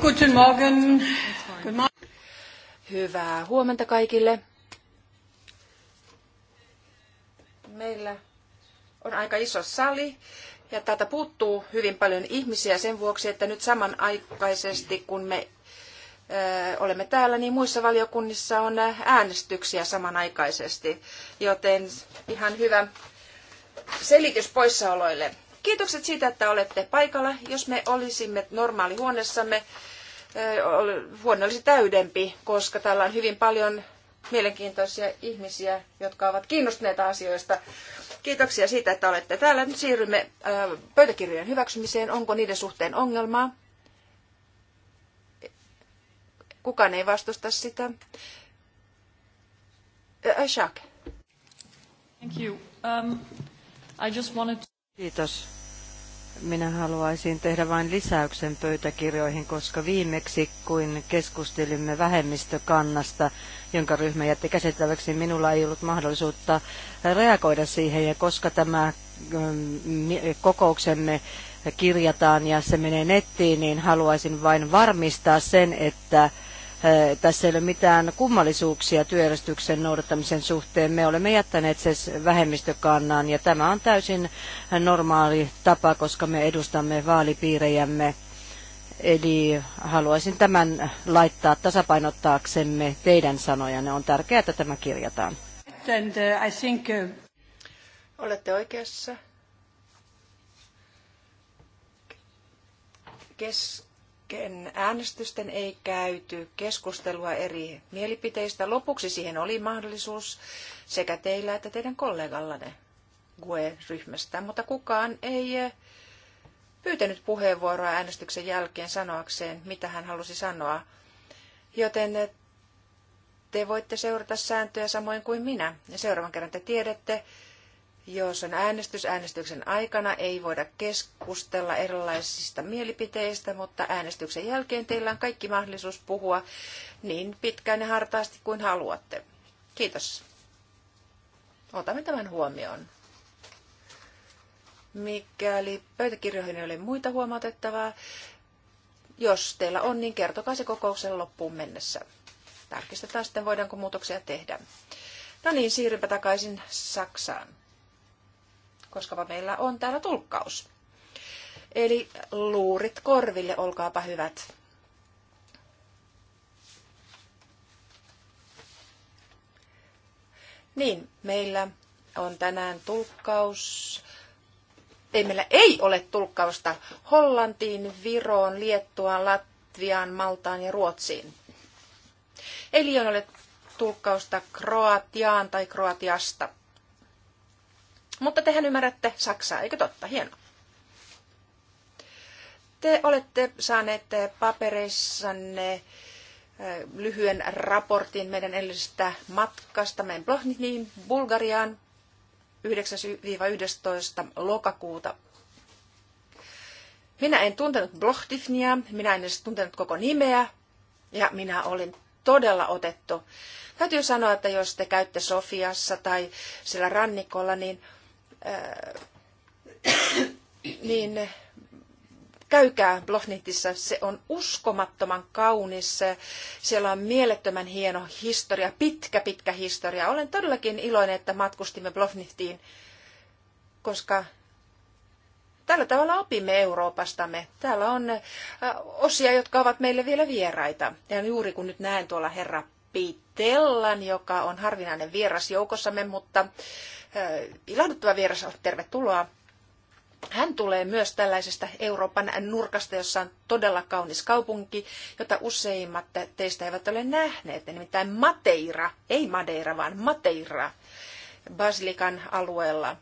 guten Morgen. Hyvää huomenta kaikille. Meillä on aika iso sali ja täältä puuttuu hyvin paljon ihmisiä sen vuoksi, että nyt samanaikaisesti kun me äh, olemme täällä, niin muissa valiokunnissa on äänestyksiä samanaikaisesti, joten ihan hyvä selitys poissaoloille. Kiitokset siitä, että olette paikalla. Jos me olisimme normaali huoneessamme, huone olisi täydempi, koska täällä on hyvin paljon mielenkiintoisia ihmisiä, jotka ovat kiinnostuneita asioista. Kiitoksia siitä, että olette täällä. Nyt siirrymme pöytäkirjojen hyväksymiseen. Onko niiden suhteen ongelmaa? Kukaan ei vastusta sitä. Jacques. Thank you. Um, I just wanted to... Kiitos. Minä haluaisin tehdä vain lisäyksen pöytäkirjoihin, koska viimeksi, kun keskustelimme vähemmistökannasta, jonka ryhmä jätti käsiteltäväksi, minulla ei ollut mahdollisuutta reagoida siihen. Ja koska tämä mm, kokouksemme kirjataan ja se menee nettiin, niin haluaisin vain varmistaa sen, että tässä ei ole mitään kummallisuuksia työjärjestyksen noudattamisen suhteen. Me olemme jättäneet sen vähemmistökannan ja tämä on täysin normaali tapa, koska me edustamme vaalipiirejämme. Eli haluaisin tämän laittaa tasapainottaaksemme teidän sanojanne. On tärkeää, että tämä kirjataan. And, uh, I think, uh... Olette oikeassa. Kes, jälkeen äänestysten ei käyty keskustelua eri mielipiteistä. Lopuksi siihen oli mahdollisuus sekä teillä että teidän kollegallanne GUE-ryhmästä, mutta kukaan ei eh, pyytänyt puheenvuoroa äänestyksen jälkeen sanoakseen, mitä hän halusi sanoa. Joten eh, te voitte seurata sääntöjä samoin kuin minä. Ja seuraavan kerran te tiedätte, jos on äänestys äänestyksen aikana, ei voida keskustella erilaisista mielipiteistä, mutta äänestyksen jälkeen teillä on kaikki mahdollisuus puhua niin pitkään ja hartaasti kuin haluatte. Kiitos. Otamme tämän huomioon. Mikäli pöytäkirjoihin ei ole muita huomautettavaa, jos teillä on, niin kertokaa se kokouksen loppuun mennessä. Tarkistetaan sitten, voidaanko muutoksia tehdä. No niin, siirrypä takaisin Saksaan koska meillä on täällä tulkkaus. Eli luurit korville, olkaapa hyvät. Niin, meillä on tänään tulkkaus. Ei, meillä ei ole tulkkausta Hollantiin, Viroon, Liettuaan, Latviaan, Maltaan ja Ruotsiin. Eli ei ole tulkkausta Kroatiaan tai Kroatiasta. Mutta tehän ymmärrätte Saksaa, eikö totta? Hienoa. Te olette saaneet papereissanne lyhyen raportin meidän edellisestä matkasta meidän Blohniin, Bulgariaan 9-11 lokakuuta. Minä en tuntenut Blohtifnia, minä en edes tuntenut koko nimeä ja minä olin todella otettu. Täytyy sanoa, että jos te käytte Sofiassa tai sillä rannikolla, niin Äh, niin käykää Blohnitissa, se on uskomattoman kaunis, siellä on mielettömän hieno historia, pitkä pitkä historia. Olen todellakin iloinen, että matkustimme Blofnitiin, koska tällä tavalla opimme Euroopastamme. Täällä on äh, osia, jotka ovat meille vielä vieraita. Ja juuri kun nyt näen tuolla herra Pitellan, joka on harvinainen vieras joukossamme, mutta ilahduttava vieras, tervetuloa. Hän tulee myös tällaisesta Euroopan nurkasta, jossa on todella kaunis kaupunki, jota useimmat teistä eivät ole nähneet, nimittäin Mateira, ei Madeira, vaan Mateira, Basilikan alueella.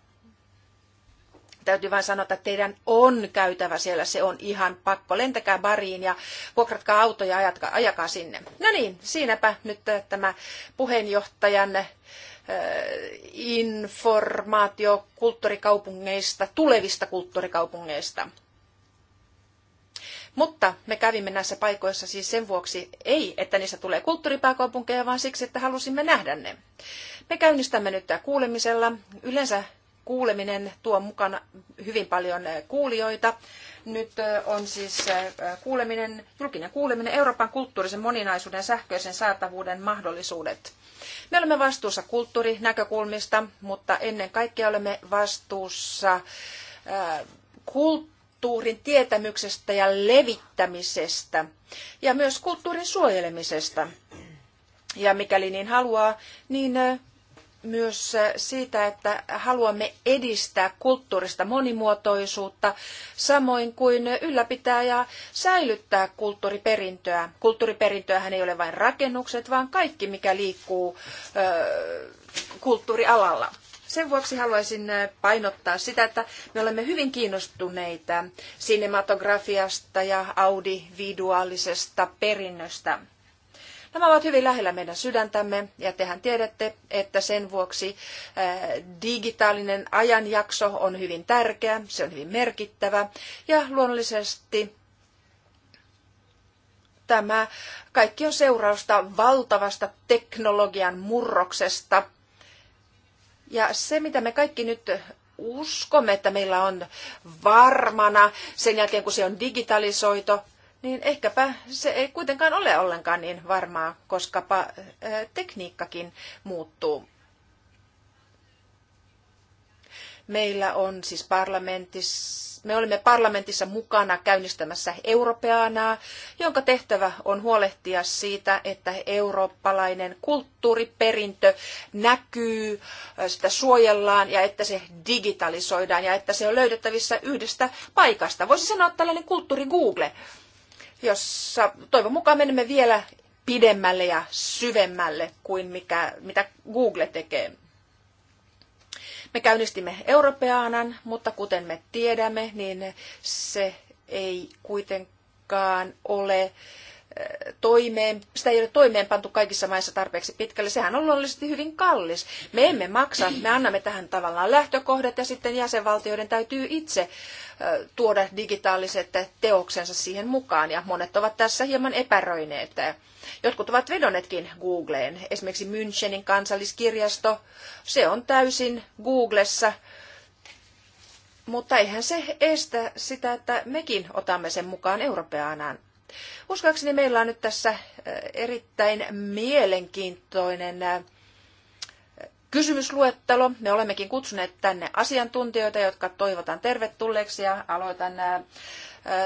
Täytyy vain sanoa, että teidän on käytävä siellä, se on ihan pakko. Lentäkää bariin ja vuokratkaa auto ja ajakaa sinne. No niin, siinäpä nyt tämä puheenjohtajan informaatio kulttuurikaupungeista, tulevista kulttuurikaupungeista. Mutta me kävimme näissä paikoissa siis sen vuoksi ei, että niistä tulee kulttuuripääkaupunkeja, vaan siksi, että halusimme nähdä ne. Me käynnistämme nyt kuulemisella. Yleensä kuuleminen tuo mukana hyvin paljon kuulijoita. Nyt on siis kuuleminen, julkinen kuuleminen Euroopan kulttuurisen moninaisuuden sähköisen saatavuuden mahdollisuudet. Me olemme vastuussa kulttuurinäkökulmista, mutta ennen kaikkea olemme vastuussa äh, kulttuurin tietämyksestä ja levittämisestä ja myös kulttuurin suojelemisesta. Ja mikäli niin haluaa, niin äh, myös siitä, että haluamme edistää kulttuurista monimuotoisuutta, samoin kuin ylläpitää ja säilyttää kulttuuriperintöä. Kulttuuriperintöähän ei ole vain rakennukset, vaan kaikki, mikä liikkuu ö, kulttuurialalla. Sen vuoksi haluaisin painottaa sitä, että me olemme hyvin kiinnostuneita cinematografiasta ja audiovisuaalisesta perinnöstä – Nämä ovat hyvin lähellä meidän sydäntämme ja tehän tiedätte, että sen vuoksi äh, digitaalinen ajanjakso on hyvin tärkeä, se on hyvin merkittävä ja luonnollisesti tämä kaikki on seurausta valtavasta teknologian murroksesta. Ja se, mitä me kaikki nyt uskomme, että meillä on varmana sen jälkeen, kun se on digitalisoitu, niin ehkäpä se ei kuitenkaan ole ollenkaan niin varmaa, koska tekniikkakin muuttuu. Meillä on siis parlamentissa, me olimme parlamentissa mukana käynnistämässä europeanaa, jonka tehtävä on huolehtia siitä, että eurooppalainen kulttuuriperintö näkyy, sitä suojellaan ja että se digitalisoidaan ja että se on löydettävissä yhdestä paikasta. Voisi sanoa tällainen kulttuuri Google jossa toivon mukaan menemme vielä pidemmälle ja syvemmälle kuin mikä, mitä Google tekee. Me käynnistimme Europeanan, mutta kuten me tiedämme, niin se ei kuitenkaan ole toimeen, sitä ei ole toimeenpantu kaikissa maissa tarpeeksi pitkälle. Sehän on luonnollisesti hyvin kallis. Me emme maksa, me annamme tähän tavallaan lähtökohdat ja sitten jäsenvaltioiden täytyy itse tuoda digitaaliset teoksensa siihen mukaan. Ja monet ovat tässä hieman epäröineet. Jotkut ovat vedonneetkin Googleen. Esimerkiksi Münchenin kansalliskirjasto, se on täysin Googlessa. Mutta eihän se estä sitä, että mekin otamme sen mukaan europeanaan Uskoakseni meillä on nyt tässä äh, erittäin mielenkiintoinen äh, kysymysluettelo. Me olemmekin kutsuneet tänne asiantuntijoita, jotka toivotan tervetulleeksi ja aloitan äh,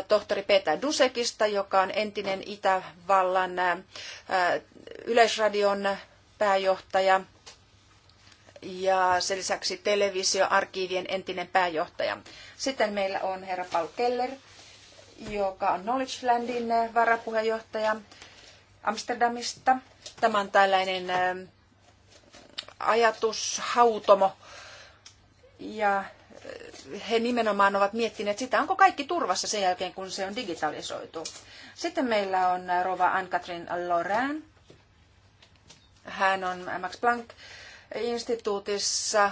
tohtori Peter Dusekista, joka on entinen Itävallan yleisradion pääjohtaja ja sen lisäksi televisioarkiivien entinen pääjohtaja. Sitten meillä on herra Paul Keller, joka on Knowledge Landin äh, varapuheenjohtaja Amsterdamista. Tämä on tällainen äh, ajatushautomo. Ja äh, he nimenomaan ovat miettineet sitä, onko kaikki turvassa sen jälkeen, kun se on digitalisoitu. Sitten meillä on Rova Ann-Katrin Loran. Hän on Max Planck-instituutissa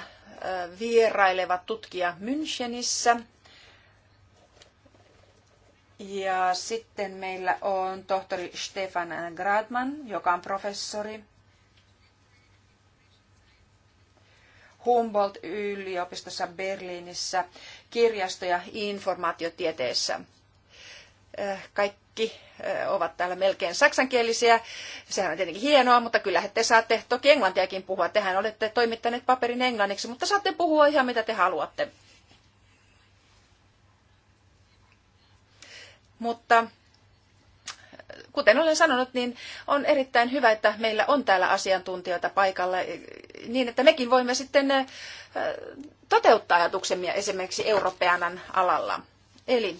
vieraileva tutkija Münchenissä. Ja sitten meillä on tohtori Stefan Gradman, joka on professori Humboldt-yliopistossa Berliinissä kirjasto- ja informaatiotieteessä. Äh, kaikki äh, ovat täällä melkein saksankielisiä. Sehän on tietenkin hienoa, mutta kyllä te saatte toki englantiakin puhua. Tehän olette toimittaneet paperin englanniksi, mutta saatte puhua ihan mitä te haluatte. Mutta kuten olen sanonut, niin on erittäin hyvä, että meillä on täällä asiantuntijoita paikalla niin, että mekin voimme sitten äh, toteuttaa ajatuksemme esimerkiksi euroopan alalla. Eli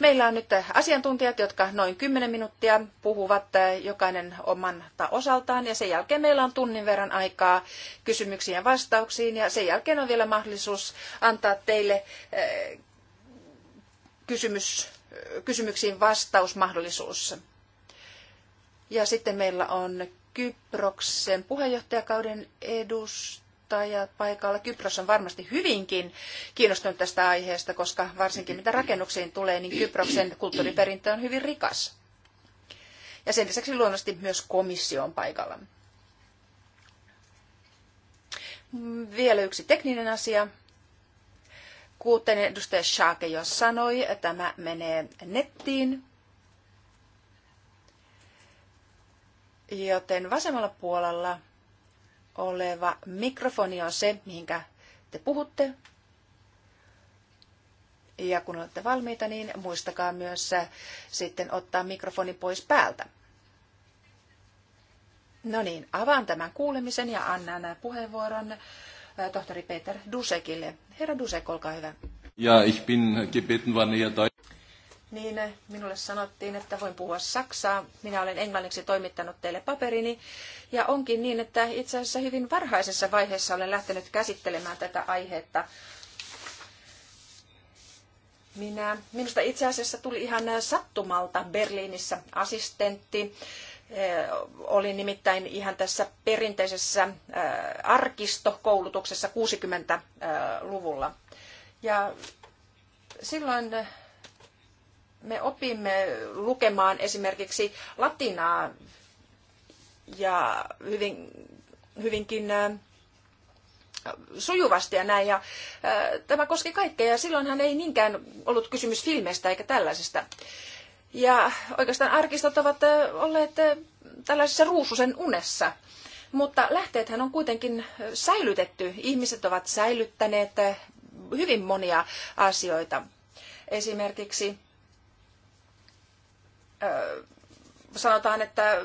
meillä on nyt asiantuntijat, jotka noin 10 minuuttia puhuvat äh, jokainen oman osaltaan ja sen jälkeen meillä on tunnin verran aikaa kysymyksiin ja vastauksiin ja sen jälkeen on vielä mahdollisuus antaa teille äh, kysymys kysymyksiin vastausmahdollisuus. Ja sitten meillä on Kyproksen puheenjohtajakauden edustajat paikalla. Kypros on varmasti hyvinkin kiinnostunut tästä aiheesta, koska varsinkin mitä rakennuksiin tulee, niin Kyproksen kulttuuriperintö on hyvin rikas. Ja sen lisäksi luonnollisesti myös komissio on paikalla. Vielä yksi tekninen asia. Kuten edustaja Schaake jo sanoi, tämä menee nettiin. Joten vasemmalla puolella oleva mikrofoni on se, mihinkä te puhutte. Ja kun olette valmiita, niin muistakaa myös äh, sitten ottaa mikrofoni pois päältä. No niin, avaan tämän kuulemisen ja annan äh, puheenvuoron tohtori Peter Dusekille. Herra Dusek, olkaa hyvä. Ja ich bin gebeten worden hier niin äh, minulle sanottiin, että voin puhua saksaa. Minä olen englanniksi toimittanut teille paperini. Ja onkin niin, että itse asiassa hyvin varhaisessa vaiheessa olen lähtenyt käsittelemään tätä aihetta. Minä, minusta itse asiassa tuli ihan sattumalta Berliinissä assistentti Äh, Oli nimittäin ihan tässä perinteisessä äh, arkistokoulutuksessa 60-luvulla. Äh, ja silloin me opimme lukemaan esimerkiksi latinaa ja hyvin, hyvinkin sujuvasti ja näin. Ja, ää, tämä koski kaikkea ja silloinhan ei niinkään ollut kysymys filmeistä eikä tällaisesta. Ja oikeastaan arkistot ovat olleet tällaisessa ruususen unessa. Mutta lähteethän on kuitenkin säilytetty. Ihmiset ovat säilyttäneet hyvin monia asioita. Esimerkiksi sanotaan, että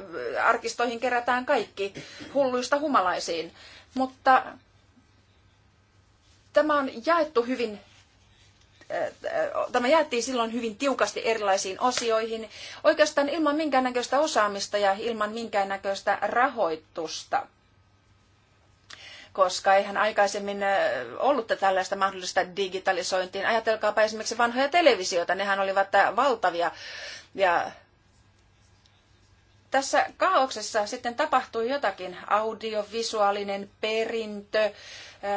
arkistoihin kerätään kaikki hulluista humalaisiin. Mutta tämä on jaettu hyvin tämä jaettiin silloin hyvin tiukasti erilaisiin osioihin, oikeastaan ilman minkäännäköistä osaamista ja ilman minkäännäköistä rahoitusta koska eihän aikaisemmin ollut tällaista mahdollista digitalisointiin. Ajatelkaapa esimerkiksi vanhoja televisioita, nehän olivat valtavia. Ja tässä kaauksessa sitten tapahtui jotakin. Audiovisuaalinen perintö,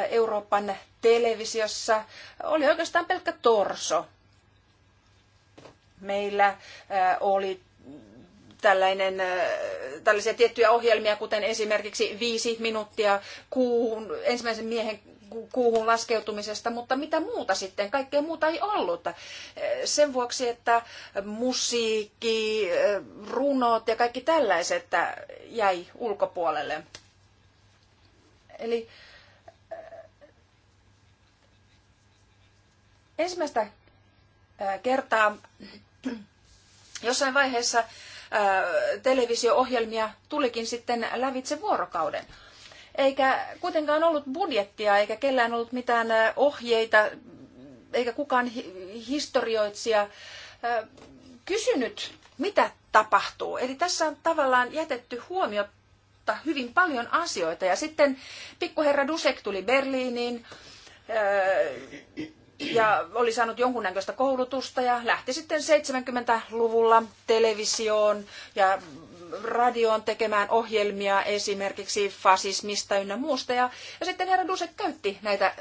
Euroopan televisiossa oli oikeastaan pelkkä torso. Meillä äh, oli tällainen, äh, tällaisia tiettyjä ohjelmia, kuten esimerkiksi viisi minuuttia kuuhun, ensimmäisen miehen kuuhun laskeutumisesta, mutta mitä muuta sitten? Kaikkea muuta ei ollut. Äh, sen vuoksi, että musiikki, runot ja kaikki tällaiset jäi ulkopuolelle. Eli äh, ensimmäistä äh, kertaa jossain vaiheessa äh, televisio-ohjelmia tulikin sitten lävitse vuorokauden. Eikä kuitenkaan ollut budjettia, eikä kellään ollut mitään äh, ohjeita, eikä kukaan historioitsija kysynyt, mitä tapahtuu. Eli tässä on tavallaan jätetty huomiota hyvin paljon asioita. Ja sitten pikkuherra Dusek tuli Berliiniin ja oli saanut jonkunnäköistä koulutusta ja lähti sitten 70-luvulla televisioon ja radioon tekemään ohjelmia esimerkiksi fasismista ynnä muusta. Ja, ja sitten herra Dusek käytti näitä,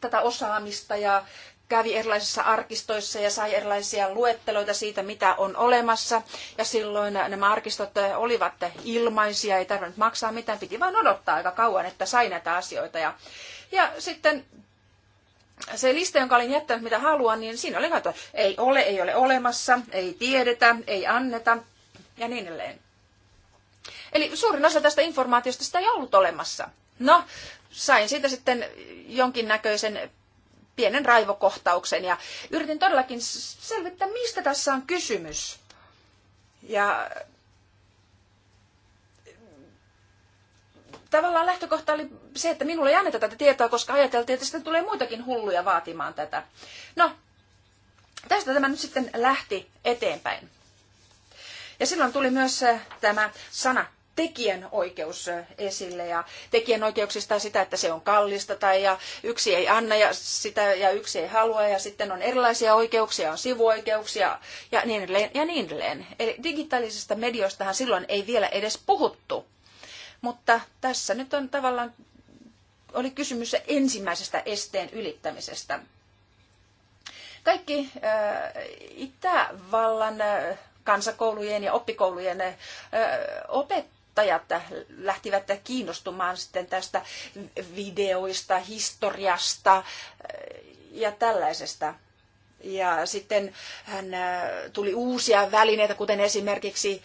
tätä osaamista ja kävi erilaisissa arkistoissa ja sai erilaisia luetteloita siitä, mitä on olemassa. Ja silloin nämä arkistot olivat ilmaisia, ei tarvinnut maksaa mitään, piti vain odottaa aika kauan, että sai näitä asioita. Ja, ja sitten se lista, jonka olin jättänyt, mitä haluan, niin siinä oli katsoa. Ei ole, ei ole olemassa, ei tiedetä, ei anneta ja niin edelleen. Eli suurin osa tästä informaatiosta sitä ei ollut olemassa. No, sain siitä sitten jonkinnäköisen pienen raivokohtauksen ja yritin todellakin selvittää, mistä tässä on kysymys. Ja tavallaan lähtökohta oli se, että minulle ei anneta tätä tietoa, koska ajateltiin, että sitten tulee muitakin hulluja vaatimaan tätä. No, tästä tämä nyt sitten lähti eteenpäin. Ja silloin tuli myös äh, tämä sana tekijänoikeus äh, esille ja tekijänoikeuksista sitä, että se on kallista tai ja yksi ei anna ja sitä ja yksi ei halua ja sitten on erilaisia oikeuksia, on sivuoikeuksia ja niin edelleen ja niin edelleen. Eli digitaalisista medioistahan silloin ei vielä edes puhuttu. Mutta tässä nyt on tavallaan oli kysymys ensimmäisestä esteen ylittämisestä. Kaikki äh, Itävallan äh, kansakoulujen ja oppikoulujen äh, opettajat lähtivät kiinnostumaan sitten tästä videoista, historiasta ja tällaisesta. Ja sitten hän tuli uusia välineitä, kuten esimerkiksi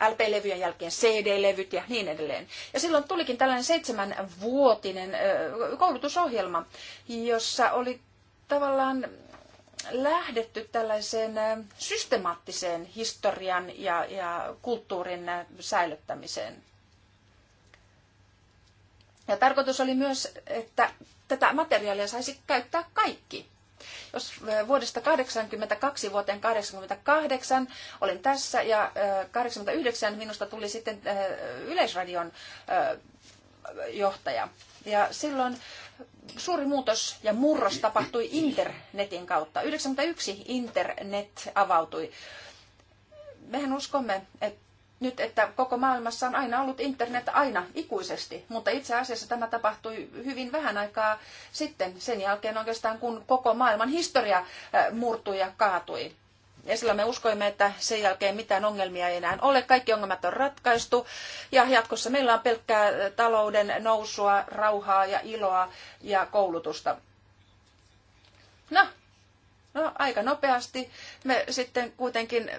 LP-levyjen jälkeen CD-levyt ja niin edelleen. Ja silloin tulikin tällainen seitsemänvuotinen koulutusohjelma, jossa oli tavallaan lähdetty tällaiseen systemaattiseen historian ja, ja kulttuurin säilyttämiseen. Ja tarkoitus oli myös, että tätä materiaalia saisi käyttää kaikki. Jos vuodesta 1982 vuoteen 1988 olin tässä ja 1989 minusta tuli sitten Yleisradion johtaja. Ja silloin suuri muutos ja murros tapahtui internetin kautta. 1991 internet avautui. Mehän uskomme, että nyt, että koko maailmassa on aina ollut internet aina ikuisesti, mutta itse asiassa tämä tapahtui hyvin vähän aikaa sitten, sen jälkeen oikeastaan kun koko maailman historia äh, murtui ja kaatui. Ja silloin me uskoimme, että sen jälkeen mitään ongelmia ei enää ole, kaikki ongelmat on ratkaistu ja jatkossa meillä on pelkkää äh, talouden nousua, rauhaa ja iloa ja koulutusta. No, no aika nopeasti me sitten kuitenkin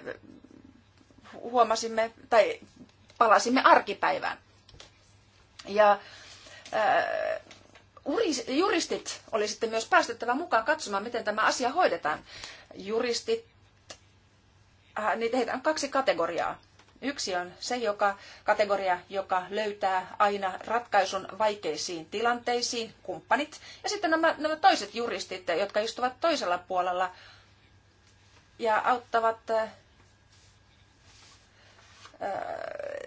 huomasimme tai palasimme arkipäivään. Ja äh, juristit oli sitten myös päästettävä mukaan katsomaan, miten tämä asia hoidetaan. Juristit, äh, niitä heitä on kaksi kategoriaa. Yksi on se joka, kategoria, joka löytää aina ratkaisun vaikeisiin tilanteisiin, kumppanit. Ja sitten nämä, nämä toiset juristit, jotka istuvat toisella puolella ja auttavat äh,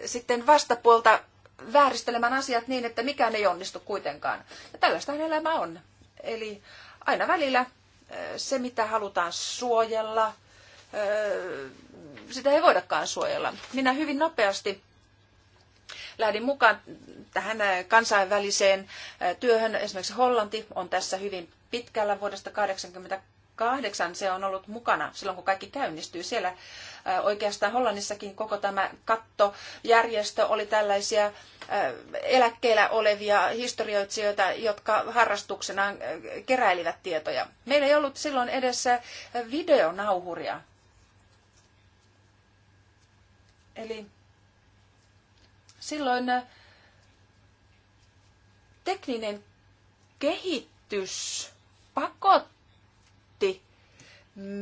sitten vastapuolta vääristelemään asiat niin, että mikään ei onnistu kuitenkaan. Ja tällaista elämä on. Eli aina välillä se, mitä halutaan suojella, sitä ei voidakaan suojella. Minä hyvin nopeasti lähdin mukaan tähän kansainväliseen työhön. Esimerkiksi Hollanti on tässä hyvin pitkällä vuodesta 1988. Se on ollut mukana silloin, kun kaikki käynnistyi. Siellä Oikeastaan Hollannissakin koko tämä kattojärjestö oli tällaisia eläkkeellä olevia historioitsijoita, jotka harrastuksenaan keräilivät tietoja. Meillä ei ollut silloin edessä videonauhuria. Eli silloin tekninen kehitys pakotti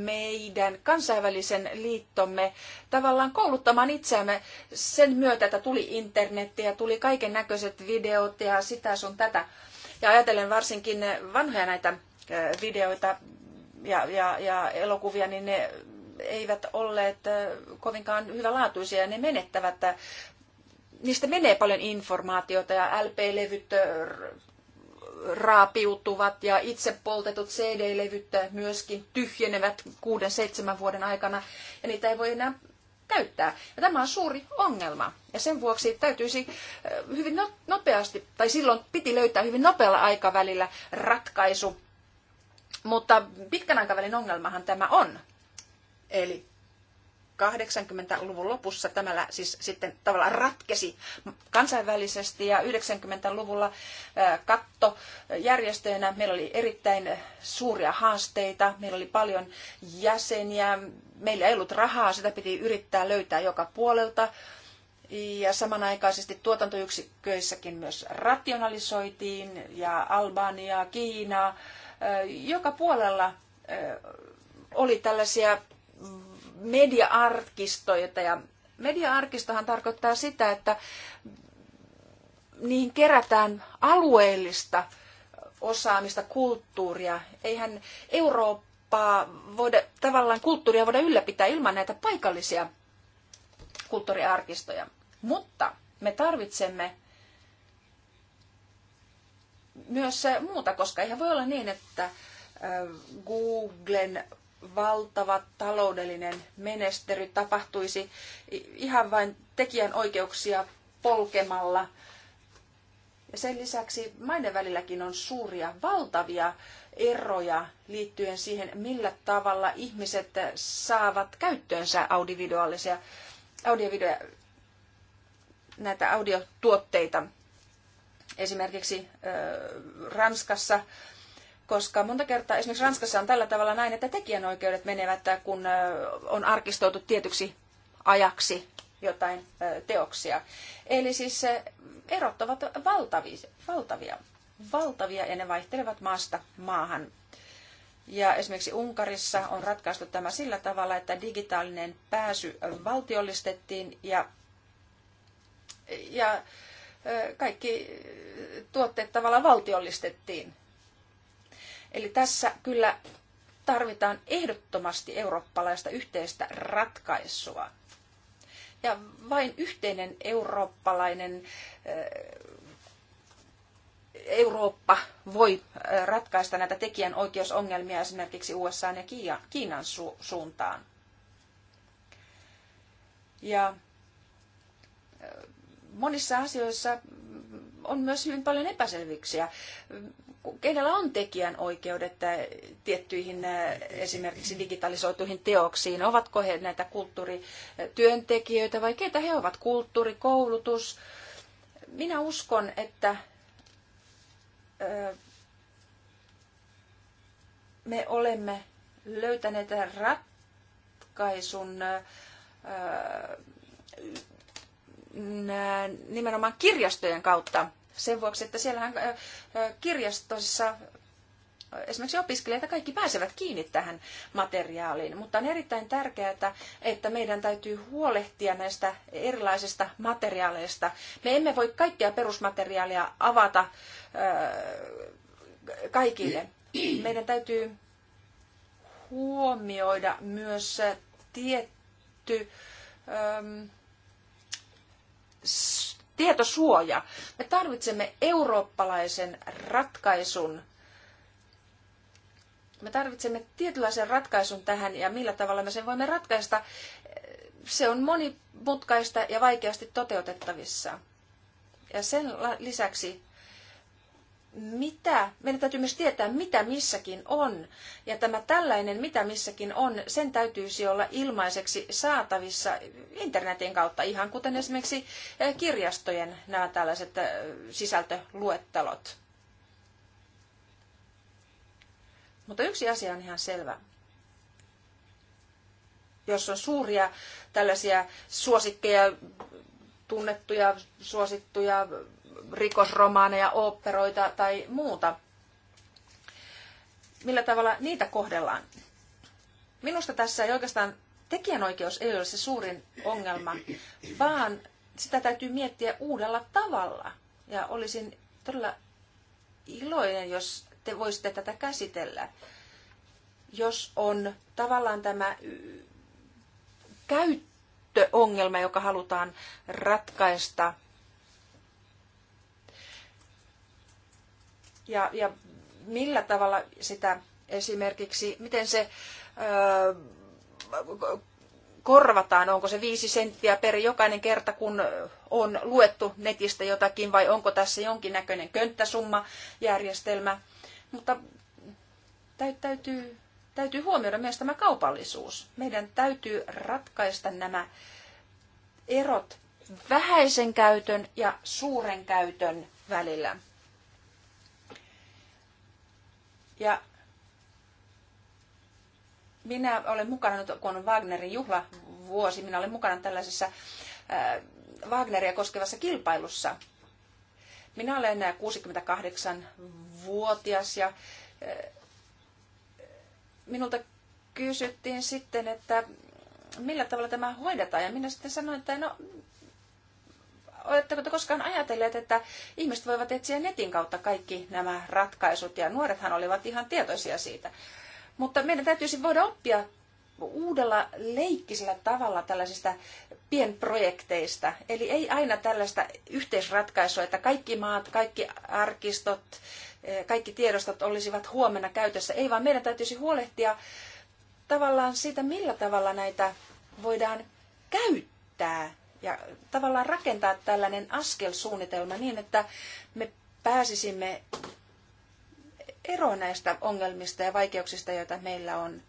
meidän kansainvälisen liittomme tavallaan kouluttamaan itseämme sen myötä, että tuli internetti ja tuli kaiken näköiset videot ja sitä sun tätä. Ja ajatellen varsinkin vanhoja näitä videoita ja, ja, ja elokuvia, niin ne eivät olleet kovinkaan hyvälaatuisia ja ne menettävät niistä menee paljon informaatiota ja LP-levyt raapiutuvat ja itse poltetut CD-levyt myöskin tyhjenevät kuuden seitsemän vuoden aikana ja niitä ei voi enää käyttää. Ja tämä on suuri ongelma. Ja sen vuoksi täytyisi hyvin no-, nopeasti, tai silloin piti löytää hyvin nopealla aikavälillä ratkaisu. Mutta pitkän aikavälin ongelmahan tämä on. Eli 80-luvun lopussa tämä siis sitten tavallaan ratkesi kansainvälisesti ja 90-luvulla kattojärjestöinä meillä oli erittäin suuria haasteita, meillä oli paljon jäseniä, meillä ei ollut rahaa, sitä piti yrittää löytää joka puolelta ja samanaikaisesti tuotantoyksiköissäkin myös rationalisoitiin ja Albania, Kiina, joka puolella oli tällaisia mediaarkistoita. Ja mediaarkistohan tarkoittaa sitä, että niihin kerätään alueellista osaamista, kulttuuria. Eihän Eurooppaa voida, tavallaan kulttuuria voida ylläpitää ilman näitä paikallisia kulttuuriarkistoja. Mutta me tarvitsemme myös muuta, koska eihän voi olla niin, että äh, Googlen valtava taloudellinen menestely tapahtuisi ihan vain tekijän oikeuksia polkemalla. Ja sen lisäksi maiden välilläkin on suuria, valtavia eroja liittyen siihen, millä tavalla ihmiset saavat käyttöönsä audiovisuaalisia audiovideoja, näitä audiotuotteita. Esimerkiksi Ranskassa koska monta kertaa esimerkiksi Ranskassa on tällä tavalla näin, että tekijänoikeudet menevät, kun on arkistoitu tietyksi ajaksi jotain teoksia. Eli siis erot ovat valtavia, valtavia, valtavia ja ne vaihtelevat maasta maahan. Ja esimerkiksi Unkarissa on ratkaistu tämä sillä tavalla, että digitaalinen pääsy valtiollistettiin ja, ja kaikki tuotteet tavallaan valtiollistettiin. Eli tässä kyllä tarvitaan ehdottomasti eurooppalaista yhteistä ratkaisua. Ja vain yhteinen eurooppalainen eh, Eurooppa voi eh, ratkaista näitä tekijänoikeusongelmia esimerkiksi USA ja Kiinan su- suuntaan. Ja eh, monissa asioissa on myös hyvin paljon epäselvyyksiä. Kenellä on tekijän äh, tiettyihin äh, esimerkiksi digitalisoituihin teoksiin? Ovatko he näitä kulttuurityöntekijöitä vai keitä he ovat? Kulttuuri, koulutus? Minä uskon, että äh, me olemme löytäneet ratkaisun nimenomaan kirjastojen kautta sen vuoksi, että siellähän kirjastossa esimerkiksi opiskelijat kaikki pääsevät kiinni tähän materiaaliin, mutta on erittäin tärkeää, että meidän täytyy huolehtia näistä erilaisista materiaaleista. Me emme voi kaikkia perusmateriaalia avata kaikille. Meidän täytyy huomioida myös tietty tietosuoja. Me tarvitsemme eurooppalaisen ratkaisun. Me tarvitsemme tietynlaisen ratkaisun tähän ja millä tavalla me sen voimme ratkaista. Se on monimutkaista ja vaikeasti toteutettavissa. Ja sen lisäksi mitä, meidän täytyy myös tietää, mitä missäkin on. Ja tämä tällainen, mitä missäkin on, sen täytyisi olla ilmaiseksi saatavissa internetin kautta, ihan kuten esimerkiksi eh, kirjastojen nämä tällaiset eh, sisältöluettelot. Mutta yksi asia on ihan selvä. Jos on suuria tällaisia suosikkeja, tunnettuja, suosittuja rikosromaaneja, oopperoita tai muuta. Millä tavalla niitä kohdellaan? Minusta tässä ei oikeastaan tekijänoikeus ei ole se suurin ongelma, vaan sitä täytyy miettiä uudella tavalla. Ja olisin todella iloinen, jos te voisitte tätä käsitellä. Jos on tavallaan tämä käyttöongelma, joka halutaan ratkaista ja, ja millä tavalla sitä esimerkiksi, miten se öö, korvataan, onko se viisi senttiä per jokainen kerta, kun on luettu netistä jotakin, vai onko tässä jonkinnäköinen könttäsummajärjestelmä. Mutta täytyy, täytyy huomioida myös tämä kaupallisuus. Meidän täytyy ratkaista nämä erot vähäisen käytön ja suuren käytön välillä. Ja minä olen mukana kun on Wagnerin juhlavuosi, minä olen mukana tällaisessa äh, Wagneria koskevassa kilpailussa. Minä olen 68-vuotias ja äh, minulta kysyttiin sitten, että millä tavalla tämä hoidetaan. Ja minä sitten sanoin, että no oletteko te koskaan ajatelleet, että ihmiset voivat etsiä netin kautta kaikki nämä ratkaisut, ja nuorethan olivat ihan tietoisia siitä. Mutta meidän täytyisi voida oppia uudella leikkisellä tavalla tällaisista pienprojekteista. Eli ei aina tällaista yhteisratkaisua, että kaikki maat, kaikki arkistot, eh, kaikki tiedostot olisivat huomenna käytössä. Ei vaan meidän täytyisi huolehtia tavallaan siitä, millä tavalla näitä voidaan käyttää ja tavallaan rakentaa tällainen askelsuunnitelma niin, että me pääsisimme eroon näistä ongelmista ja vaikeuksista, joita meillä on.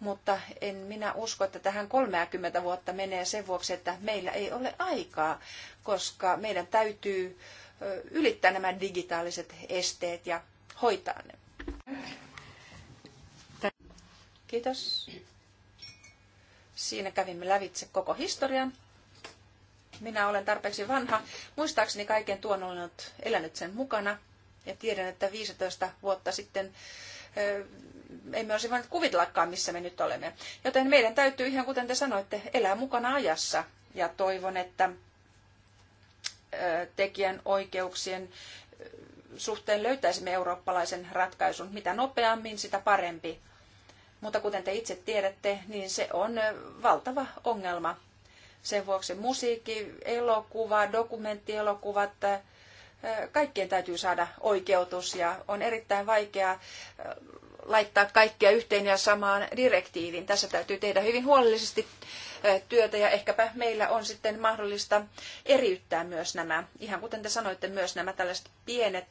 Mutta en minä usko, että tähän 30 vuotta menee sen vuoksi, että meillä ei ole aikaa, koska meidän täytyy ylittää nämä digitaaliset esteet ja hoitaa ne. Kiitos. Siinä kävimme lävitse koko historian. Minä olen tarpeeksi vanha. Muistaakseni kaiken tuon olen elänyt sen mukana. Ja tiedän, että 15 vuotta sitten emme olisi voineet kuvitellakaan, missä me nyt olemme. Joten meidän täytyy, ihan kuten te sanoitte, elää mukana ajassa. Ja toivon, että tekijän oikeuksien suhteen löytäisimme eurooppalaisen ratkaisun. Mitä nopeammin, sitä parempi. Mutta kuten te itse tiedätte, niin se on valtava ongelma sen vuoksi musiikki, elokuva, dokumenttielokuvat, kaikkien täytyy saada oikeutus ja on erittäin vaikeaa laittaa kaikkia yhteen ja samaan direktiiviin. Tässä täytyy tehdä hyvin huolellisesti työtä ja ehkäpä meillä on sitten mahdollista eriyttää myös nämä, ihan kuten te sanoitte, myös nämä tällaiset pienet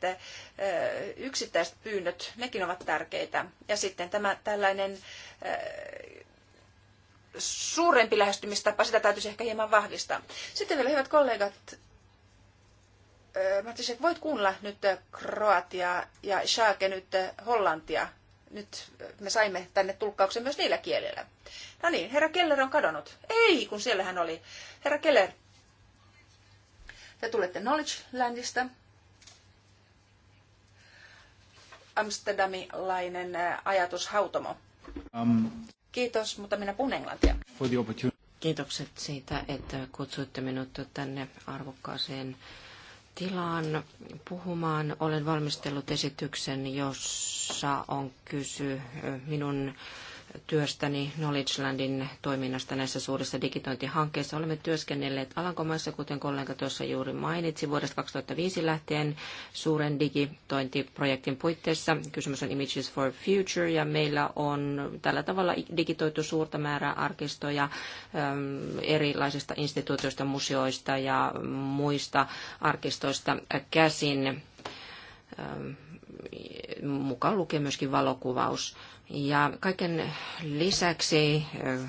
yksittäiset pyynnöt, nekin ovat tärkeitä. Ja sitten tämä tällainen suurempi lähestymistapa, sitä täytyisi ehkä hieman vahvistaa. Sitten vielä hyvät kollegat, mä ajattelin, että voit kuunnella nyt Kroatiaa ja Schalke nyt Hollantia. Nyt me saimme tänne tulkkauksen myös niillä kielillä. No niin, herra Keller on kadonnut. Ei, kun siellä hän oli. Herra Keller, te tulette Knowledge Landista. Amsterdamilainen ajatushautomo. Um. Kiitos, mutta minä puhun englantia. Kiitokset siitä, että kutsuitte minut tänne arvokkaaseen tilaan puhumaan. Olen valmistellut esityksen, jossa on kysy minun työstäni Knowledgelandin toiminnasta näissä suurissa digitointihankkeissa. Olemme työskennelleet Alankomaissa, kuten kollega tuossa juuri mainitsi, vuodesta 2005 lähtien suuren digitointiprojektin puitteissa. Kysymys on Images for Future ja meillä on tällä tavalla digitoitu suurta määrää arkistoja ähm, erilaisista instituutioista, museoista ja muista arkistoista käsin ähm, mukaan lukee myöskin valokuvaus. Ja kaiken lisäksi eh,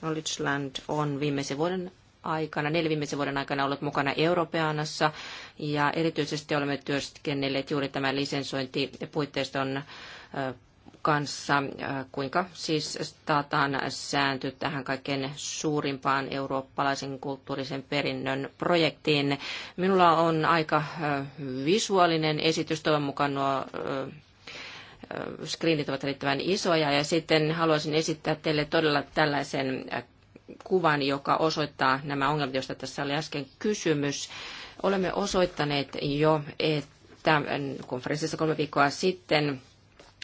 Knowledge Land on viimeisen vuoden aikana, neljä viimeisen vuoden aikana ollut mukana Europeanassa ja erityisesti olemme työskennelleet juuri tämän lisensointipuitteiston eh, kanssa, äh, kuinka siis taataan sääntö tähän kaikkein suurimpaan eurooppalaisen kulttuurisen perinnön projektiin. Minulla on aika äh, visuaalinen esitys, toivon mukaan nuo äh, screenit ovat riittävän isoja ja sitten haluaisin esittää teille todella tällaisen kuvan, joka osoittaa nämä ongelmat, joista tässä oli äsken kysymys. Olemme osoittaneet jo, että konferenssissa kolme viikkoa sitten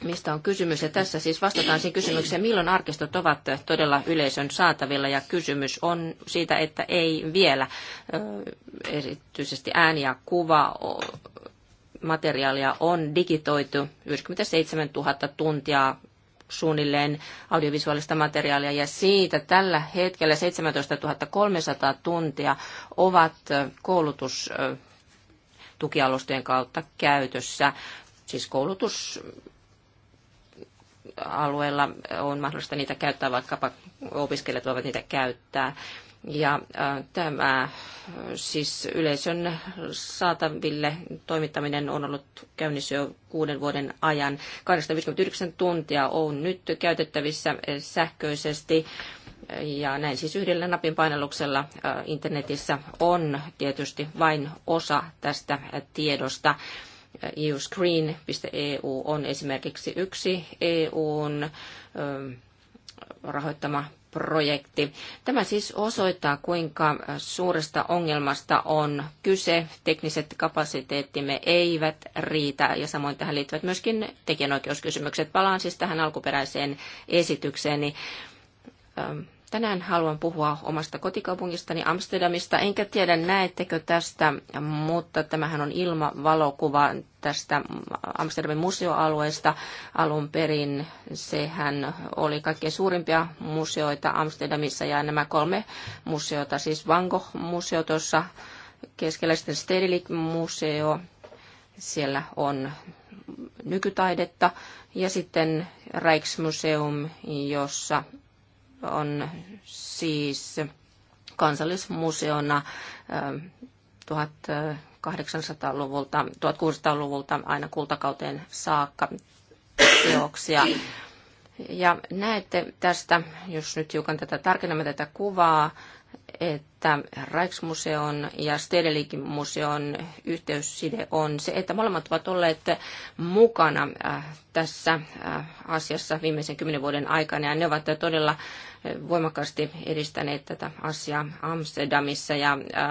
mistä on kysymys. Ja tässä siis vastataan siihen kysymykseen, milloin arkistot ovat todella yleisön saatavilla. Ja kysymys on siitä, että ei vielä erityisesti ääni ja kuva materiaalia on digitoitu 97 000 tuntia suunnilleen audiovisuaalista materiaalia ja siitä tällä hetkellä 17 300 tuntia ovat koulutus tukialustojen kautta käytössä. Siis koulutus alueella on mahdollista niitä käyttää, vaikkapa opiskelijat voivat niitä käyttää. Ja tämä siis yleisön saataville toimittaminen on ollut käynnissä jo kuuden vuoden ajan. 259 tuntia on nyt käytettävissä sähköisesti. Ja näin siis yhdellä napin painalluksella internetissä on tietysti vain osa tästä tiedosta euscreen.eu on esimerkiksi yksi EUn rahoittama projekti. Tämä siis osoittaa, kuinka suuresta ongelmasta on kyse. Tekniset kapasiteettimme eivät riitä ja samoin tähän liittyvät myöskin tekijänoikeuskysymykset. Palaan siis tähän alkuperäiseen esitykseeni. Niin Tänään haluan puhua omasta kotikaupungistani Amsterdamista. Enkä tiedä, näettekö tästä, mutta tämähän on ilmavalokuva tästä Amsterdamin museoalueesta. Alun perin sehän oli kaikkein suurimpia museoita Amsterdamissa ja nämä kolme museota, siis Van Gogh-museo tuossa keskellä, sitten Stedelijk-museo, siellä on nykytaidetta, ja sitten Rijksmuseum, jossa on siis kansallismuseona 1800-luvulta, 1600-luvulta aina kultakauteen saakka teoksia. Ja näette tästä, jos nyt hiukan tätä tarkennamme tätä kuvaa, että Rijksmuseon ja Stedelikin museon yhteysside on se, että molemmat ovat olleet mukana äh, tässä äh, asiassa viimeisen kymmenen vuoden aikana ja ne ovat todella voimakkaasti edistäneet tätä asiaa Amsterdamissa. Ja äh,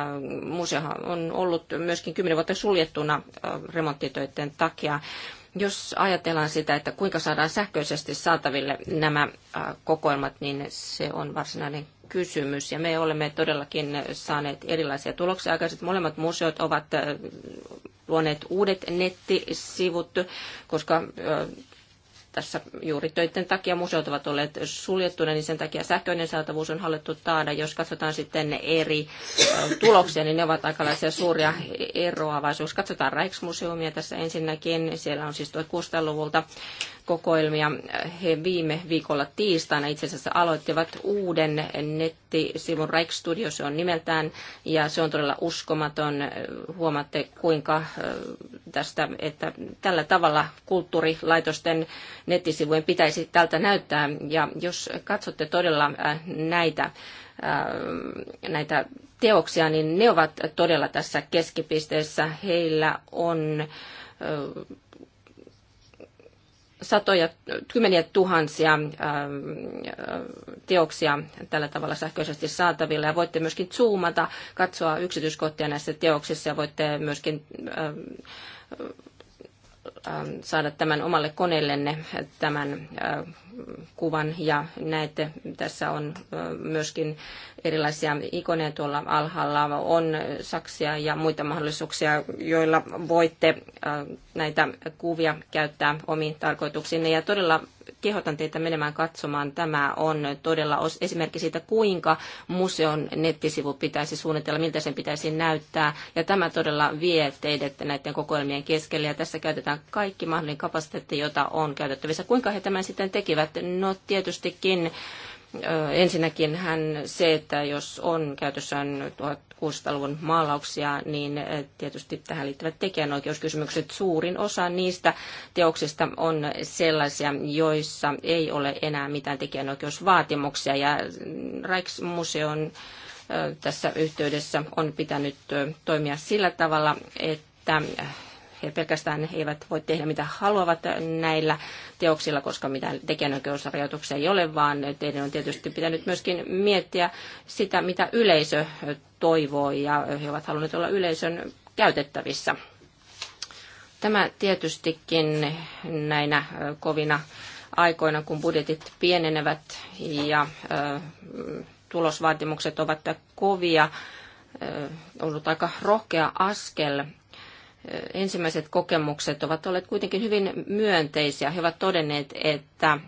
museohan on ollut myöskin kymmenen vuotta suljettuna äh, remonttitöiden takia. Jos ajatellaan sitä, että kuinka saadaan sähköisesti saataville nämä äh, kokoelmat, niin se on varsinainen kysymys. Ja me olemme todellakin saaneet erilaisia tuloksia. Aikaiset molemmat museot ovat luoneet uudet nettisivut, koska tässä juuri töiden takia museot ovat olleet suljettuna, niin sen takia sähköinen saatavuus on hallittu taada. Jos katsotaan sitten ne eri tuloksia, niin ne ovat aikalaisia suuria eroavaisuuksia. Katsotaan Rijksmuseumia tässä ensinnäkin. Siellä on siis 1600-luvulta kokoelmia. He viime viikolla tiistaina itse asiassa aloittivat uuden nettisivun Rike Studio, se on nimeltään, ja se on todella uskomaton. Huomaatte, kuinka tästä, että tällä tavalla kulttuurilaitosten nettisivujen pitäisi tältä näyttää, ja jos katsotte todella näitä näitä teoksia, niin ne ovat todella tässä keskipisteessä. Heillä on satoja, kymmeniä tuhansia ähm, äh, teoksia tällä tavalla sähköisesti saatavilla. Ja voitte myöskin zoomata, katsoa yksityiskohtia näissä teoksissa ja voitte myöskin ähm, äh, saada tämän omalle koneellenne tämän äh, kuvan ja näette, tässä on myöskin erilaisia ikoneja tuolla alhaalla, on saksia ja muita mahdollisuuksia, joilla voitte näitä kuvia käyttää omiin tarkoituksiin. Ja todella kehotan teitä menemään katsomaan. Tämä on todella esimerkki siitä, kuinka museon nettisivu pitäisi suunnitella, miltä sen pitäisi näyttää. Ja tämä todella vie teidät näiden kokoelmien keskelle. Ja tässä käytetään kaikki mahdollinen kapasiteetti, jota on käytettävissä. Kuinka he tämän sitten tekivät? No tietystikin Ensinnäkin hän se, että jos on käytössään 1600-luvun maalauksia, niin tietysti tähän liittyvät tekijänoikeuskysymykset. Suurin osa niistä teoksista on sellaisia, joissa ei ole enää mitään tekijänoikeusvaatimuksia. Ja Rijksmuseon tässä yhteydessä on pitänyt toimia sillä tavalla, että että he pelkästään eivät voi tehdä mitä haluavat näillä teoksilla, koska mitään tekijänoikeusrajoituksia ei ole, vaan teidän on tietysti pitänyt myöskin miettiä sitä, mitä yleisö toivoo ja he ovat halunneet olla yleisön käytettävissä. Tämä tietystikin näinä kovina aikoina, kun budjetit pienenevät ja tulosvaatimukset ovat kovia, ollut aika rohkea askel ensimmäiset kokemukset ovat olleet kuitenkin hyvin myönteisiä. He ovat todenneet, että äh,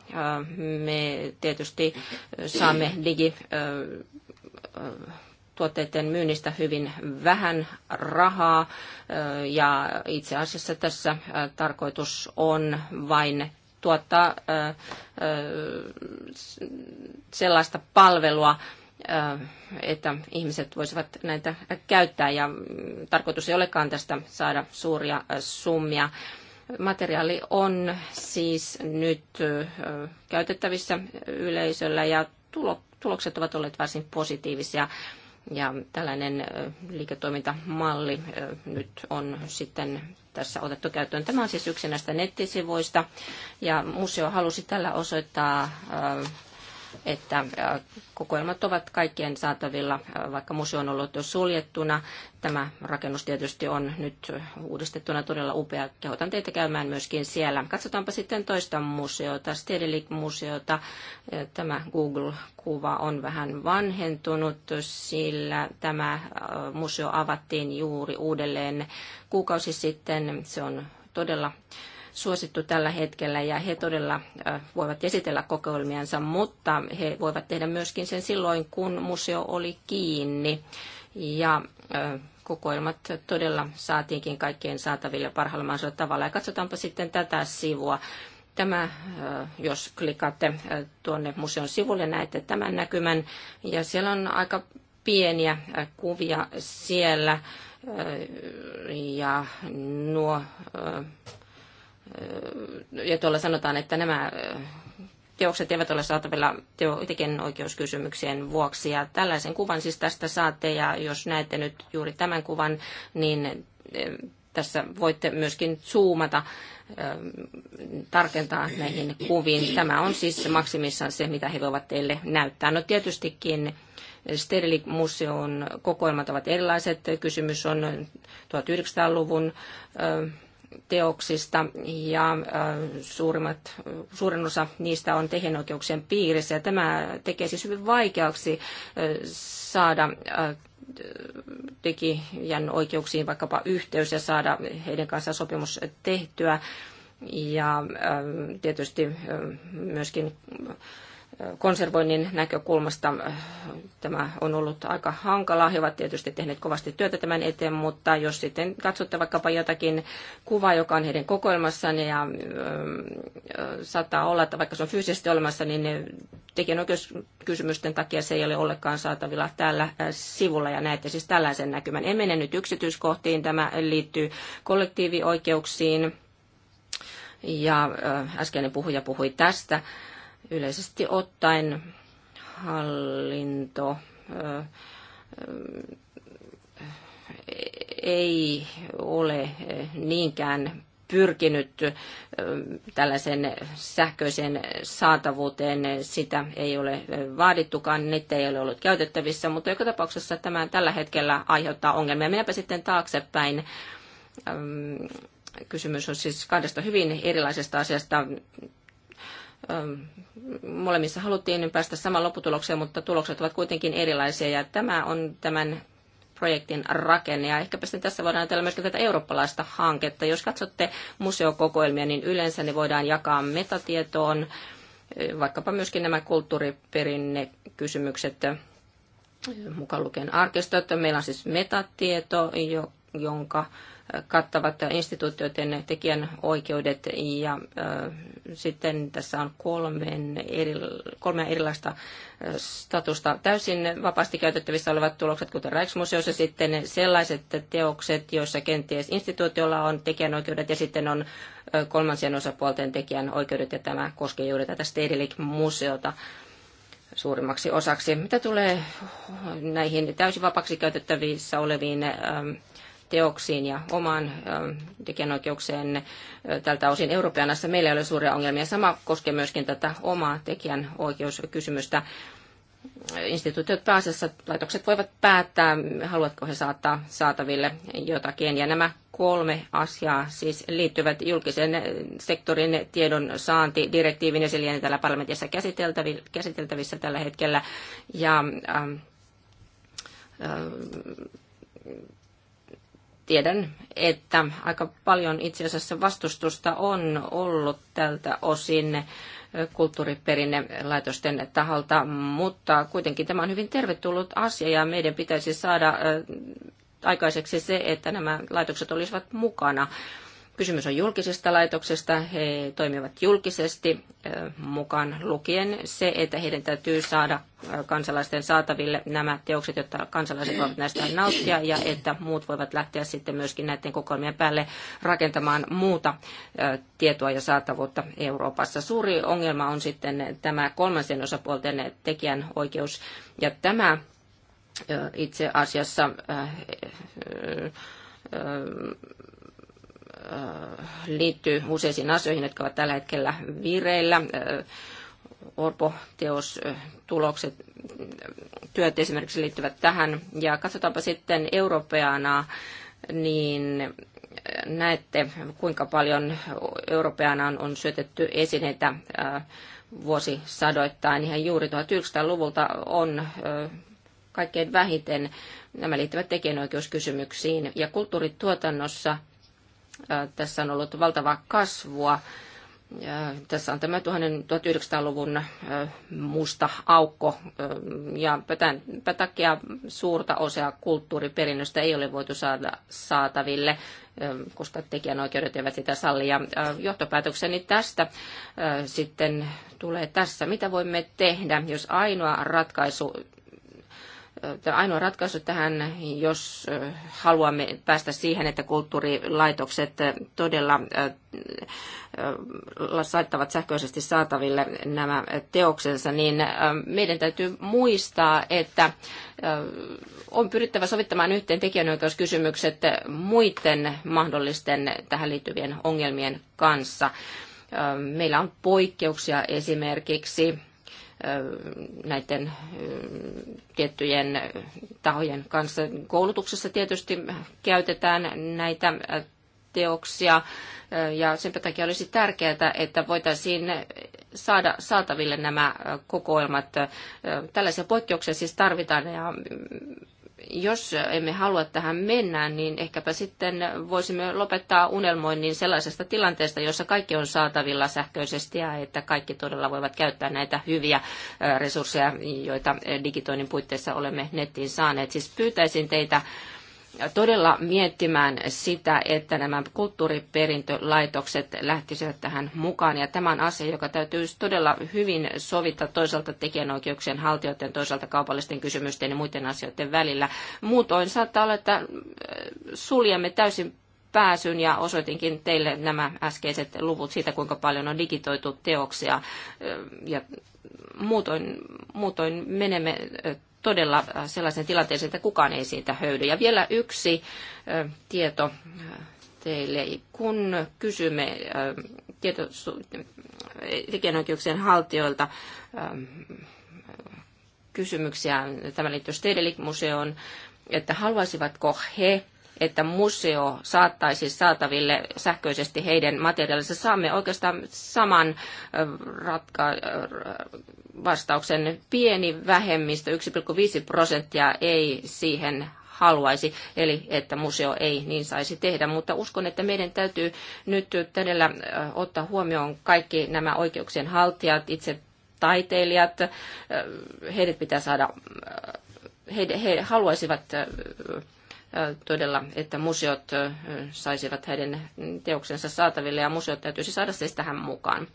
me tietysti äh, saamme digi äh, tuotteiden myynnistä hyvin vähän rahaa ja itse asiassa tässä tarkoitus on vain tuottaa sellaista palvelua, että ihmiset voisivat näitä käyttää ja tarkoitus ei olekaan tästä saada suuria summia. Materiaali on siis nyt käytettävissä yleisöllä ja tulokset ovat olleet varsin positiivisia. Ja tällainen liiketoimintamalli nyt on sitten tässä otettu käyttöön. Tämä on siis yksi näistä nettisivuista ja museo halusi tällä osoittaa että äh, kokoelmat ovat kaikkien saatavilla, äh, vaikka museo on ollut jo suljettuna. Tämä rakennus tietysti on nyt uudistettuna todella upea. Kehotan teitä käymään myöskin siellä. Katsotaanpa sitten toista museota, Stedelijk museota äh, Tämä Google-kuva on vähän vanhentunut, sillä tämä museo avattiin juuri uudelleen kuukausi sitten. Se on todella suosittu tällä hetkellä ja he todella voivat esitellä kokoelmiansa, mutta he voivat tehdä myöskin sen silloin, kun museo oli kiinni. Ja kokoelmat todella saatiinkin kaikkien saataville parhaalla mahdollisella tavalla. Ja katsotaanpa sitten tätä sivua. Tämä, jos klikaatte tuonne museon sivulle, näette tämän näkymän. Ja siellä on aika pieniä kuvia siellä. Ja nuo ja tuolla sanotaan, että nämä teokset eivät ole saatavilla oikeuskysymyksien vuoksi. Ja tällaisen kuvan siis tästä saatte, ja jos näette nyt juuri tämän kuvan, niin tässä voitte myöskin zoomata, tarkentaa näihin kuviin. Tämä on siis maksimissaan se, mitä he voivat teille näyttää. No tietystikin Sterilik-museon kokoelmat ovat erilaiset. Kysymys on 1900-luvun teoksista ja suurimmat, suurin osa niistä on tekijänoikeuksien piirissä. Ja tämä tekee siis hyvin vaikeaksi saada tekijän oikeuksiin vaikkapa yhteys ja saada heidän kanssaan sopimus tehtyä. Ja tietysti myöskin konservoinnin näkökulmasta äh, tämä on ollut aika hankalaa. He ovat tietysti tehneet kovasti työtä tämän eteen, mutta jos sitten katsotte vaikkapa jotakin kuvaa, joka on heidän kokoelmassaan ja ähm, äh, saattaa olla, että vaikka se on fyysisesti olemassa, niin tekijänoikeuskysymysten takia se ei ole ollenkaan saatavilla tällä äh, sivulla ja näette siis tällaisen näkymän. En mene nyt yksityiskohtiin, tämä liittyy kollektiivioikeuksiin ja äskeinen puhuja puhui tästä yleisesti ottaen hallinto ei ole niinkään pyrkinyt tällaisen sähköisen saatavuuteen. Sitä ei ole vaadittukaan, net ei ole ollut käytettävissä, mutta joka tapauksessa tämä tällä hetkellä aiheuttaa ongelmia. Mennäänpä sitten taaksepäin. Kysymys on siis kahdesta hyvin erilaisesta asiasta. Ähm, molemmissa haluttiin päästä samaan lopputulokseen, mutta tulokset ovat kuitenkin erilaisia ja tämä on tämän projektin rakenne. Ja ehkäpä sitten tässä voidaan ajatella myös tätä eurooppalaista hanketta. Jos katsotte museokokoelmia, niin yleensä ne voidaan jakaa metatietoon, eh, vaikkapa myöskin nämä kulttuuriperinnekysymykset, eh, mukaan lukien arkistot. Meillä on siis metatieto, jonka kattavat instituutioiden tekijän oikeudet ja sitten tässä on kolmen eri, kolme erilaista statusta. Täysin vapaasti käytettävissä olevat tulokset, kuten Rijksmuseossa, sitten sellaiset teokset, joissa kenties instituutiolla on tekijänoikeudet ja sitten on kolmansien osapuolten tekijänoikeudet ja tämä koskee juuri tätä Stedelijk-museota suurimmaksi osaksi. Mitä tulee näihin täysin vapaaksi käytettävissä oleviin teoksiin ja omaan ähm, tekijänoikeukseen äh, tältä osin Euroopanassa meillä ei ole suuria ongelmia. Sama koskee myöskin tätä omaa tekijänoikeuskysymystä. Instituutiot pääasiassa, laitokset voivat päättää, haluatko he saattaa saataville jotakin. Ja nämä kolme asiaa siis liittyvät julkisen sektorin tiedon saanti direktiivin ja se lienee täällä parlamentissa käsiteltävissä tällä hetkellä. Ja, ähm, ähm, tiedän, että aika paljon itse asiassa vastustusta on ollut tältä osin kulttuuriperinnelaitosten taholta, mutta kuitenkin tämä on hyvin tervetullut asia ja meidän pitäisi saada aikaiseksi se, että nämä laitokset olisivat mukana Kysymys on julkisesta laitoksesta. He toimivat julkisesti mukaan lukien se, että heidän täytyy saada kansalaisten saataville nämä teokset, jotta kansalaiset voivat näistä nauttia ja että muut voivat lähteä sitten myöskin näiden kokoelmien päälle rakentamaan muuta tietoa ja saatavuutta Euroopassa. Suuri ongelma on sitten tämä kolmansien osapuolten tekijän oikeus ja tämä itse asiassa Äh, liittyy useisiin asioihin, jotka ovat tällä hetkellä vireillä. Äh, Orpo-teos äh, tulokset, työt esimerkiksi liittyvät tähän. Ja katsotaanpa sitten europeana, niin näette, kuinka paljon europeana on syötetty esineitä vuosisadoittain. Ihan juuri 1900-luvulta on kaikkein vähiten. Nämä liittyvät tekijänoikeuskysymyksiin. Ja kulttuurituotannossa – tässä on ollut valtavaa kasvua. Ja tässä on tämä 1900-luvun musta aukko ja tämän takia suurta osaa kulttuuriperinnöstä ei ole voitu saada saataville, koska tekijänoikeudet eivät sitä salli. Ja johtopäätökseni tästä sitten tulee tässä. Mitä voimme tehdä, jos ainoa ratkaisu ainoa ratkaisu tähän, jos haluamme päästä siihen, että kulttuurilaitokset todella saittavat sähköisesti saataville nämä teoksensa, niin meidän täytyy muistaa, että on pyrittävä sovittamaan yhteen tekijänoikeuskysymykset muiden mahdollisten tähän liittyvien ongelmien kanssa. Meillä on poikkeuksia esimerkiksi näiden tiettyjen tahojen kanssa. Koulutuksessa tietysti käytetään näitä teoksia ja sen takia olisi tärkeää, että voitaisiin saada saataville nämä kokoelmat. Tällaisia poikkeuksia siis tarvitaan ja mm, jos emme halua tähän mennä, niin ehkäpä sitten voisimme lopettaa unelmoinnin sellaisesta tilanteesta, jossa kaikki on saatavilla sähköisesti ja että kaikki todella voivat käyttää näitä hyviä resursseja, joita digitoinnin puitteissa olemme nettiin saaneet. Siis pyytäisin teitä todella miettimään sitä, että nämä kulttuuriperintölaitokset lähtisivät tähän mukaan. Ja tämä on asia, joka täytyy todella hyvin sovittaa toisaalta tekijänoikeuksien haltijoiden, toisaalta kaupallisten kysymysten ja muiden asioiden välillä. Muutoin saattaa olla, että äh, suljemme täysin pääsyn ja osoitinkin teille nämä äskeiset luvut siitä, kuinka paljon on digitoitu teoksia äh, ja muutoin, muutoin menemme äh, todella äh, sellaisen tilanteeseen, että kukaan ei siitä höydy. Ja vielä yksi äh, tieto äh, teille. Kun kysymme tieto, tekijänoikeuksien haltijoilta kysymyksiä, tämä liittyy Stedelik-museoon, että haluaisivatko he että museo saattaisi saataville sähköisesti heidän materiaalinsa. Saamme oikeastaan saman ratka- vastauksen. Pieni vähemmistö, 1,5 prosenttia, ei siihen haluaisi, eli että museo ei niin saisi tehdä. Mutta uskon, että meidän täytyy nyt todella ottaa huomioon kaikki nämä oikeuksien haltijat, itse taiteilijat, heidät pitää saada, he, he haluaisivat todella, että museot saisivat heidän teoksensa saataville ja museot täytyisi saada siis tähän mukaan.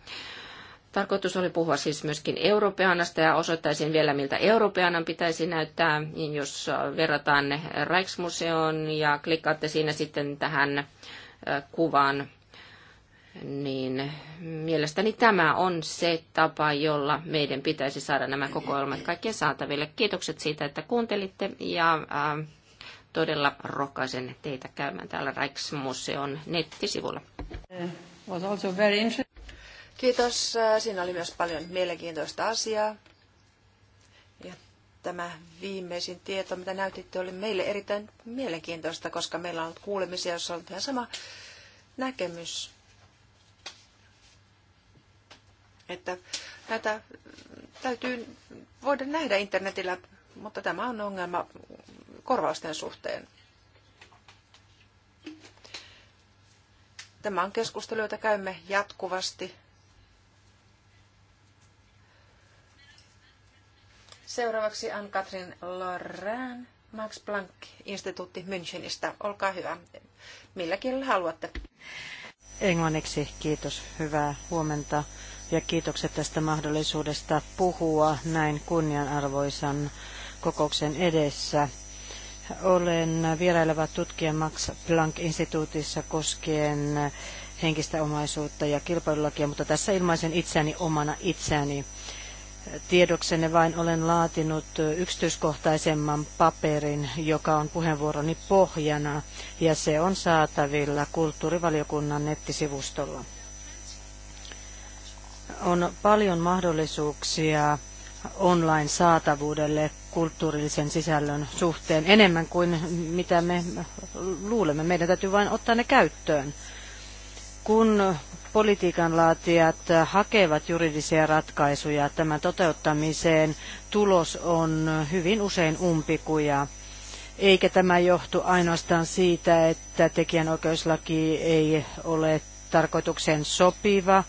Tarkoitus oli puhua siis myöskin europeanasta ja osoittaisin vielä, miltä europeanan pitäisi näyttää, jos verrataan ne Rijksmuseoon ja klikkaatte siinä sitten tähän kuvaan, niin mielestäni tämä on se tapa, jolla meidän pitäisi saada nämä kokoelmat kaikkien saataville. Kiitokset siitä, että kuuntelitte ja äh, todella rohkaisen teitä käymään täällä Rijksmuseon nettisivulla. Kiitos. Siinä oli myös paljon mielenkiintoista asiaa. Ja tämä viimeisin tieto, mitä näytitte, oli meille erittäin mielenkiintoista, koska meillä on ollut kuulemisia, jossa on ihan sama näkemys. Että näitä täytyy voida nähdä internetillä mutta tämä on ongelma korvausten suhteen. Tämä on keskustelu, jota käymme jatkuvasti. Seuraavaksi Ann-Katrin Lorraine, Max Planck-instituutti Münchenistä. Olkaa hyvä. Millä kielellä haluatte? Englanniksi kiitos. Hyvää huomenta ja kiitokset tästä mahdollisuudesta puhua näin kunnianarvoisan kokouksen edessä. Olen vieraileva tutkija Max Planck-instituutissa koskien henkistä omaisuutta ja kilpailulakia, mutta tässä ilmaisen itseäni omana itseäni. Tiedoksenne vain olen laatinut yksityiskohtaisemman paperin, joka on puheenvuoroni pohjana, ja se on saatavilla kulttuurivaliokunnan nettisivustolla. On paljon mahdollisuuksia online-saatavuudelle kulttuurillisen sisällön suhteen enemmän kuin mitä me luulemme. Meidän täytyy vain ottaa ne käyttöön. Kun laatijat hakevat juridisia ratkaisuja tämän toteuttamiseen, tulos on hyvin usein umpikuja. Eikä tämä johtu ainoastaan siitä, että tekijänoikeuslaki ei ole tarkoituksen sopiva,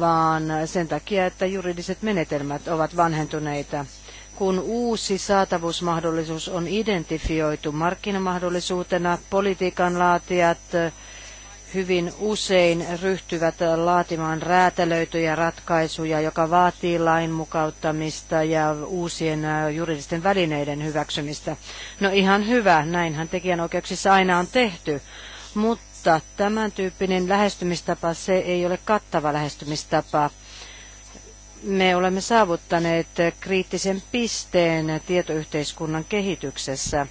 vaan sen takia, että juridiset menetelmät ovat vanhentuneita. Kun uusi saatavuusmahdollisuus on identifioitu markkinamahdollisuutena, politiikan laatijat hyvin usein ryhtyvät laatimaan räätälöityjä ratkaisuja, joka vaatii lain mukauttamista ja uusien juridisten välineiden hyväksymistä. No ihan hyvä, näinhän tekijänoikeuksissa aina on tehty, mutta mutta tämän tyyppinen lähestymistapa, se ei ole kattava lähestymistapa. Me olemme saavuttaneet kriittisen pisteen tietoyhteiskunnan kehityksessä.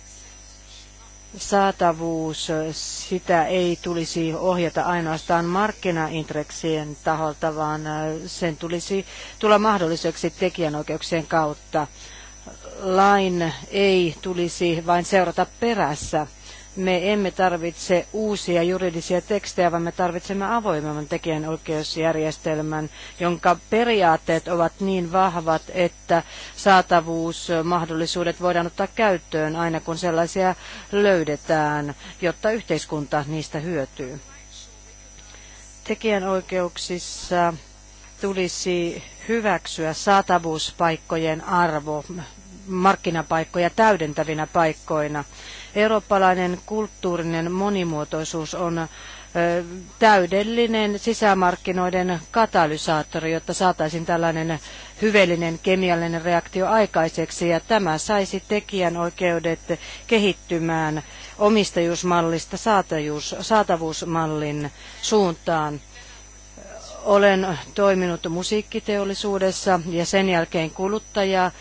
Saatavuus, sitä ei tulisi ohjata ainoastaan markkinaintreksien taholta, vaan sen tulisi tulla mahdolliseksi tekijänoikeuksien kautta. Lain ei tulisi vain seurata perässä me emme tarvitse uusia juridisia tekstejä, vaan me tarvitsemme avoimemman tekijänoikeusjärjestelmän, jonka periaatteet ovat niin vahvat, että saatavuusmahdollisuudet voidaan ottaa käyttöön aina kun sellaisia löydetään, jotta yhteiskunta niistä hyötyy. Tekijänoikeuksissa tulisi hyväksyä saatavuuspaikkojen arvo markkinapaikkoja täydentävinä paikkoina. Eurooppalainen kulttuurinen monimuotoisuus on täydellinen sisämarkkinoiden katalysaattori, jotta saataisiin tällainen hyveellinen kemiallinen reaktio aikaiseksi. Ja tämä saisi tekijänoikeudet kehittymään omistajuusmallista saatavuus, saatavuusmallin suuntaan. Olen toiminut musiikkiteollisuudessa ja sen jälkeen kuluttaja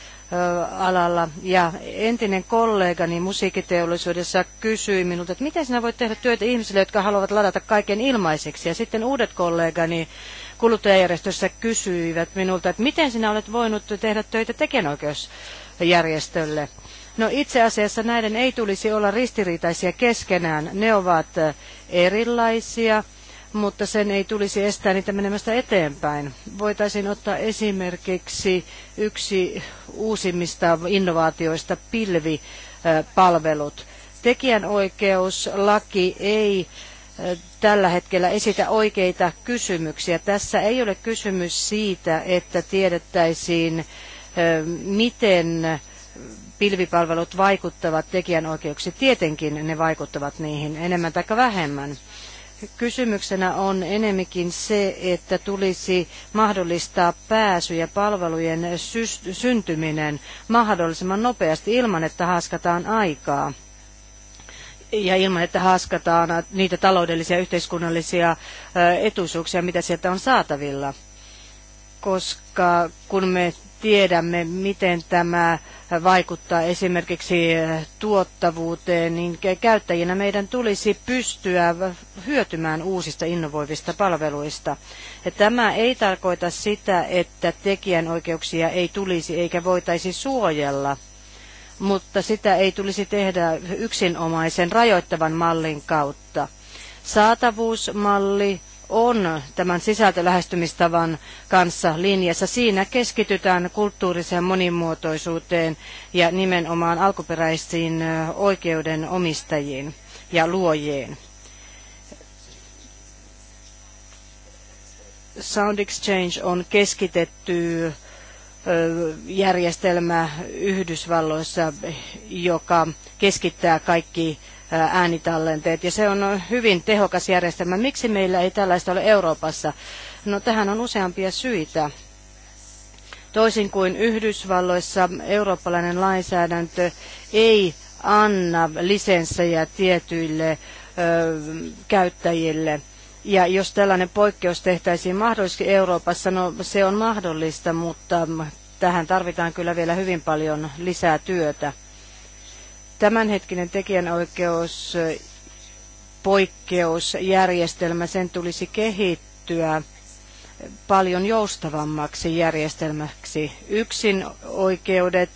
alalla. Ja entinen kollegani musiikkiteollisuudessa kysyi minulta, että miten sinä voit tehdä työtä ihmisille, jotka haluavat ladata kaiken ilmaiseksi. Ja sitten uudet kollegani kuluttajajärjestössä kysyivät minulta, että miten sinä olet voinut tehdä töitä tekijänoikeusjärjestölle. No itse asiassa näiden ei tulisi olla ristiriitaisia keskenään. Ne ovat erilaisia mutta sen ei tulisi estää niitä menemästä eteenpäin. Voitaisiin ottaa esimerkiksi yksi uusimmista innovaatioista pilvipalvelut. Tekijänoikeuslaki ei tällä hetkellä esitä oikeita kysymyksiä. Tässä ei ole kysymys siitä, että tiedettäisiin, miten pilvipalvelut vaikuttavat tekijänoikeuksiin. Tietenkin ne vaikuttavat niihin enemmän tai vähemmän. Kysymyksenä on enemmänkin se, että tulisi mahdollistaa pääsy ja palvelujen syntyminen mahdollisimman nopeasti ilman, että haaskataan aikaa ja ilman, että haaskataan niitä taloudellisia ja yhteiskunnallisia etuisuuksia, mitä sieltä on saatavilla. Koska kun me tiedämme, miten tämä vaikuttaa esimerkiksi tuottavuuteen, niin käyttäjinä meidän tulisi pystyä hyötymään uusista innovoivista palveluista. Ja tämä ei tarkoita sitä, että tekijänoikeuksia ei tulisi eikä voitaisi suojella, mutta sitä ei tulisi tehdä yksinomaisen rajoittavan mallin kautta. Saatavuusmalli on tämän sisältölähestymistavan kanssa linjassa. Siinä keskitytään kulttuuriseen monimuotoisuuteen ja nimenomaan alkuperäisiin oikeuden omistajiin ja luojiin. Sound Exchange on keskitetty järjestelmä Yhdysvalloissa, joka keskittää kaikki äänitallenteet. Ja se on hyvin tehokas järjestelmä. Miksi meillä ei tällaista ole Euroopassa? No tähän on useampia syitä. Toisin kuin Yhdysvalloissa, eurooppalainen lainsäädäntö ei anna lisenssejä tietyille ö, käyttäjille. Ja jos tällainen poikkeus tehtäisiin mahdollisesti Euroopassa, no se on mahdollista, mutta tähän tarvitaan kyllä vielä hyvin paljon lisää työtä tämänhetkinen tekijänoikeus poikkeusjärjestelmä, sen tulisi kehittyä paljon joustavammaksi järjestelmäksi. Yksin oikeudet,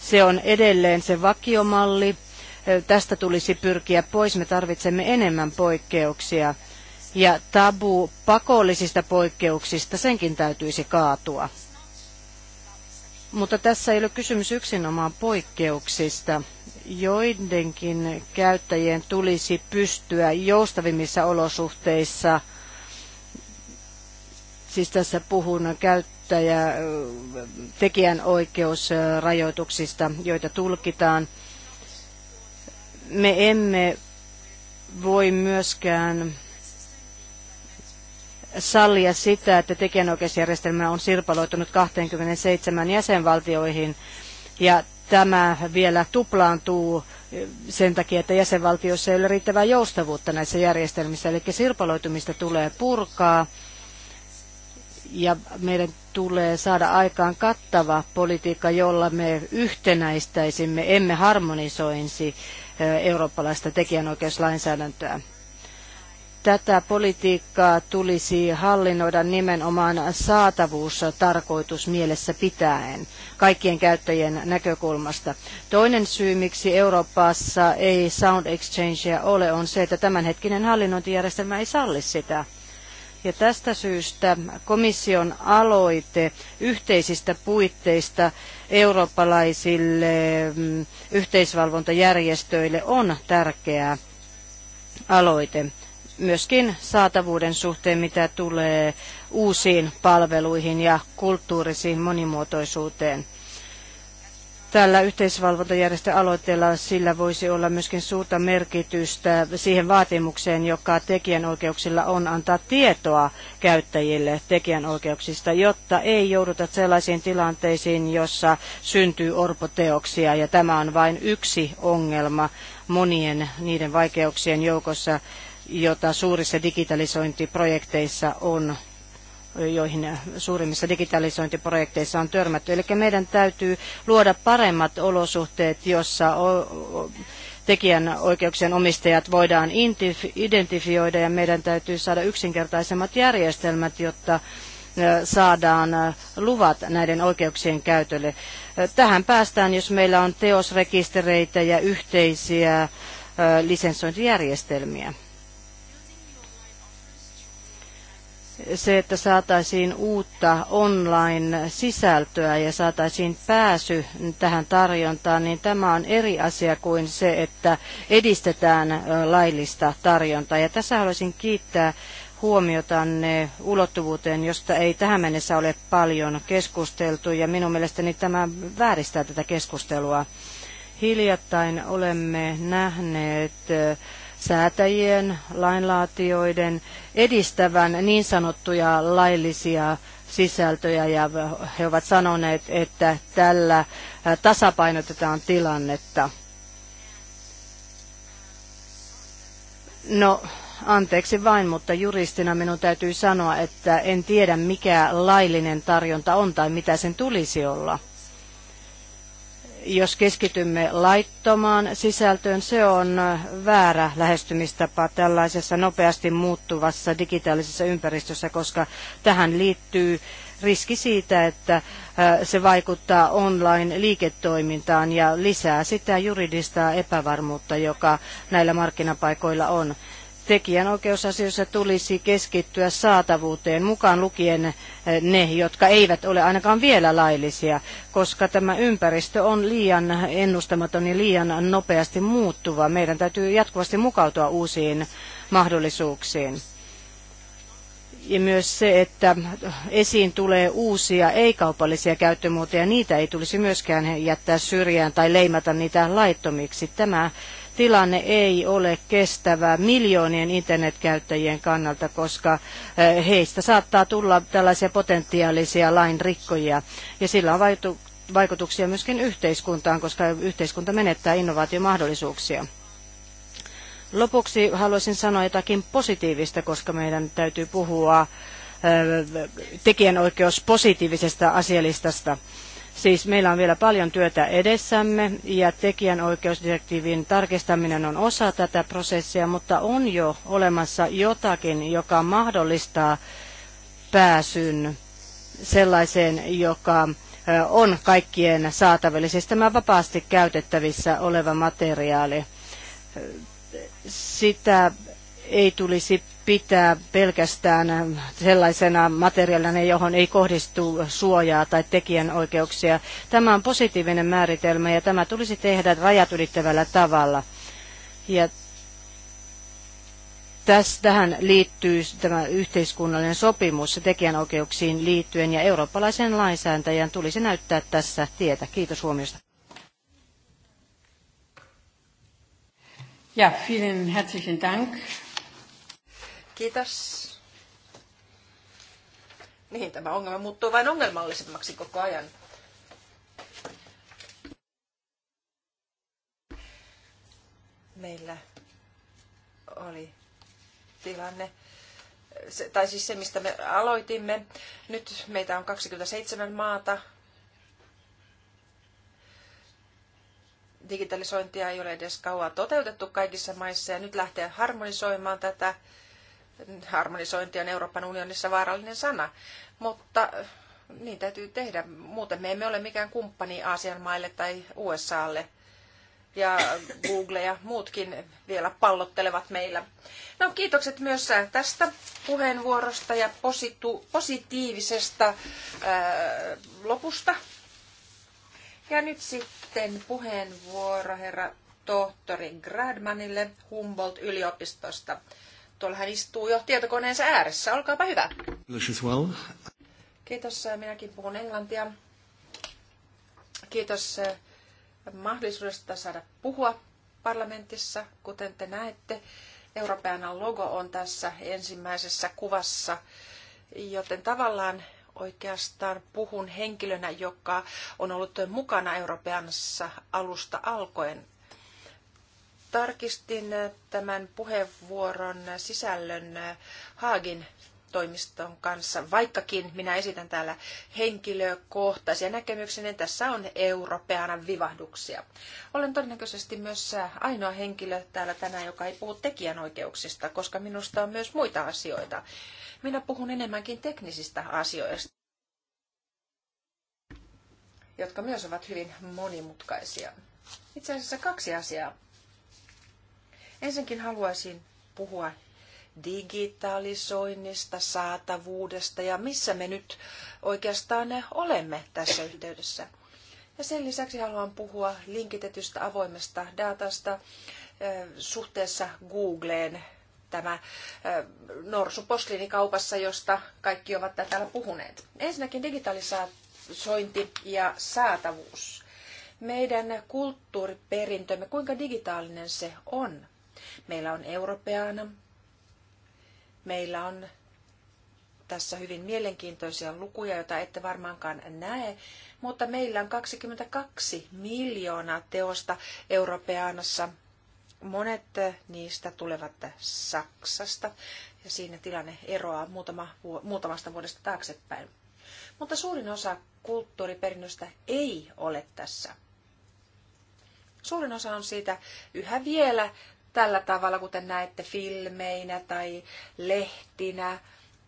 se on edelleen se vakiomalli. Tästä tulisi pyrkiä pois, me tarvitsemme enemmän poikkeuksia. Ja tabu pakollisista poikkeuksista, senkin täytyisi kaatua. Mutta tässä ei ole kysymys yksinomaan poikkeuksista joidenkin käyttäjien tulisi pystyä joustavimmissa olosuhteissa, siis tässä puhun käyttäjä, tekijän oikeusrajoituksista, joita tulkitaan. Me emme voi myöskään sallia sitä, että tekijänoikeusjärjestelmä on sirpaloitunut 27 jäsenvaltioihin. Ja tämä vielä tuplaantuu eh, sen takia, että jäsenvaltioissa ei ole riittävää joustavuutta näissä järjestelmissä. Eli sirpaloitumista tulee purkaa ja meidän tulee saada aikaan kattava politiikka, jolla me yhtenäistäisimme, emme harmonisoinsi eh, eurooppalaista tekijänoikeuslainsäädäntöä tätä politiikkaa tulisi hallinnoida nimenomaan saatavuustarkoitus mielessä pitäen kaikkien käyttäjien näkökulmasta. Toinen syy, miksi Euroopassa ei Sound Exchangea ole, on se, että tämänhetkinen hallinnointijärjestelmä ei salli sitä. Ja tästä syystä komission aloite yhteisistä puitteista eurooppalaisille mm, yhteisvalvontajärjestöille on tärkeä aloite myöskin saatavuuden suhteen, mitä tulee uusiin palveluihin ja kulttuurisiin monimuotoisuuteen. Tällä yhteisvalvontajärjestöaloitteella sillä voisi olla myöskin suurta merkitystä siihen vaatimukseen, joka tekijänoikeuksilla on antaa tietoa käyttäjille tekijänoikeuksista, jotta ei jouduta sellaisiin tilanteisiin, jossa syntyy orpoteoksia. Ja tämä on vain yksi ongelma monien niiden vaikeuksien joukossa, jota suurissa digitalisointiprojekteissa on joihin suurimmissa digitalisointiprojekteissa on törmätty. Eli meidän täytyy luoda paremmat olosuhteet, jossa tekijänoikeuksien omistajat voidaan identifioida ja meidän täytyy saada yksinkertaisemmat järjestelmät, jotta saadaan luvat näiden oikeuksien käytölle. Tähän päästään, jos meillä on teosrekistereitä ja yhteisiä lisensointijärjestelmiä. se, että saataisiin uutta online-sisältöä ja saataisiin pääsy tähän tarjontaan, niin tämä on eri asia kuin se, että edistetään laillista tarjontaa. Ja tässä haluaisin kiittää huomiotanne ulottuvuuteen, josta ei tähän mennessä ole paljon keskusteltu, ja minun mielestäni tämä vääristää tätä keskustelua. Hiljattain olemme nähneet säätäjien, lainlaatioiden edistävän niin sanottuja laillisia sisältöjä ja he ovat sanoneet, että tällä äh, tasapainotetaan tilannetta. No, anteeksi vain, mutta juristina minun täytyy sanoa, että en tiedä mikä laillinen tarjonta on tai mitä sen tulisi olla jos keskitymme laittomaan sisältöön, se on äh, väärä lähestymistapa tällaisessa nopeasti muuttuvassa digitaalisessa ympäristössä, koska tähän liittyy riski siitä, että äh, se vaikuttaa online-liiketoimintaan ja lisää sitä juridista epävarmuutta, joka näillä markkinapaikoilla on tekijänoikeusasioissa tulisi keskittyä saatavuuteen, mukaan lukien eh, ne, jotka eivät ole ainakaan vielä laillisia, koska tämä ympäristö on liian ennustamaton ja liian nopeasti muuttuva. Meidän täytyy jatkuvasti mukautua uusiin mahdollisuuksiin ja myös se, että esiin tulee uusia ei-kaupallisia käyttömuotoja, niitä ei tulisi myöskään jättää syrjään tai leimata niitä laittomiksi. Tämä tilanne ei ole kestävä miljoonien internetkäyttäjien kannalta, koska eh, heistä saattaa tulla tällaisia potentiaalisia lainrikkojia. Ja sillä on vaikutuksia myöskin yhteiskuntaan, koska yhteiskunta menettää innovaatiomahdollisuuksia. Lopuksi haluaisin sanoa jotakin positiivista, koska meidän täytyy puhua eh, tekijänoikeus positiivisesta asialistasta. Siis meillä on vielä paljon työtä edessämme ja tekijänoikeusdirektiivin tarkistaminen on osa tätä prosessia, mutta on jo olemassa jotakin, joka mahdollistaa pääsyn sellaiseen, joka on kaikkien saatavilla, siis tämä vapaasti käytettävissä oleva materiaali. Sitä ei tulisi pitää pelkästään sellaisena materiaalina, johon ei kohdistu suojaa tai tekijänoikeuksia. Tämä on positiivinen määritelmä ja tämä tulisi tehdä rajat ylittävällä tavalla. Ja tähän liittyy tämä yhteiskunnallinen sopimus tekijänoikeuksiin liittyen ja eurooppalaisen lainsääntäjän tulisi näyttää tässä tietä. Kiitos huomiosta. Ja, vielen herzlichen Dank. Kiitos. Niin, tämä ongelma muuttuu vain ongelmallisemmaksi koko ajan. Meillä oli tilanne, se, tai siis se, mistä me aloitimme. Nyt meitä on 27 maata. Digitalisointia ei ole edes kauan toteutettu kaikissa maissa ja nyt lähtee harmonisoimaan tätä harmonisointi on Euroopan unionissa vaarallinen sana, mutta eh, niin täytyy tehdä. Muuten me emme ole mikään kumppani Aasian maille tai USAlle. Ja Google ja muutkin vielä pallottelevat meillä. No kiitokset myös tästä puheenvuorosta ja positu, positiivisesta ää, eh, lopusta. Ja nyt sitten puheenvuoro herra tohtori Gradmanille Humboldt-yliopistosta. Tuolla hän istuu jo tietokoneensa ääressä. Olkaapa hyvä. Well. Kiitos. Äh, minäkin puhun englantia. Kiitos äh, mahdollisuudesta saada puhua parlamentissa. Kuten te näette, Euroopan logo on tässä ensimmäisessä kuvassa, joten tavallaan oikeastaan puhun henkilönä, joka on ollut mukana Europeanassa alusta alkoen tarkistin tämän puheenvuoron sisällön Haagin toimiston kanssa, vaikkakin minä esitän täällä henkilökohtaisia näkemyksiä, niin tässä on europeana vivahduksia. Olen todennäköisesti myös ainoa henkilö täällä tänään, joka ei puhu tekijänoikeuksista, koska minusta on myös muita asioita. Minä puhun enemmänkin teknisistä asioista, jotka myös ovat hyvin monimutkaisia. Itse asiassa kaksi asiaa Ensinnäkin haluaisin puhua digitalisoinnista, saatavuudesta ja missä me nyt oikeastaan olemme tässä yhteydessä. Ja sen lisäksi haluan puhua linkitetystä avoimesta datasta suhteessa Googleen, tämä norsu kaupassa, josta kaikki ovat täällä puhuneet. Ensinnäkin digitalisointi ja saatavuus. Meidän kulttuuriperintömme, kuinka digitaalinen se on. Meillä on Europeana. Meillä on tässä hyvin mielenkiintoisia lukuja, joita ette varmaankaan näe, mutta meillä on 22 miljoonaa teosta Europeanassa. Monet niistä tulevat Saksasta ja siinä tilanne eroaa muutama, muutamasta vuodesta taaksepäin. Mutta suurin osa kulttuuriperinnöstä ei ole tässä. Suurin osa on siitä yhä vielä tällä tavalla, kuten näette filmeinä tai lehtinä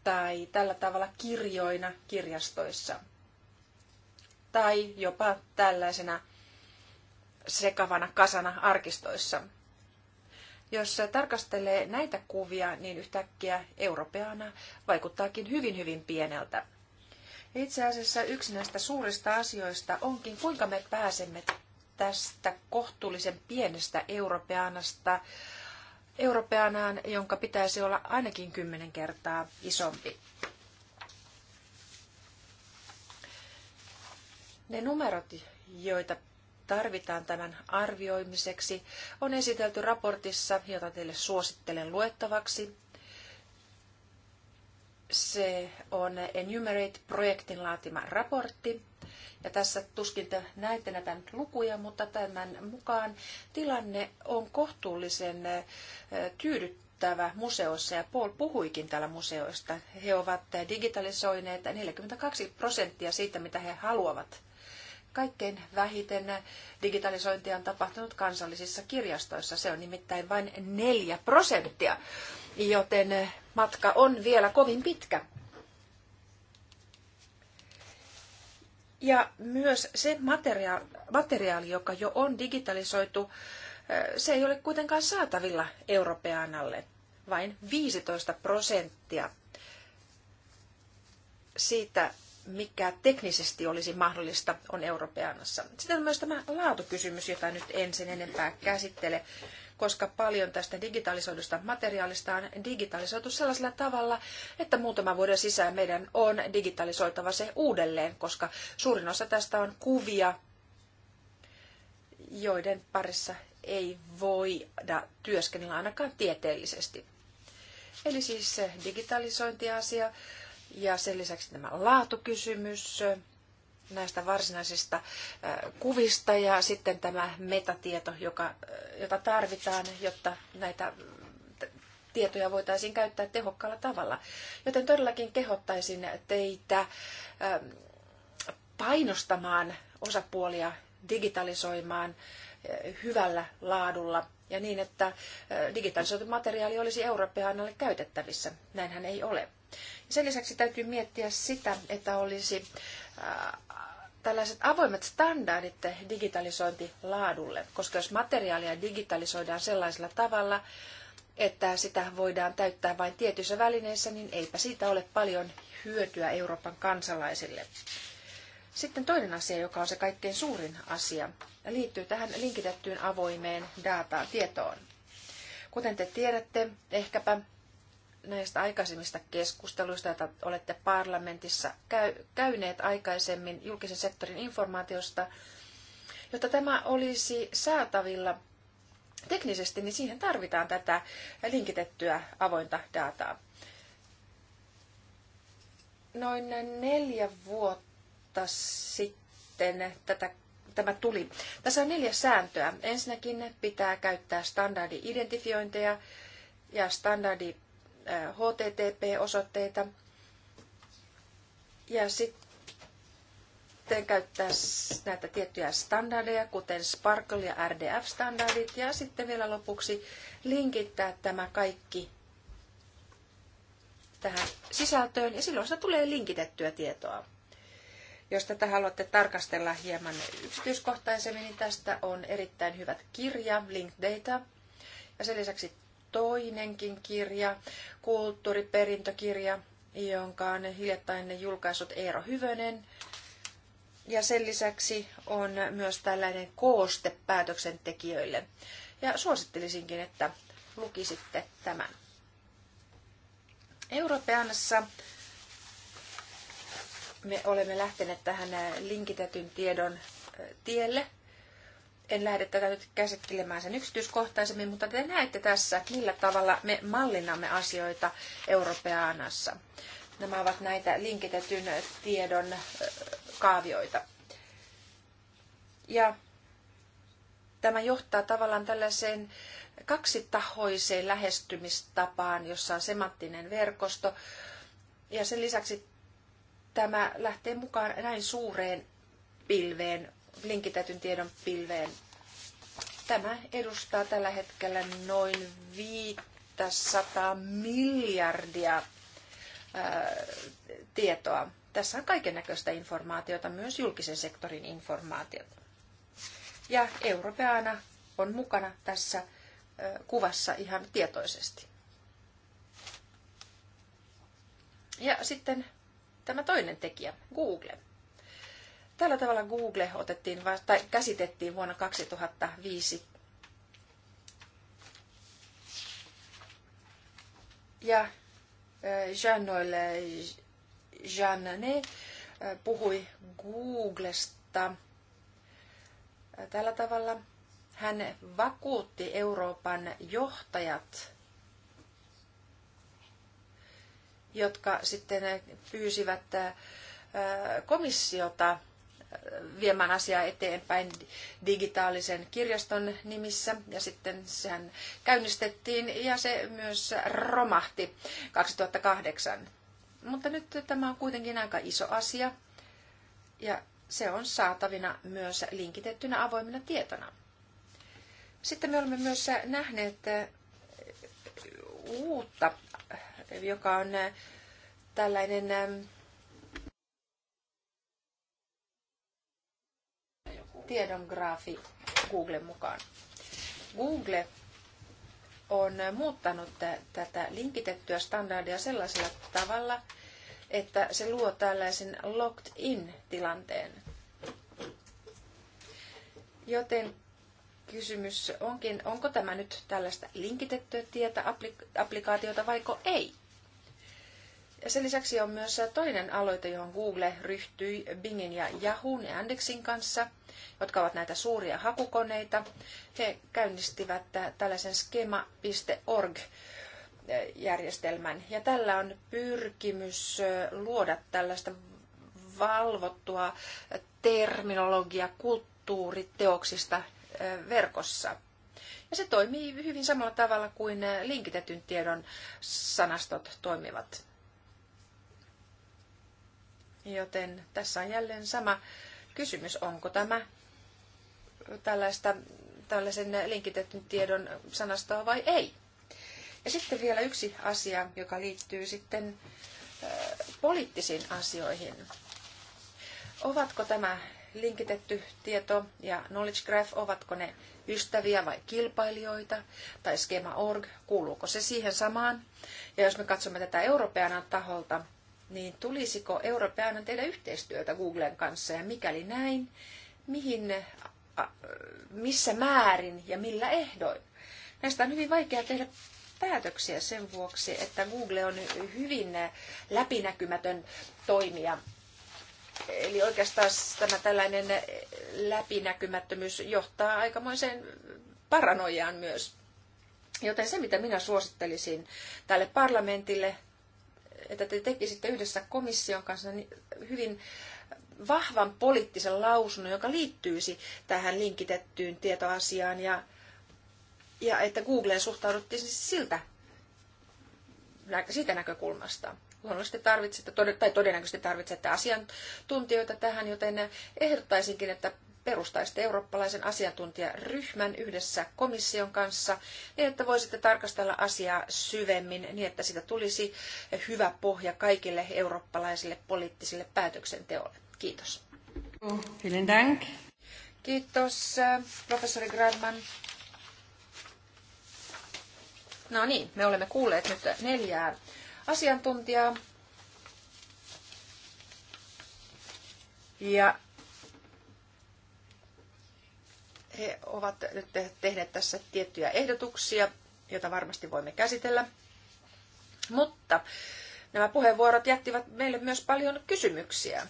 tai tällä tavalla kirjoina kirjastoissa. Tai jopa tällaisena sekavana kasana arkistoissa. Jos tarkastelee näitä kuvia, niin yhtäkkiä europeana vaikuttaakin hyvin hyvin pieneltä. Itse asiassa yksi näistä suurista asioista onkin, kuinka me pääsemme tästä kohtuullisen pienestä europeanasta europeanaan, jonka pitäisi olla ainakin kymmenen kertaa isompi. Ne numerot, joita tarvitaan tämän arvioimiseksi, on esitelty raportissa, jota teille suosittelen luettavaksi. Se on Enumerate-projektin laatima raportti, ja tässä tuskin te näette näitä lukuja, mutta tämän mukaan tilanne on kohtuullisen tyydyttävä museossa ja Paul puhuikin täällä museoista. He ovat digitalisoineet 42 prosenttia siitä, mitä he haluavat. Kaikkein vähiten digitalisointia on tapahtunut kansallisissa kirjastoissa. Se on nimittäin vain 4 prosenttia, joten matka on vielä kovin pitkä. Ja myös se materiaali, materiaali joka jo on digitalisoitu, se ei ole kuitenkaan saatavilla europeanalle. Vain 15 prosenttia siitä, mikä teknisesti olisi mahdollista, on europeanassa. Sitten on myös tämä laatukysymys, jota nyt ensin enempää käsittele, koska paljon tästä digitalisoidusta materiaalista on digitalisoitu sellaisella tavalla, että muutaman vuoden sisään meidän on digitalisoitava se uudelleen, koska suurin osa tästä on kuvia, joiden parissa ei voida työskennellä ainakaan tieteellisesti. Eli siis digitalisointiasia ja sen lisäksi tämä laatukysymys näistä varsinaisista kuvista ja sitten tämä metatieto, joka, jota tarvitaan, jotta näitä tietoja voitaisiin käyttää tehokkaalla tavalla. Joten todellakin kehottaisin teitä painostamaan osapuolia digitalisoimaan hyvällä laadulla ja niin, että digitalisoitu materiaali olisi Euroopan käytettävissä. Näinhän ei ole. Sen lisäksi täytyy miettiä sitä, että olisi äh, tällaiset avoimet standardit digitalisointilaadulle, laadulle, koska jos materiaalia digitalisoidaan sellaisella tavalla, että sitä voidaan täyttää vain tietyissä välineissä, niin eipä siitä ole paljon hyötyä Euroopan kansalaisille. Sitten toinen asia, joka on se kaikkein suurin asia, liittyy tähän linkitettyyn avoimeen dataan tietoon. Kuten te tiedätte, ehkäpä näistä aikaisemmista keskusteluista, joita olette parlamentissa käyneet aikaisemmin julkisen sektorin informaatiosta, jotta tämä olisi saatavilla teknisesti, niin siihen tarvitaan tätä linkitettyä avointa dataa. Noin neljä vuotta sitten tätä tämä tuli. Tässä on neljä sääntöä. Ensinnäkin pitää käyttää standardi-identifiointeja ja standardi HTTP-osoitteita ja sitten käyttää näitä tiettyjä standardeja, kuten Sparkle ja RDF-standardit ja sitten vielä lopuksi linkittää tämä kaikki tähän sisältöön ja silloin se tulee linkitettyä tietoa. Jos tätä haluatte tarkastella hieman yksityiskohtaisemmin, niin tästä on erittäin hyvät kirja, Link Data. Ja sen lisäksi toinenkin kirja, kulttuuriperintökirja, jonka on hiljattain julkaisut Eero Hyvönen. Ja sen lisäksi on myös tällainen kooste päätöksentekijöille. Ja suosittelisinkin, että lukisitte tämän. Europeanassa me olemme lähteneet tähän linkitetyn tiedon tielle en lähde tätä nyt käsittelemään sen yksityiskohtaisemmin, mutta te näette tässä, millä tavalla me mallinnamme asioita Europeanassa. Nämä ovat näitä linkitetyn tiedon kaavioita. Ja tämä johtaa tavallaan tällaiseen kaksitahoiseen lähestymistapaan, jossa on semanttinen verkosto. Ja sen lisäksi tämä lähtee mukaan näin suureen pilveen linkitetyn tiedon pilveen. Tämä edustaa tällä hetkellä noin 500 miljardia ää, äh, tietoa. Tässä on kaiken näköistä informaatiota, myös julkisen sektorin informaatiota. Ja europeana on mukana tässä ää, äh, kuvassa ihan tietoisesti. Ja sitten tämä toinen tekijä, Google. Tällä tavalla Google otettiin, tai käsitettiin vuonna 2005. Ja Jean-Noël Jeanne puhui Googlesta tällä tavalla. Hän vakuutti Euroopan johtajat, jotka sitten pyysivät komissiota viemään asiaa eteenpäin digitaalisen kirjaston nimissä. Ja sitten sehän käynnistettiin ja se myös romahti 2008. Mutta nyt tämä on kuitenkin aika iso asia ja se on saatavina myös linkitettynä avoimena tietona. Sitten me olemme myös nähneet eh, uutta, joka on eh, tällainen eh, tiedon graafi Googlen mukaan. Google on muuttanut tätä linkitettyä standardia sellaisella tavalla, että se luo tällaisen locked-in-tilanteen. Joten kysymys onkin, onko tämä nyt tällaista linkitettyä tietä, applikaatiota vaiko ei? sen lisäksi on myös toinen aloite, johon Google ryhtyi Bingin ja Yahoon ja Andexin kanssa, jotka ovat näitä suuria hakukoneita. He käynnistivät tällaisen schema.org järjestelmän. Ja tällä on pyrkimys luoda tällaista valvottua terminologia kulttuuriteoksista verkossa. Ja se toimii hyvin samalla tavalla kuin linkitetyn tiedon sanastot toimivat. Joten tässä on jälleen sama kysymys, onko tämä tällaista, tällaisen linkitetyn tiedon sanastoa vai ei. Ja sitten vielä yksi asia, joka liittyy sitten poliittisiin asioihin. Ovatko tämä linkitetty tieto ja Knowledge Graph, ovatko ne ystäviä vai kilpailijoita, tai Schema.org, kuuluuko se siihen samaan. Ja jos me katsomme tätä Euroopan taholta, niin tulisiko Europeana tehdä yhteistyötä Googlen kanssa ja mikäli näin, mihin, missä määrin ja millä ehdoin? Näistä on hyvin vaikea tehdä päätöksiä sen vuoksi, että Google on hyvin läpinäkymätön toimija. Eli oikeastaan tämä tällainen läpinäkymättömyys johtaa aikamoiseen paranoiaan myös. Joten se, mitä minä suosittelisin tälle parlamentille, että te tekisitte yhdessä komission kanssa niin hyvin vahvan poliittisen lausunnon, joka liittyisi tähän linkitettyyn tietoasiaan ja, ja että Googleen suhtauduttiin siis siltä, siitä näkökulmasta. Luonnollisesti tarvitsette, tai todennäköisesti tarvitsette asiantuntijoita tähän, joten ehdottaisinkin, että perustaisitte eurooppalaisen asiantuntijaryhmän yhdessä komission kanssa, niin että voisitte tarkastella asiaa syvemmin, niin että siitä tulisi hyvä pohja kaikille eurooppalaisille poliittisille päätöksenteolle. Kiitos. Kiitos, äh, professori Gradman. No niin, me olemme kuulleet nyt neljää asiantuntijaa. Ja He ovat nyt tehneet tässä tiettyjä ehdotuksia, joita varmasti voimme käsitellä. Mutta nämä puheenvuorot jättivät meille myös paljon kysymyksiä,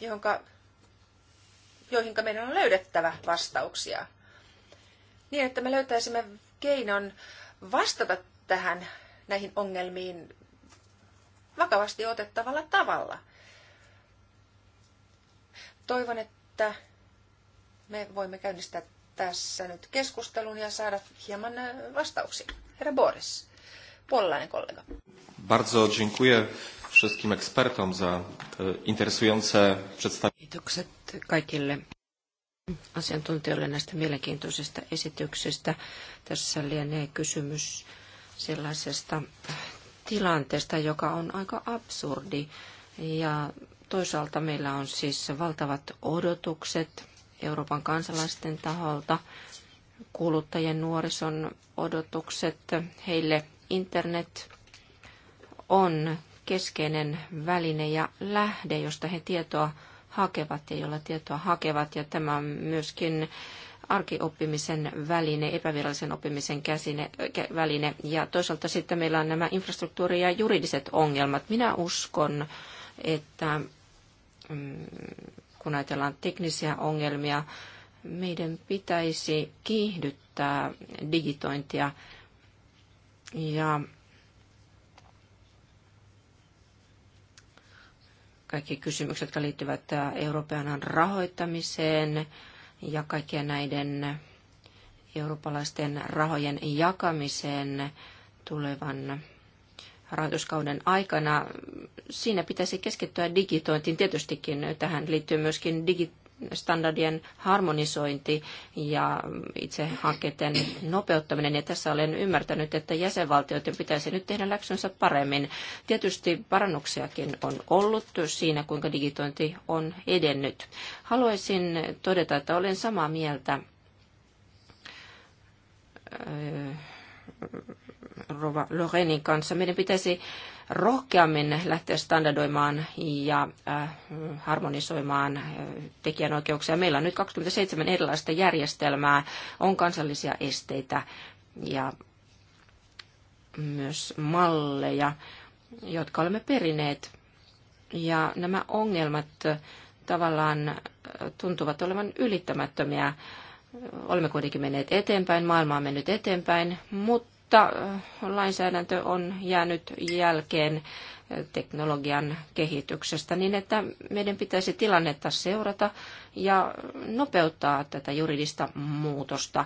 johonka, joihinka meidän on löydettävä vastauksia. Niin, että me löytäisimme keinon vastata tähän näihin ongelmiin vakavasti otettavalla tavalla. Toivon, että me voimme käynnistää tässä nyt keskustelun ja saada hieman äh, vastauksia. Herra Boris, puolalainen kollega. Bardzo dziękuję wszystkim ekspertom za e, interesujące przedstawienie. Kiitokset kaikille asiantuntijoille näistä mielenkiintoisista esityksistä. Tässä lienee kysymys sellaisesta äh, tilanteesta, joka on aika absurdi. Ja toisaalta meillä on siis valtavat odotukset Euroopan kansalaisten taholta, kuluttajien nuorison odotukset, heille internet on keskeinen väline ja lähde, josta he tietoa hakevat ja jolla tietoa hakevat. Ja tämä on myöskin arkioppimisen väline, epävirallisen oppimisen käsine, kä, väline. Ja toisaalta sitten meillä on nämä infrastruktuuri- ja juridiset ongelmat. Minä uskon, että mm, kun ajatellaan teknisiä ongelmia, meidän pitäisi kiihdyttää digitointia ja kaikki kysymykset, jotka liittyvät Euroopan rahoittamiseen ja kaikkien näiden eurooppalaisten rahojen jakamiseen tulevan rahoituskauden aikana. Siinä pitäisi keskittyä digitointiin. Tietystikin tähän liittyy myöskin digistandardien harmonisointi ja itse hankkeiden nopeuttaminen. Ja tässä olen ymmärtänyt, että jäsenvaltioiden pitäisi nyt tehdä läksynsä paremmin. Tietysti parannuksiakin on ollut siinä, kuinka digitointi on edennyt. Haluaisin todeta, että olen samaa mieltä Rova Lorenin kanssa. Meidän pitäisi rohkeammin lähteä standardoimaan ja äh, harmonisoimaan äh, tekijänoikeuksia. Meillä on nyt 27 erilaista järjestelmää, on kansallisia esteitä ja myös malleja, jotka olemme perineet. Ja nämä ongelmat äh, tavallaan tuntuvat olevan ylittämättömiä. Olemme kuitenkin menneet eteenpäin, maailma on mennyt eteenpäin, mutta mutta lainsäädäntö on jäänyt jälkeen teknologian kehityksestä, niin että meidän pitäisi tilannetta seurata ja nopeuttaa tätä juridista muutosta.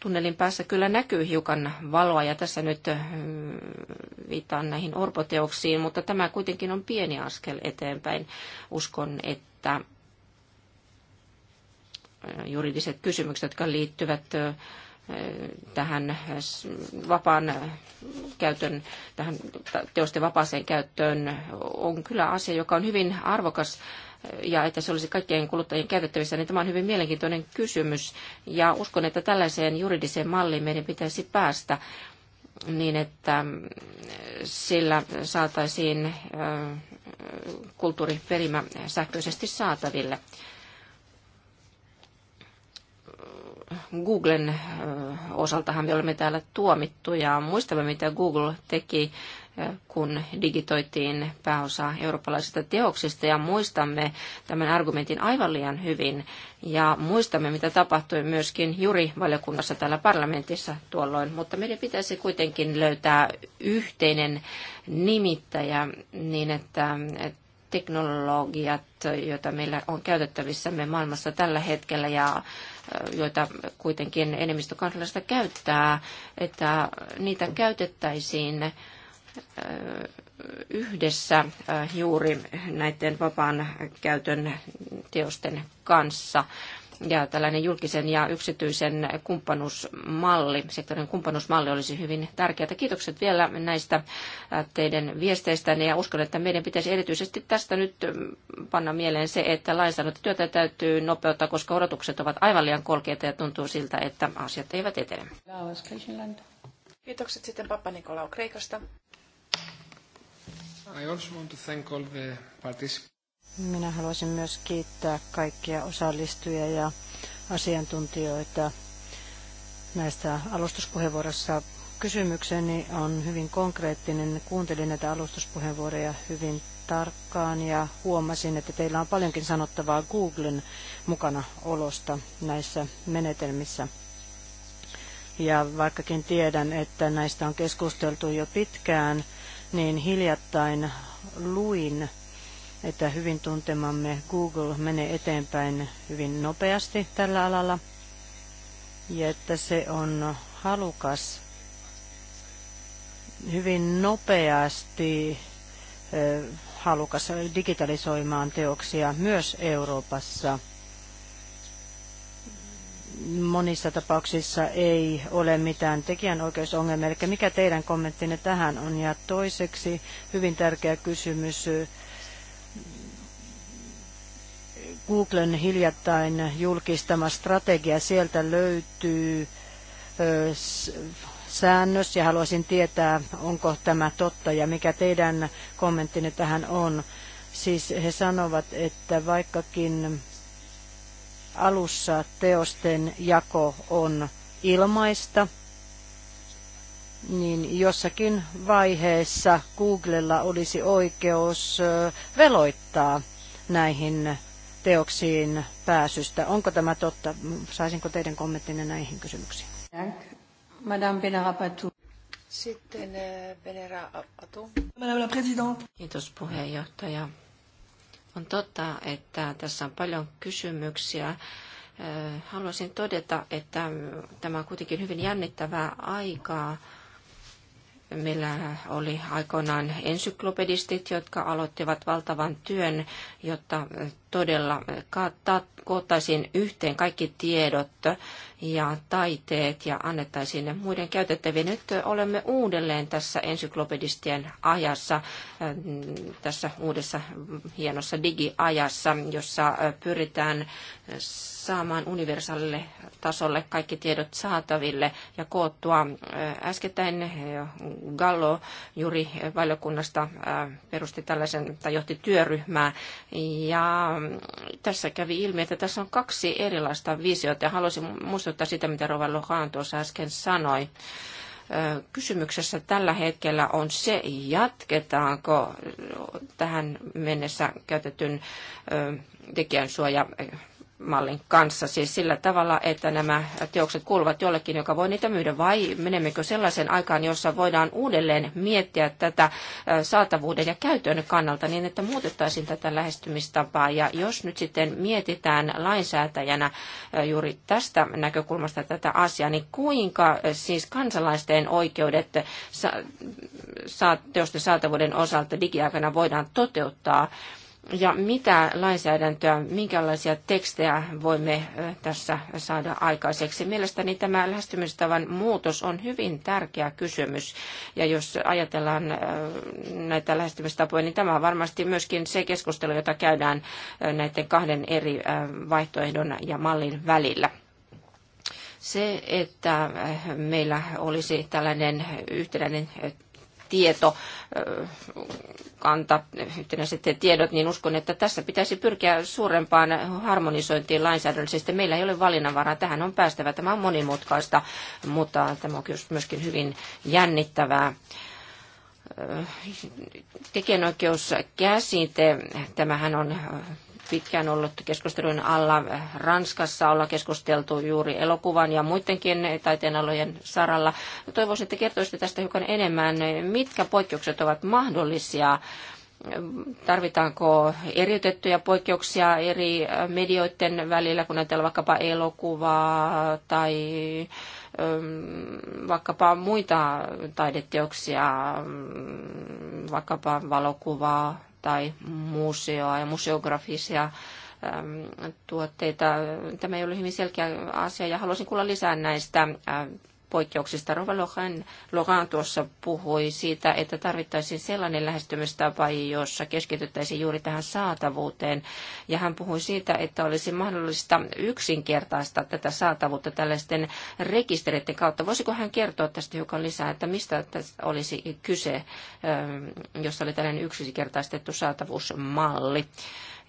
Tunnelin päässä kyllä näkyy hiukan valoa ja tässä nyt viittaan näihin orpoteoksiin, mutta tämä kuitenkin on pieni askel eteenpäin. Uskon, että juridiset kysymykset, jotka liittyvät tähän vapaan käytön, tähän teosten vapaaseen käyttöön on kyllä asia, joka on hyvin arvokas eh, ja että se olisi kaikkien kuluttajien käytettävissä, niin tämä on hyvin mielenkiintoinen kysymys. Ja uskon, että tällaiseen juridiseen malliin meidän pitäisi päästä niin, että mm, sillä saataisiin eh, kulttuuriperimä sähköisesti saataville. Googlen osaltahan me olemme täällä ja Muistamme, mitä Google teki, kun digitoitiin pääosa eurooppalaisista teoksista ja muistamme tämän argumentin aivan liian hyvin. Ja muistamme, mitä tapahtui myöskin juuri valiokunnassa täällä parlamentissa tuolloin, mutta meidän pitäisi kuitenkin löytää yhteinen nimittäjä niin, että, että teknologiat, joita meillä on käytettävissämme maailmassa tällä hetkellä ja joita kuitenkin enemmistö kansalaisista käyttää, että niitä käytettäisiin yhdessä juuri näiden vapaan käytön teosten kanssa. Ja tällainen julkisen ja yksityisen kumppanuusmalli, sektorin kumppanuusmalli olisi hyvin tärkeää. Kiitokset vielä näistä äh, teidän viesteistä, ja uskon, että meidän pitäisi erityisesti tästä nyt mm, panna mieleen se, että lainsäädäntötyötä täytyy nopeuttaa, koska odotukset ovat aivan liian kolkeita ja tuntuu siltä, että asiat eivät etene. Kiitokset sitten Pappa Nikolaou Kreikasta. I also want to thank all the participants. Minä haluaisin myös kiittää kaikkia osallistujia ja asiantuntijoita näistä alustuspuheenvuorossa. Kysymykseni on hyvin konkreettinen. Kuuntelin näitä alustuspuheenvuoroja hyvin tarkkaan ja huomasin, että teillä on paljonkin sanottavaa Googlen mukana olosta näissä menetelmissä. Ja vaikkakin tiedän, että näistä on keskusteltu jo pitkään, niin hiljattain luin että hyvin tuntemamme Google menee eteenpäin hyvin nopeasti tällä alalla ja että se on halukas hyvin nopeasti halukas digitalisoimaan teoksia myös Euroopassa. Monissa tapauksissa ei ole mitään tekijänoikeusongelmia. Eli mikä teidän kommenttinne tähän on? Ja toiseksi hyvin tärkeä kysymys Googlen hiljattain julkistama strategia. Sieltä löytyy säännös ja haluaisin tietää, onko tämä totta ja mikä teidän kommenttinne tähän on. Siis he sanovat, että vaikkakin alussa teosten jako on ilmaista, niin jossakin vaiheessa Googlella olisi oikeus veloittaa näihin teoksiin pääsystä. Onko tämä totta? Saisinko teidän kommenttinne näihin kysymyksiin? Madame Sitten Venera eh, Apatou. Madame la Présidente. Kiitos puheenjohtaja. On totta, että tässä on paljon kysymyksiä. Eh, haluaisin todeta, että tämä on kuitenkin hyvin jännittävää aikaa. Meillä oli aikoinaan ensyklopedistit, jotka aloittivat valtavan työn, jotta todella koottaisiin yhteen kaikki tiedot ja taiteet ja annettaisiin ne muiden käytettäviin. Nyt olemme uudelleen tässä ensyklopedistien ajassa, mm, tässä uudessa hienossa digiajassa, jossa pyritään saamaan universaalille tasolle kaikki tiedot saataville ja koottua. Äskettäin Gallo juuri valiokunnasta perusti tällaisen tai johti työryhmää ja tässä kävi ilmi, että tässä on kaksi erilaista visiota ja haluaisin muistuttaa sitä, mitä Rova Lohan tuossa äsken sanoi kysymyksessä tällä hetkellä on se, jatketaanko tähän mennessä käytetyn tekijän suoja mallin kanssa, siis sillä tavalla, että nämä teokset kuuluvat jollekin, joka voi niitä myydä, vai menemmekö sellaisen aikaan, jossa voidaan uudelleen miettiä tätä saatavuuden ja käytön kannalta niin, että muutettaisiin tätä lähestymistapaa. Ja jos nyt sitten mietitään lainsäätäjänä juuri tästä näkökulmasta tätä asiaa, niin kuinka siis kansalaisten oikeudet teosten saatavuuden osalta digiaikana voidaan toteuttaa, ja mitä lainsäädäntöä, minkälaisia tekstejä voimme tässä saada aikaiseksi. Mielestäni tämä lähestymistavan muutos on hyvin tärkeä kysymys. Ja jos ajatellaan näitä lähestymistapoja, niin tämä on varmasti myöskin se keskustelu, jota käydään näiden kahden eri vaihtoehdon ja mallin välillä se, että meillä olisi tällainen yhtenäinen tieto, kanta, yhtenäiset tiedot, niin uskon, että tässä pitäisi pyrkiä suurempaan harmonisointiin lainsäädännöllisesti. Meillä ei ole valinnanvaraa, tähän on päästävä. Tämä on monimutkaista, mutta tämä on myöskin hyvin jännittävää tekijänoikeuskäsite, tämähän on pitkään ollut keskustelun alla Ranskassa, olla keskusteltu juuri elokuvan ja muidenkin taiteenalojen saralla. Toivoisin, että kertoisitte tästä hiukan enemmän. Mitkä poikkeukset ovat mahdollisia? Tarvitaanko eriytettyjä poikkeuksia eri medioiden välillä, kun ajatellaan vaikkapa elokuvaa tai ähm, vaikkapa muita taideteoksia, vaikkapa valokuvaa, tai museoa ja museografisia ähm, tuotteita. Tämä ei ole hyvin selkeä asia ja haluaisin kuulla lisää näistä äh, poikkeuksista. Rova Lohan, Lohan tuossa puhui siitä, että tarvittaisiin sellainen lähestymistapa, jossa keskityttäisiin juuri tähän saatavuuteen. Ja hän puhui siitä, että olisi mahdollista yksinkertaistaa tätä saatavuutta tällaisten rekistereiden kautta. Voisiko hän kertoa tästä hiukan lisää, että mistä tässä olisi kyse, jos oli tällainen yksinkertaistettu saatavuusmalli?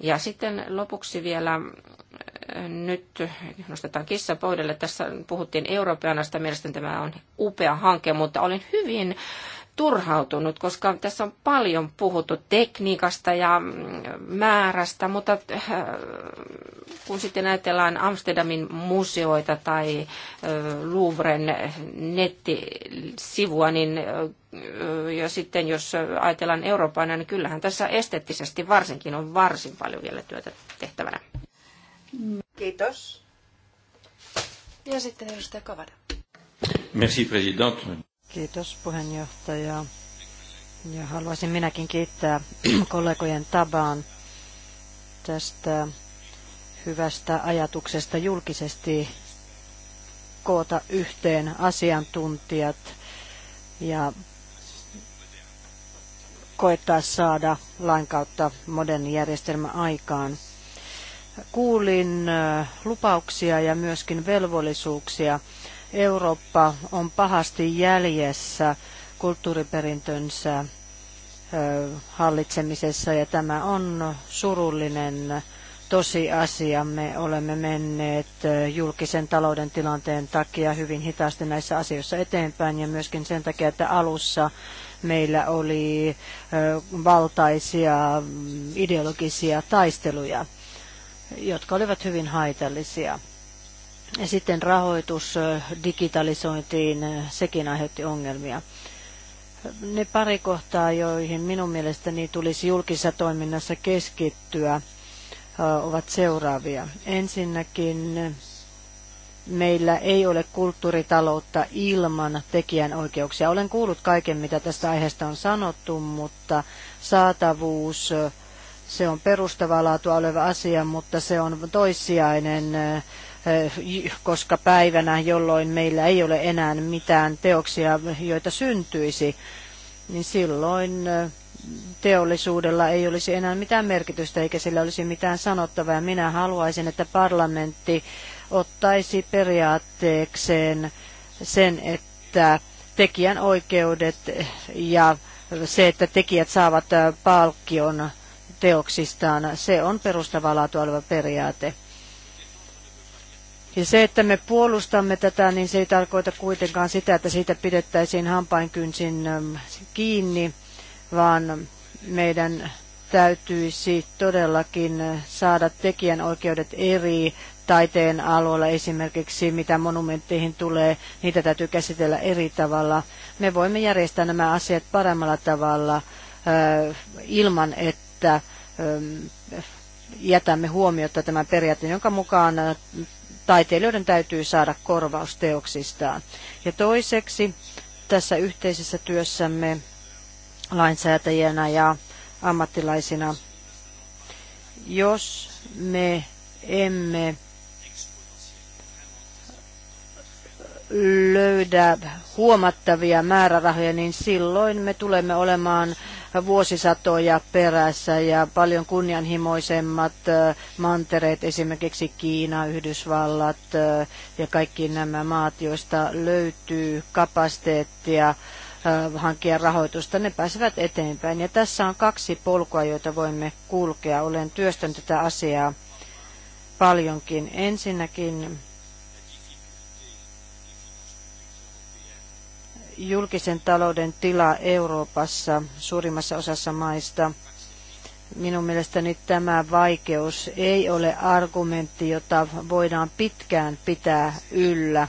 Ja sitten lopuksi vielä äh, nyt nostetaan kissa pöydälle. Tässä puhuttiin Euroopanasta. Mielestäni tämä on upea hanke, mutta olin hyvin turhautunut, koska tässä on paljon puhuttu tekniikasta ja mm, määrästä, mutta äh, kun sitten ajatellaan Amsterdamin museoita tai äh, Louvren nettisivua, niin äh, ja sitten jos ajatellaan Eurooppaa, niin kyllähän tässä esteettisesti varsinkin on varsin paljon vielä työtä tehtävänä. Kiitos. Ja sitten edustaja Kavada. Merci, Kiitos puheenjohtaja. Ja haluaisin minäkin kiittää kollegojen tabaan tästä hyvästä ajatuksesta julkisesti koota yhteen asiantuntijat ja koettaa saada lain kautta moderni järjestelmä aikaan. Kuulin lupauksia ja myöskin velvollisuuksia Eurooppa on pahasti jäljessä kulttuuriperintönsä hallitsemisessa ja tämä on surullinen tosiasia. Me olemme menneet julkisen talouden tilanteen takia hyvin hitaasti näissä asioissa eteenpäin ja myöskin sen takia, että alussa meillä oli valtaisia ideologisia taisteluja, jotka olivat hyvin haitallisia. Sitten rahoitus digitalisointiin, sekin aiheutti ongelmia. Ne pari kohtaa, joihin minun mielestäni tulisi julkisessa toiminnassa keskittyä, ovat seuraavia. Ensinnäkin meillä ei ole kulttuuritaloutta ilman tekijänoikeuksia. Olen kuullut kaiken, mitä tästä aiheesta on sanottu, mutta saatavuus, se on perustavaa laatua oleva asia, mutta se on toissijainen Eh, koska päivänä, jolloin meillä ei ole enää mitään teoksia, joita syntyisi, niin silloin eh, teollisuudella ei olisi enää mitään merkitystä eikä sillä olisi mitään sanottavaa. minä haluaisin, että parlamentti ottaisi periaatteekseen sen, että tekijän oikeudet ja se, että tekijät saavat eh, palkkion teoksistaan, se on perustavaa laatua oleva periaate. Ja se, että me puolustamme tätä, niin se ei tarkoita kuitenkaan sitä, että siitä pidettäisiin hampainkynsin ähm, kiinni, vaan meidän täytyisi todellakin äh, saada tekijänoikeudet eri taiteen aloilla, esimerkiksi mitä monumentteihin tulee, niitä täytyy käsitellä eri tavalla. Me voimme järjestää nämä asiat paremmalla tavalla äh, ilman, että ähm, jätämme huomiota tämän periaatteen, jonka mukaan äh, taiteilijoiden täytyy saada korvaus teoksistaan. Ja toiseksi tässä yhteisessä työssämme lainsäätäjänä ja ammattilaisina, jos me emme löydä huomattavia määrärahoja, niin silloin me tulemme olemaan vuosisatoja perässä ja paljon kunnianhimoisemmat mantereet, esimerkiksi Kiina, Yhdysvallat ja kaikki nämä maat, joista löytyy kapasiteettia hankkia rahoitusta, ne pääsevät eteenpäin. Ja tässä on kaksi polkua, joita voimme kulkea. Olen työstänyt tätä asiaa paljonkin. Ensinnäkin julkisen talouden tila Euroopassa suurimmassa osassa maista. Minun mielestäni tämä vaikeus ei ole argumentti, jota voidaan pitkään pitää yllä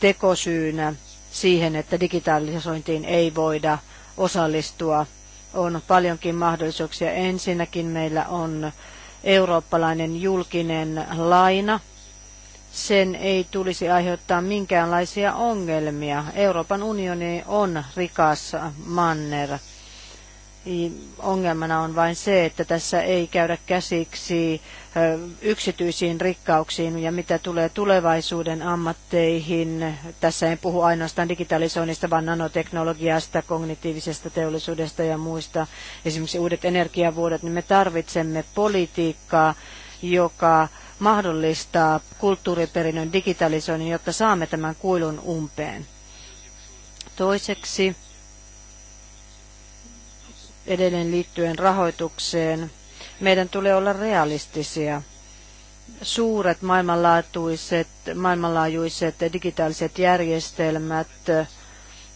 tekosyynä siihen, että digitalisointiin ei voida osallistua. On paljonkin mahdollisuuksia. Ensinnäkin meillä on eurooppalainen julkinen laina – sen ei tulisi aiheuttaa minkäänlaisia ongelmia. Euroopan unioni on rikas manner. Ongelmana on vain se, että tässä ei käydä käsiksi yksityisiin rikkauksiin ja mitä tulee tulevaisuuden ammatteihin. Tässä en puhu ainoastaan digitalisoinnista, vaan nanoteknologiasta, kognitiivisesta teollisuudesta ja muista. Esimerkiksi uudet energiavuodet, niin me tarvitsemme politiikkaa, joka mahdollistaa kulttuuriperinnön digitalisoinnin, jotta saamme tämän kuilun umpeen. Toiseksi edelleen liittyen rahoitukseen, meidän tulee olla realistisia. Suuret maailmanlaatuiset, maailmanlaajuiset digitaaliset järjestelmät,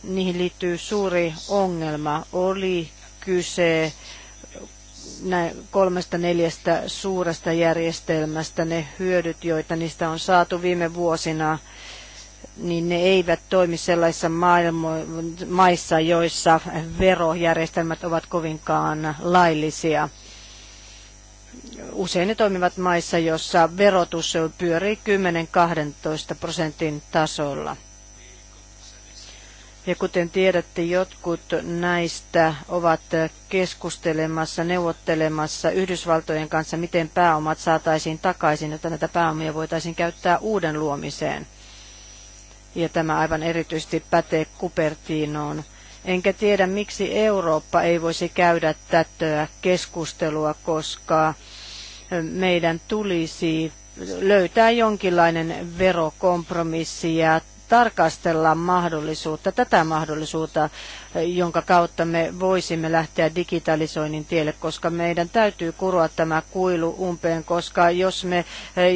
niihin liittyy suuri ongelma. Oli kyse kolmesta neljästä suuresta järjestelmästä ne hyödyt, joita niistä on saatu viime vuosina, niin ne eivät toimi sellaisissa maailmo, maissa, joissa verojärjestelmät ovat kovinkaan laillisia. Usein ne toimivat maissa, joissa verotus pyörii 10-12 prosentin tasolla. Ja kuten tiedätte, jotkut näistä ovat keskustelemassa, neuvottelemassa Yhdysvaltojen kanssa, miten pääomat saataisiin takaisin, jotta näitä pääomia voitaisiin käyttää uuden luomiseen. Ja tämä aivan erityisesti pätee Kupertiinoon. Enkä tiedä, miksi Eurooppa ei voisi käydä tätä keskustelua, koska meidän tulisi löytää jonkinlainen verokompromissi ja tarkastella mahdollisuutta, tätä mahdollisuutta, jonka kautta me voisimme lähteä digitalisoinnin tielle, koska meidän täytyy kuroa tämä kuilu umpeen, koska jos me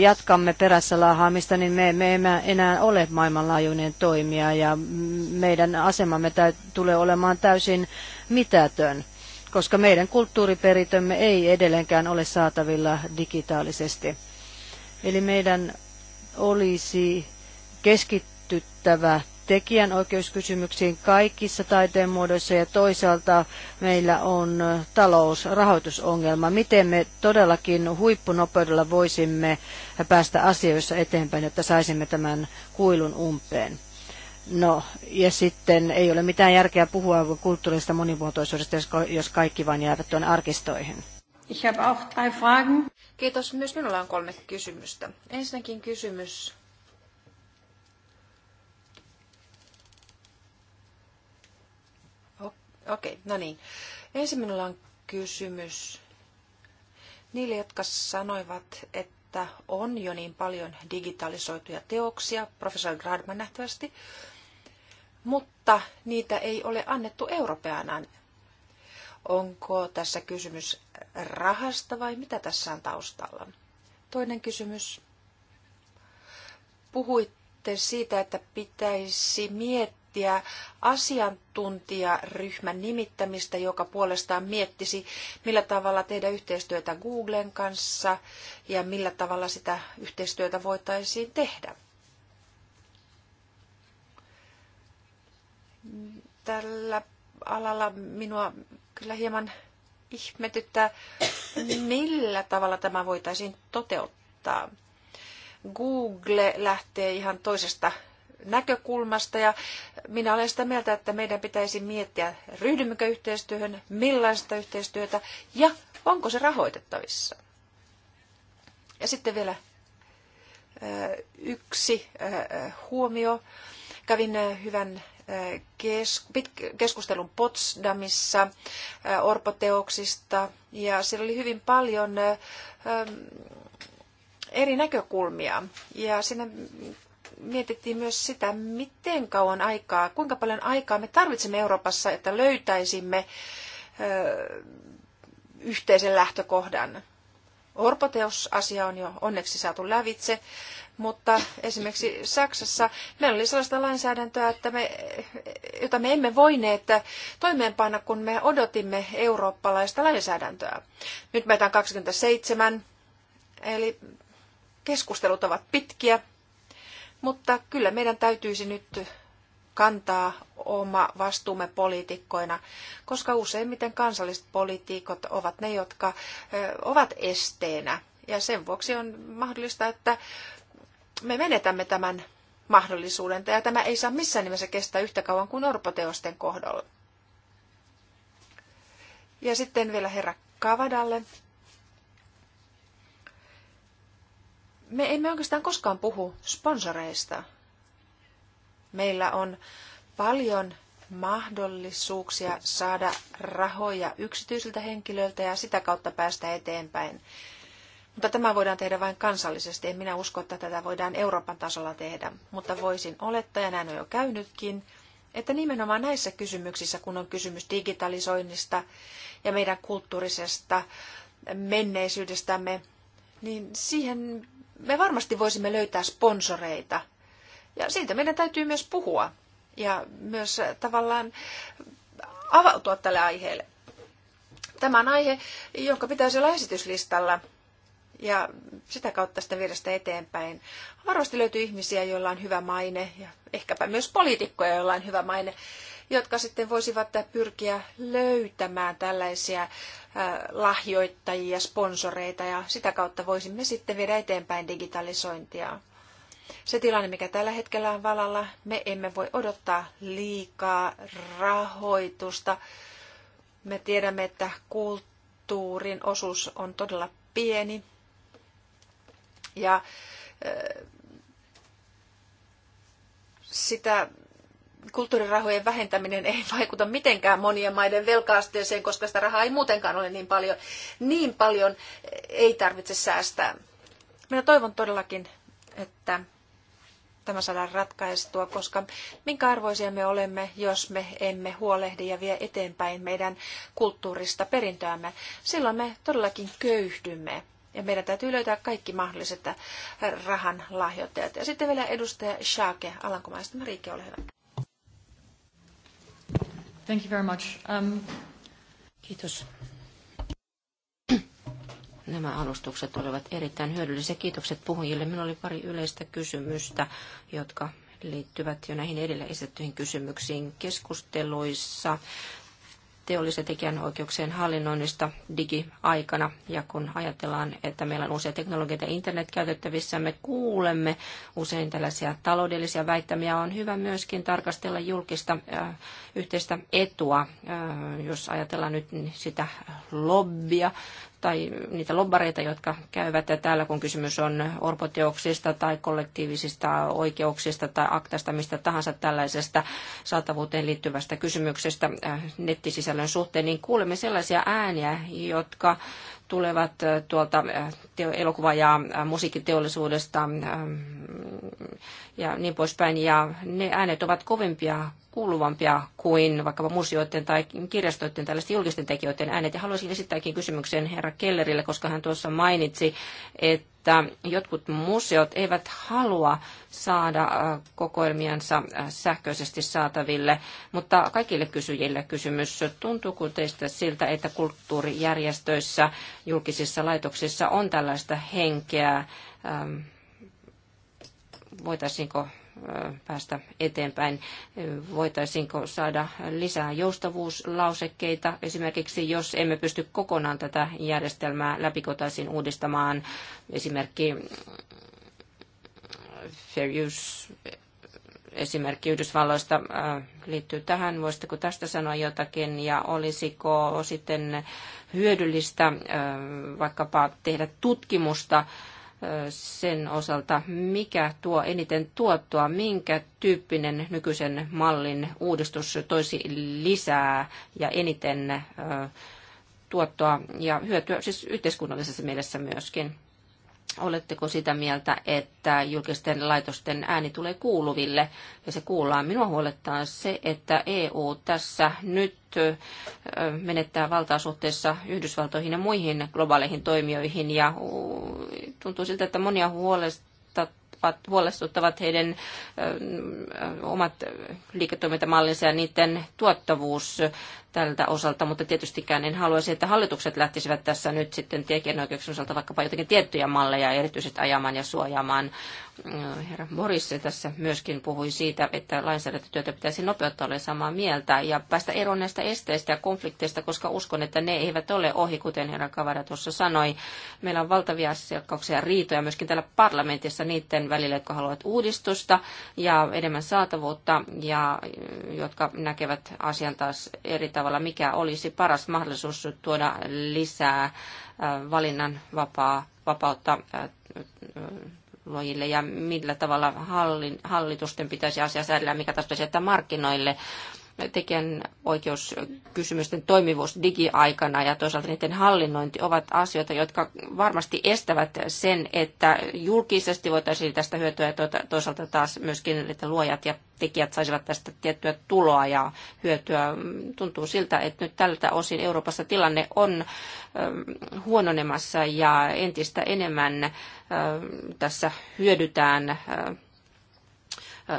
jatkamme perässä laahaamista, niin me, me emme enää ole maailmanlaajuinen toimija ja meidän asemamme täy, tulee olemaan täysin mitätön koska meidän kulttuuriperitömme ei edelleenkään ole saatavilla digitaalisesti. Eli meidän olisi keskittynyt keskityttävä tekijänoikeuskysymyksiin kaikissa taiteen muodoissa ja toisaalta meillä on talousrahoitusongelma. Miten me todellakin huippunopeudella voisimme päästä asioissa eteenpäin, jotta saisimme tämän kuilun umpeen? No, ja sitten ei ole mitään järkeä puhua kulttuurista monimuotoisuudesta, jos kaikki vain jäävät tuonne arkistoihin. Ich habe auch drei Fragen. Kiitos. Myös minulla on kolme kysymystä. Ensinnäkin kysymys Okei, okay, no niin. Ensin minulla on kysymys niille, jotka sanoivat, että on jo niin paljon digitalisoituja teoksia, professori Gradman nähtävästi, mutta niitä ei ole annettu europeanaan. Onko tässä kysymys rahasta vai mitä tässä on taustalla? Toinen kysymys. Puhuitte siitä, että pitäisi miettiä, miettiä asiantuntijaryhmän nimittämistä, joka puolestaan miettisi, millä tavalla tehdä yhteistyötä Googlen kanssa ja millä tavalla sitä yhteistyötä voitaisiin tehdä. Tällä alalla minua kyllä hieman ihmetyttää, millä tavalla tämä voitaisiin toteuttaa. Google lähtee ihan toisesta näkökulmasta ja minä olen sitä mieltä, että meidän pitäisi miettiä, ryhdymmekö yhteistyöhön, millaista yhteistyötä ja onko se rahoitettavissa. Ja sitten vielä äh, yksi äh, huomio. Kävin äh, hyvän keskustelun Potsdamissa orpoteoksista ja siellä oli hyvin paljon ähm, eri näkökulmia ja siinä mietittiin myös sitä, miten kauan aikaa, kuinka paljon aikaa me tarvitsemme Euroopassa, että löytäisimme yhteisen lähtökohdan. Orpoteosasia on jo onneksi saatu lävitse, mutta esimerkiksi Saksassa meillä oli sellaista lainsäädäntöä, että me, jota me emme voineet toimeenpanna, kun me odotimme eurooppalaista lainsäädäntöä. Nyt meitä on 27, eli keskustelut ovat pitkiä, mutta kyllä meidän täytyisi nyt kantaa oma vastuumme poliitikkoina, koska useimmiten kansalliset poliitikot ovat ne, jotka ovat esteenä. Ja sen vuoksi on mahdollista, että me menetämme tämän mahdollisuuden, ja tämä ei saa missään nimessä kestää yhtä kauan kuin orpoteosten kohdalla. Ja sitten vielä herra Kavadalle. me emme oikeastaan koskaan puhu sponsoreista. Meillä on paljon mahdollisuuksia saada rahoja yksityisiltä henkilöiltä ja sitä kautta päästä eteenpäin. Mutta tämä voidaan tehdä vain kansallisesti. En minä usko, että tätä voidaan Euroopan tasolla tehdä. Mutta voisin olettaa, ja näin on jo käynytkin, että nimenomaan näissä kysymyksissä, kun on kysymys digitalisoinnista ja meidän kulttuurisesta menneisyydestämme, niin siihen me varmasti voisimme löytää sponsoreita. Ja siitä meidän täytyy myös puhua ja myös tavallaan avautua tälle aiheelle. Tämä on aihe, jonka pitäisi olla esityslistalla ja sitä kautta sitä viedä sitä eteenpäin. Varmasti löytyy ihmisiä, joilla on hyvä maine ja ehkäpä myös poliitikkoja, joilla on hyvä maine jotka sitten voisivat pyrkiä löytämään tällaisia lahjoittajia, sponsoreita ja sitä kautta voisimme sitten viedä eteenpäin digitalisointia. Se tilanne, mikä tällä hetkellä on valalla, me emme voi odottaa liikaa rahoitusta. Me tiedämme, että kulttuurin osuus on todella pieni. Ja sitä kulttuurirahojen vähentäminen ei vaikuta mitenkään monien maiden velkaasteeseen, koska sitä rahaa ei muutenkaan ole niin paljon. Niin paljon ei tarvitse säästää. Minä toivon todellakin, että tämä saadaan ratkaistua, koska minkä arvoisia me olemme, jos me emme huolehdi ja vie eteenpäin meidän kulttuurista perintöämme. Silloin me todellakin köyhdymme. Ja meidän täytyy löytää kaikki mahdolliset rahan lahjoittajat. Ja sitten vielä edustaja Shake, Alankomaista. Mariike, ole hyvä. Thank you very much. Um... Kiitos. Nämä alustukset olivat erittäin hyödyllisiä. Kiitokset puhujille. Minulla oli pari yleistä kysymystä, jotka liittyvät jo näihin edellä esitettyihin kysymyksiin. Keskusteluissa teollisen tekijänoikeuksien hallinnoinnista digiaikana. Ja kun ajatellaan, että meillä on uusia teknologioita internet käytettävissä, me kuulemme usein tällaisia taloudellisia väittämiä. On hyvä myöskin tarkastella julkista äh, yhteistä etua, äh, jos ajatellaan nyt sitä lobbia tai niitä lobbareita, jotka käyvät täällä, kun kysymys on orpoteoksista tai kollektiivisista oikeuksista tai aktasta, mistä tahansa tällaisesta saatavuuteen liittyvästä kysymyksestä äh, nettisisällön suhteen, niin kuulemme sellaisia ääniä, jotka tulevat äh, tuolta äh, elokuva- ja äh, musiikkiteollisuudesta ja niin poispäin. Ja ne äänet ovat kovempia, kuuluvampia kuin vaikkapa museoiden tai kirjastoiden, tällaisten julkisten tekijöiden äänet. Ja haluaisin esittääkin kysymyksen herra Kellerille, koska hän tuossa mainitsi, että jotkut museot eivät halua saada äh, kokoelmiansa äh, sähköisesti saataville. Mutta kaikille kysyjille kysymys, tuntuuko teistä siltä, että kulttuurijärjestöissä, julkisissa laitoksissa on tällaista henkeä? Ähm, voitaisiinko äh, päästä eteenpäin. Voitaisiinko saada lisää joustavuuslausekkeita? Esimerkiksi jos emme pysty kokonaan tätä järjestelmää läpikotaisin uudistamaan, esimerkki fair use esimerkki Yhdysvalloista äh, liittyy tähän. Voisitteko tästä sanoa jotakin ja olisiko sitten hyödyllistä äh, vaikkapa tehdä tutkimusta äh, sen osalta, mikä tuo eniten tuottoa, minkä tyyppinen nykyisen mallin uudistus toisi lisää ja eniten tuottoa ja hyötyä siis yhteiskunnallisessa mielessä myöskin. Oletteko sitä mieltä, että julkisten laitosten ääni tulee kuuluville ja se kuullaan? Minua huolettaa se, että EU tässä nyt menettää valtaa suhteessa Yhdysvaltoihin ja muihin globaaleihin toimijoihin ja tuntuu siltä, että monia huolestuttavat heidän omat liiketoimintamallinsa ja niiden tuottavuus tältä osalta, mutta tietystikään en haluaisi, että hallitukset lähtisivät tässä nyt sitten tekijänoikeuksien osalta vaikkapa jotenkin tiettyjä malleja erityisesti ajamaan ja suojaamaan. Mm, herra Morisse tässä myöskin puhui siitä, että lainsäädäntötyötä pitäisi nopeuttaa, olen samaa mieltä, ja päästä eroon näistä esteistä ja konflikteista, koska uskon, että ne eivät ole ohi, kuten herra Kavara tuossa sanoi. Meillä on valtavia asiakkauksia ja riitoja myöskin täällä parlamentissa niiden välillä, jotka haluavat uudistusta ja enemmän saatavuutta, ja mm, jotka näkevät asian taas eri tavalla tavalla, mikä olisi paras mahdollisuus tuoda lisää äh, valinnan vapaa, vapautta äh, äh, luojille ja millä tavalla hallitusten pitäisi asia säädellä, mikä tarkoittaisi, että markkinoille tekijän oikeuskysymysten toimivuus digiaikana ja toisaalta niiden hallinnointi ovat asioita, jotka varmasti estävät sen, että julkisesti voitaisiin tästä hyötyä ja toisaalta taas myöskin, että luojat ja tekijät saisivat tästä tiettyä tuloa ja hyötyä. Tuntuu siltä, että nyt tältä osin Euroopassa tilanne on ähm, huononemassa ja entistä enemmän ähm, tässä hyödytään äh,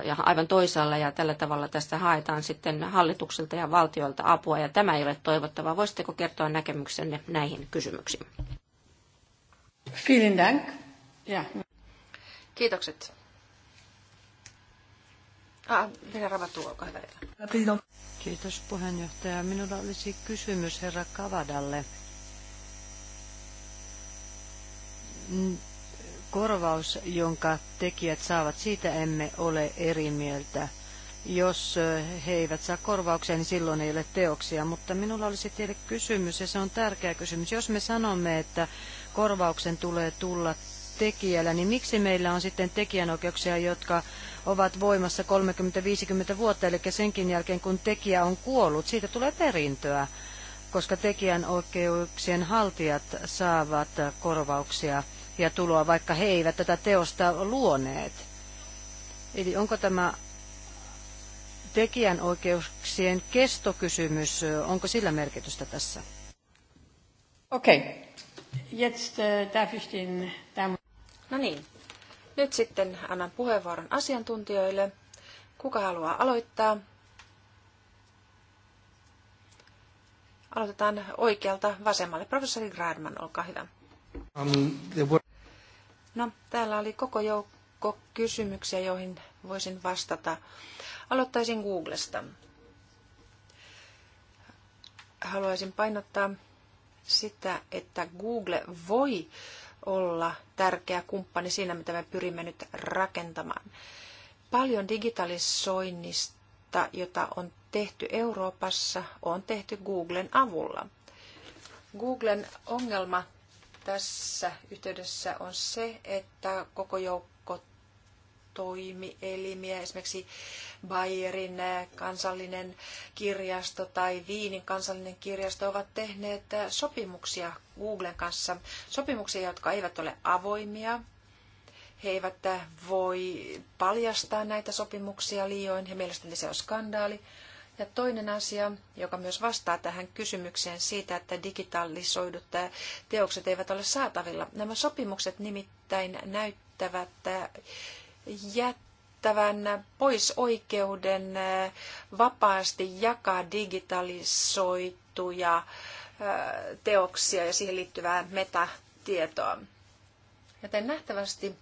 ja aivan toisaalla ja tällä tavalla tästä haetaan sitten hallitukselta ja valtiolta apua ja tämä ei ole toivottavaa. Voisitteko kertoa näkemyksenne näihin kysymyksiin? Vielen Dank. Ja. Kiitokset. Ah, Kiitos puheenjohtaja. Minulla olisi kysymys herra Kavadalle korvaus, jonka tekijät saavat, siitä emme ole eri mieltä. Jos he eivät saa korvauksia, niin silloin ei ole teoksia. Mutta minulla olisi teille kysymys, ja se on tärkeä kysymys. Jos me sanomme, että korvauksen tulee tulla tekijällä, niin miksi meillä on sitten tekijänoikeuksia, jotka ovat voimassa 30-50 vuotta, eli senkin jälkeen kun tekijä on kuollut, siitä tulee perintöä, koska tekijänoikeuksien haltijat saavat korvauksia ja tuloa, vaikka he eivät tätä teosta luoneet. Eli onko tämä tekijänoikeuksien kestokysymys, onko sillä merkitystä tässä? Okei. Okay. Jetzt äh, darf ich den No niin. Nyt sitten annan puheenvuoron asiantuntijoille. Kuka haluaa aloittaa? Aloitetaan oikealta vasemmalle. Professori Gradman, olkaa hyvä. No, täällä oli koko joukko kysymyksiä, joihin voisin vastata. Aloittaisin Googlesta. Haluaisin painottaa sitä, että Google voi olla tärkeä kumppani siinä, mitä me pyrimme nyt rakentamaan. Paljon digitalisoinnista, jota on tehty Euroopassa, on tehty Googlen avulla. Googlen ongelma tässä yhteydessä on se, että koko joukko toimielimiä, esimerkiksi Bayerin kansallinen kirjasto tai Viinin kansallinen kirjasto ovat tehneet sopimuksia Googlen kanssa, sopimuksia, jotka eivät ole avoimia. He eivät voi paljastaa näitä sopimuksia liioin ja mielestäni se on skandaali ja toinen asia, joka myös vastaa tähän kysymykseen siitä, että digitalisoidut teokset eivät ole saatavilla. Nämä sopimukset nimittäin näyttävät jättävän pois oikeuden vapaasti jakaa digitalisoituja teoksia ja siihen liittyvää metatietoa. Joten nähtävästi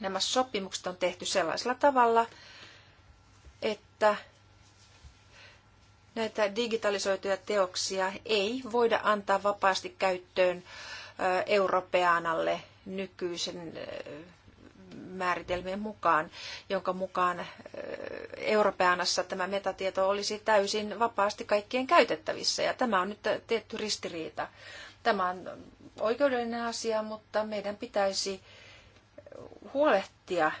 nämä sopimukset on tehty sellaisella tavalla, että näitä digitalisoituja teoksia ei voida antaa vapaasti käyttöön europeanalle nykyisen määritelmien mukaan, jonka mukaan europeanassa tämä metatieto olisi täysin vapaasti kaikkien käytettävissä. Ja tämä on nyt tietty ristiriita. Tämä on oikeudellinen asia, mutta meidän pitäisi huolehtia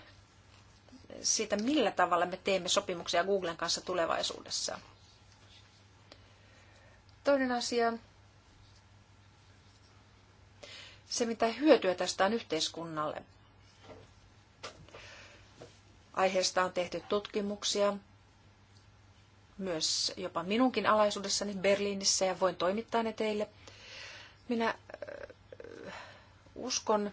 siitä, millä tavalla me teemme sopimuksia Googlen kanssa tulevaisuudessa. Toinen asia, se mitä hyötyä tästä on yhteiskunnalle. Aiheesta on tehty tutkimuksia, myös jopa minunkin alaisuudessani Berliinissä ja voin toimittaa ne teille. Minä äh, uskon,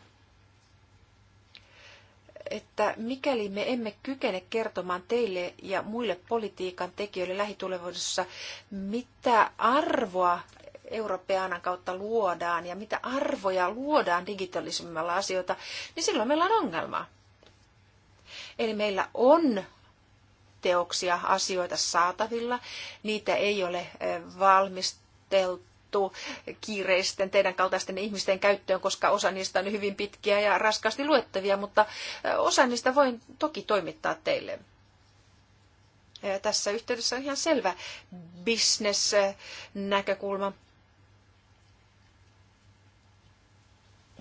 että mikäli me emme kykene kertomaan teille ja muille politiikan tekijöille lähitulevaisuudessa, mitä arvoa europeanan kautta luodaan ja mitä arvoja luodaan digitaalisemmalla asioita, niin silloin meillä on ongelma. Eli meillä on teoksia, asioita saatavilla, niitä ei ole eh, valmisteltu annettu kiireisten teidän kaltaisten ihmisten käyttöön, koska osa niistä on hyvin pitkiä ja raskaasti luettavia, mutta osa niistä voin toki toimittaa teille. Ja tässä yhteydessä on ihan selvä bisnesnäkökulma.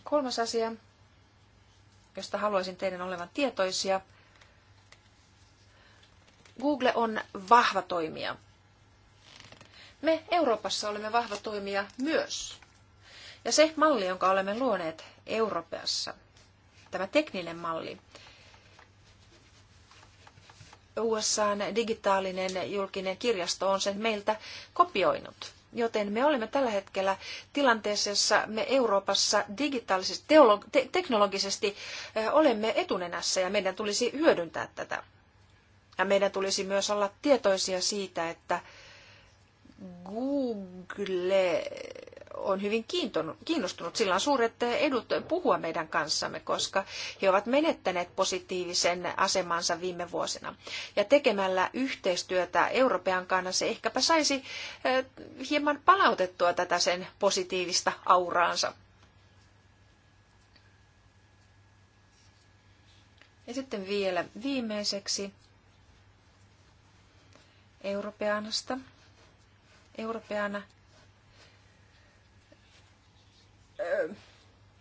Kolmas asia, josta haluaisin teidän olevan tietoisia. Google on vahva toimija. Me Euroopassa olemme vahva toimija myös. Ja se malli, jonka olemme luoneet Euroopassa, tämä tekninen malli, USAn digitaalinen julkinen kirjasto on sen meiltä kopioinut. Joten me olemme tällä hetkellä tilanteessa, jossa me Euroopassa digitaalisesti, teolog- te- teknologisesti olemme etunenässä ja meidän tulisi hyödyntää tätä. Ja meidän tulisi myös olla tietoisia siitä, että Google on hyvin kiinnostunut. Sillä on suuret edut puhua meidän kanssamme, koska he ovat menettäneet positiivisen asemansa viime vuosina. Ja tekemällä yhteistyötä Euroopan kanssa se ehkäpä saisi eh, hieman palautettua tätä sen positiivista auraansa. Ja sitten vielä viimeiseksi Euroopanasta europeana. Öö,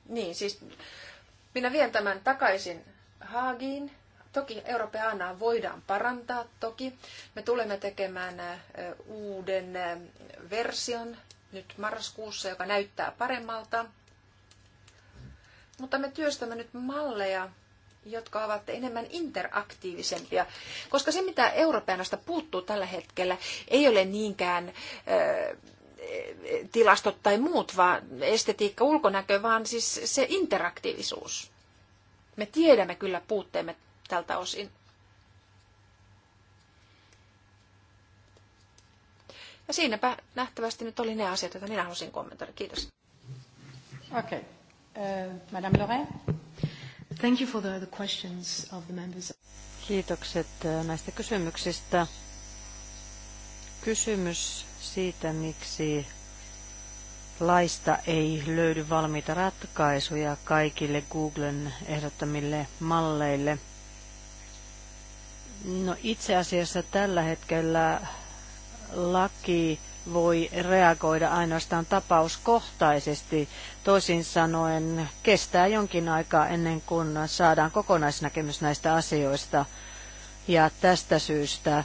niin, siis minä vien tämän takaisin Haagiin. Toki europeanaa voidaan parantaa, toki. Me tulemme tekemään uuden version nyt marraskuussa, joka näyttää paremmalta. Mutta me työstämme nyt malleja, jotka ovat enemmän interaktiivisempia. Koska se, mitä europeanasta puuttuu tällä hetkellä, ei ole niinkään tilastot tai muut, vaan estetiikka, ulkonäkö, vaan siis se interaktiivisuus. Me tiedämme kyllä puutteemme tältä osin. Ja siinäpä nähtävästi nyt oli ne asiat, joita minä halusin kommentoida. Kiitos. Okei. Okay. Äh, Madame Loret? Thank you for the, the questions of the members. Kiitokset äh, näistä kysymyksistä. Kysymys siitä, miksi laista ei löydy valmiita ratkaisuja kaikille Googlen ehdottamille malleille. No itse asiassa tällä hetkellä laki voi reagoida ainoastaan tapauskohtaisesti. Toisin sanoen kestää jonkin aikaa ennen kuin saadaan kokonaisnäkemys näistä asioista. Ja tästä syystä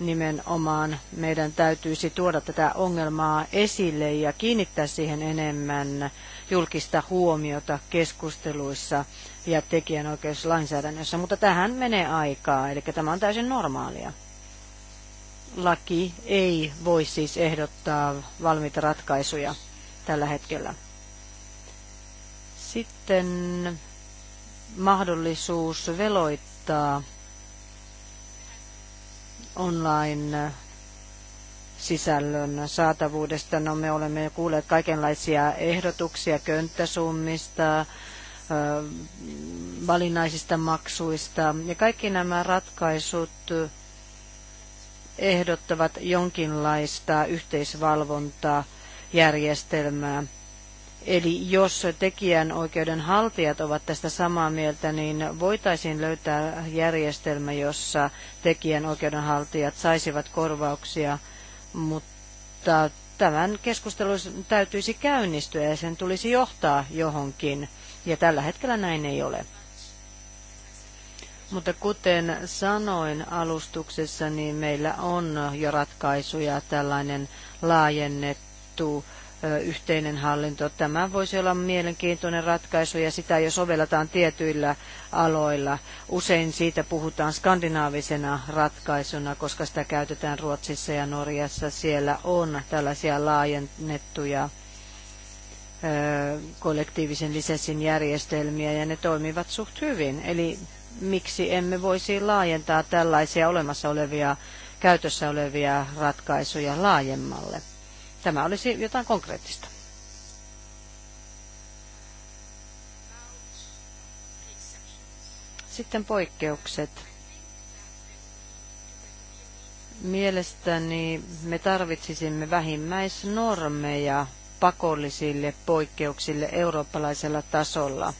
nimenomaan meidän täytyisi tuoda tätä ongelmaa esille ja kiinnittää siihen enemmän julkista huomiota keskusteluissa ja tekijänoikeuslainsäädännössä. Mutta tähän menee aikaa, eli tämä on täysin normaalia laki ei voi siis ehdottaa valmiita ratkaisuja tällä hetkellä. Sitten mahdollisuus veloittaa online-sisällön saatavuudesta. No, me olemme kuulleet kaikenlaisia ehdotuksia könttäsummista, valinnaisista maksuista ja kaikki nämä ratkaisut ehdottavat jonkinlaista yhteisvalvontaa järjestelmää. Eli jos tekijänoikeuden haltijat ovat tästä samaa mieltä, niin voitaisiin löytää järjestelmä, jossa tekijänoikeuden haltijat saisivat korvauksia, mutta tämän keskustelun täytyisi käynnistyä ja sen tulisi johtaa johonkin. Ja tällä hetkellä näin ei ole. Mutta kuten sanoin alustuksessa, niin meillä on jo ratkaisuja tällainen laajennettu yhteinen hallinto. Tämä voisi olla mielenkiintoinen ratkaisu ja sitä jo sovelletaan tietyillä aloilla. Usein siitä puhutaan skandinaavisena ratkaisuna, koska sitä käytetään Ruotsissa ja Norjassa. Siellä on tällaisia laajennettuja kollektiivisen lisenssin järjestelmiä ja ne toimivat suht hyvin. Eli miksi emme voisi laajentaa tällaisia olemassa olevia, käytössä olevia ratkaisuja laajemmalle. Tämä olisi jotain konkreettista. Sitten poikkeukset. Mielestäni me tarvitsisimme vähimmäisnormeja pakollisille poikkeuksille eurooppalaisella tasolla –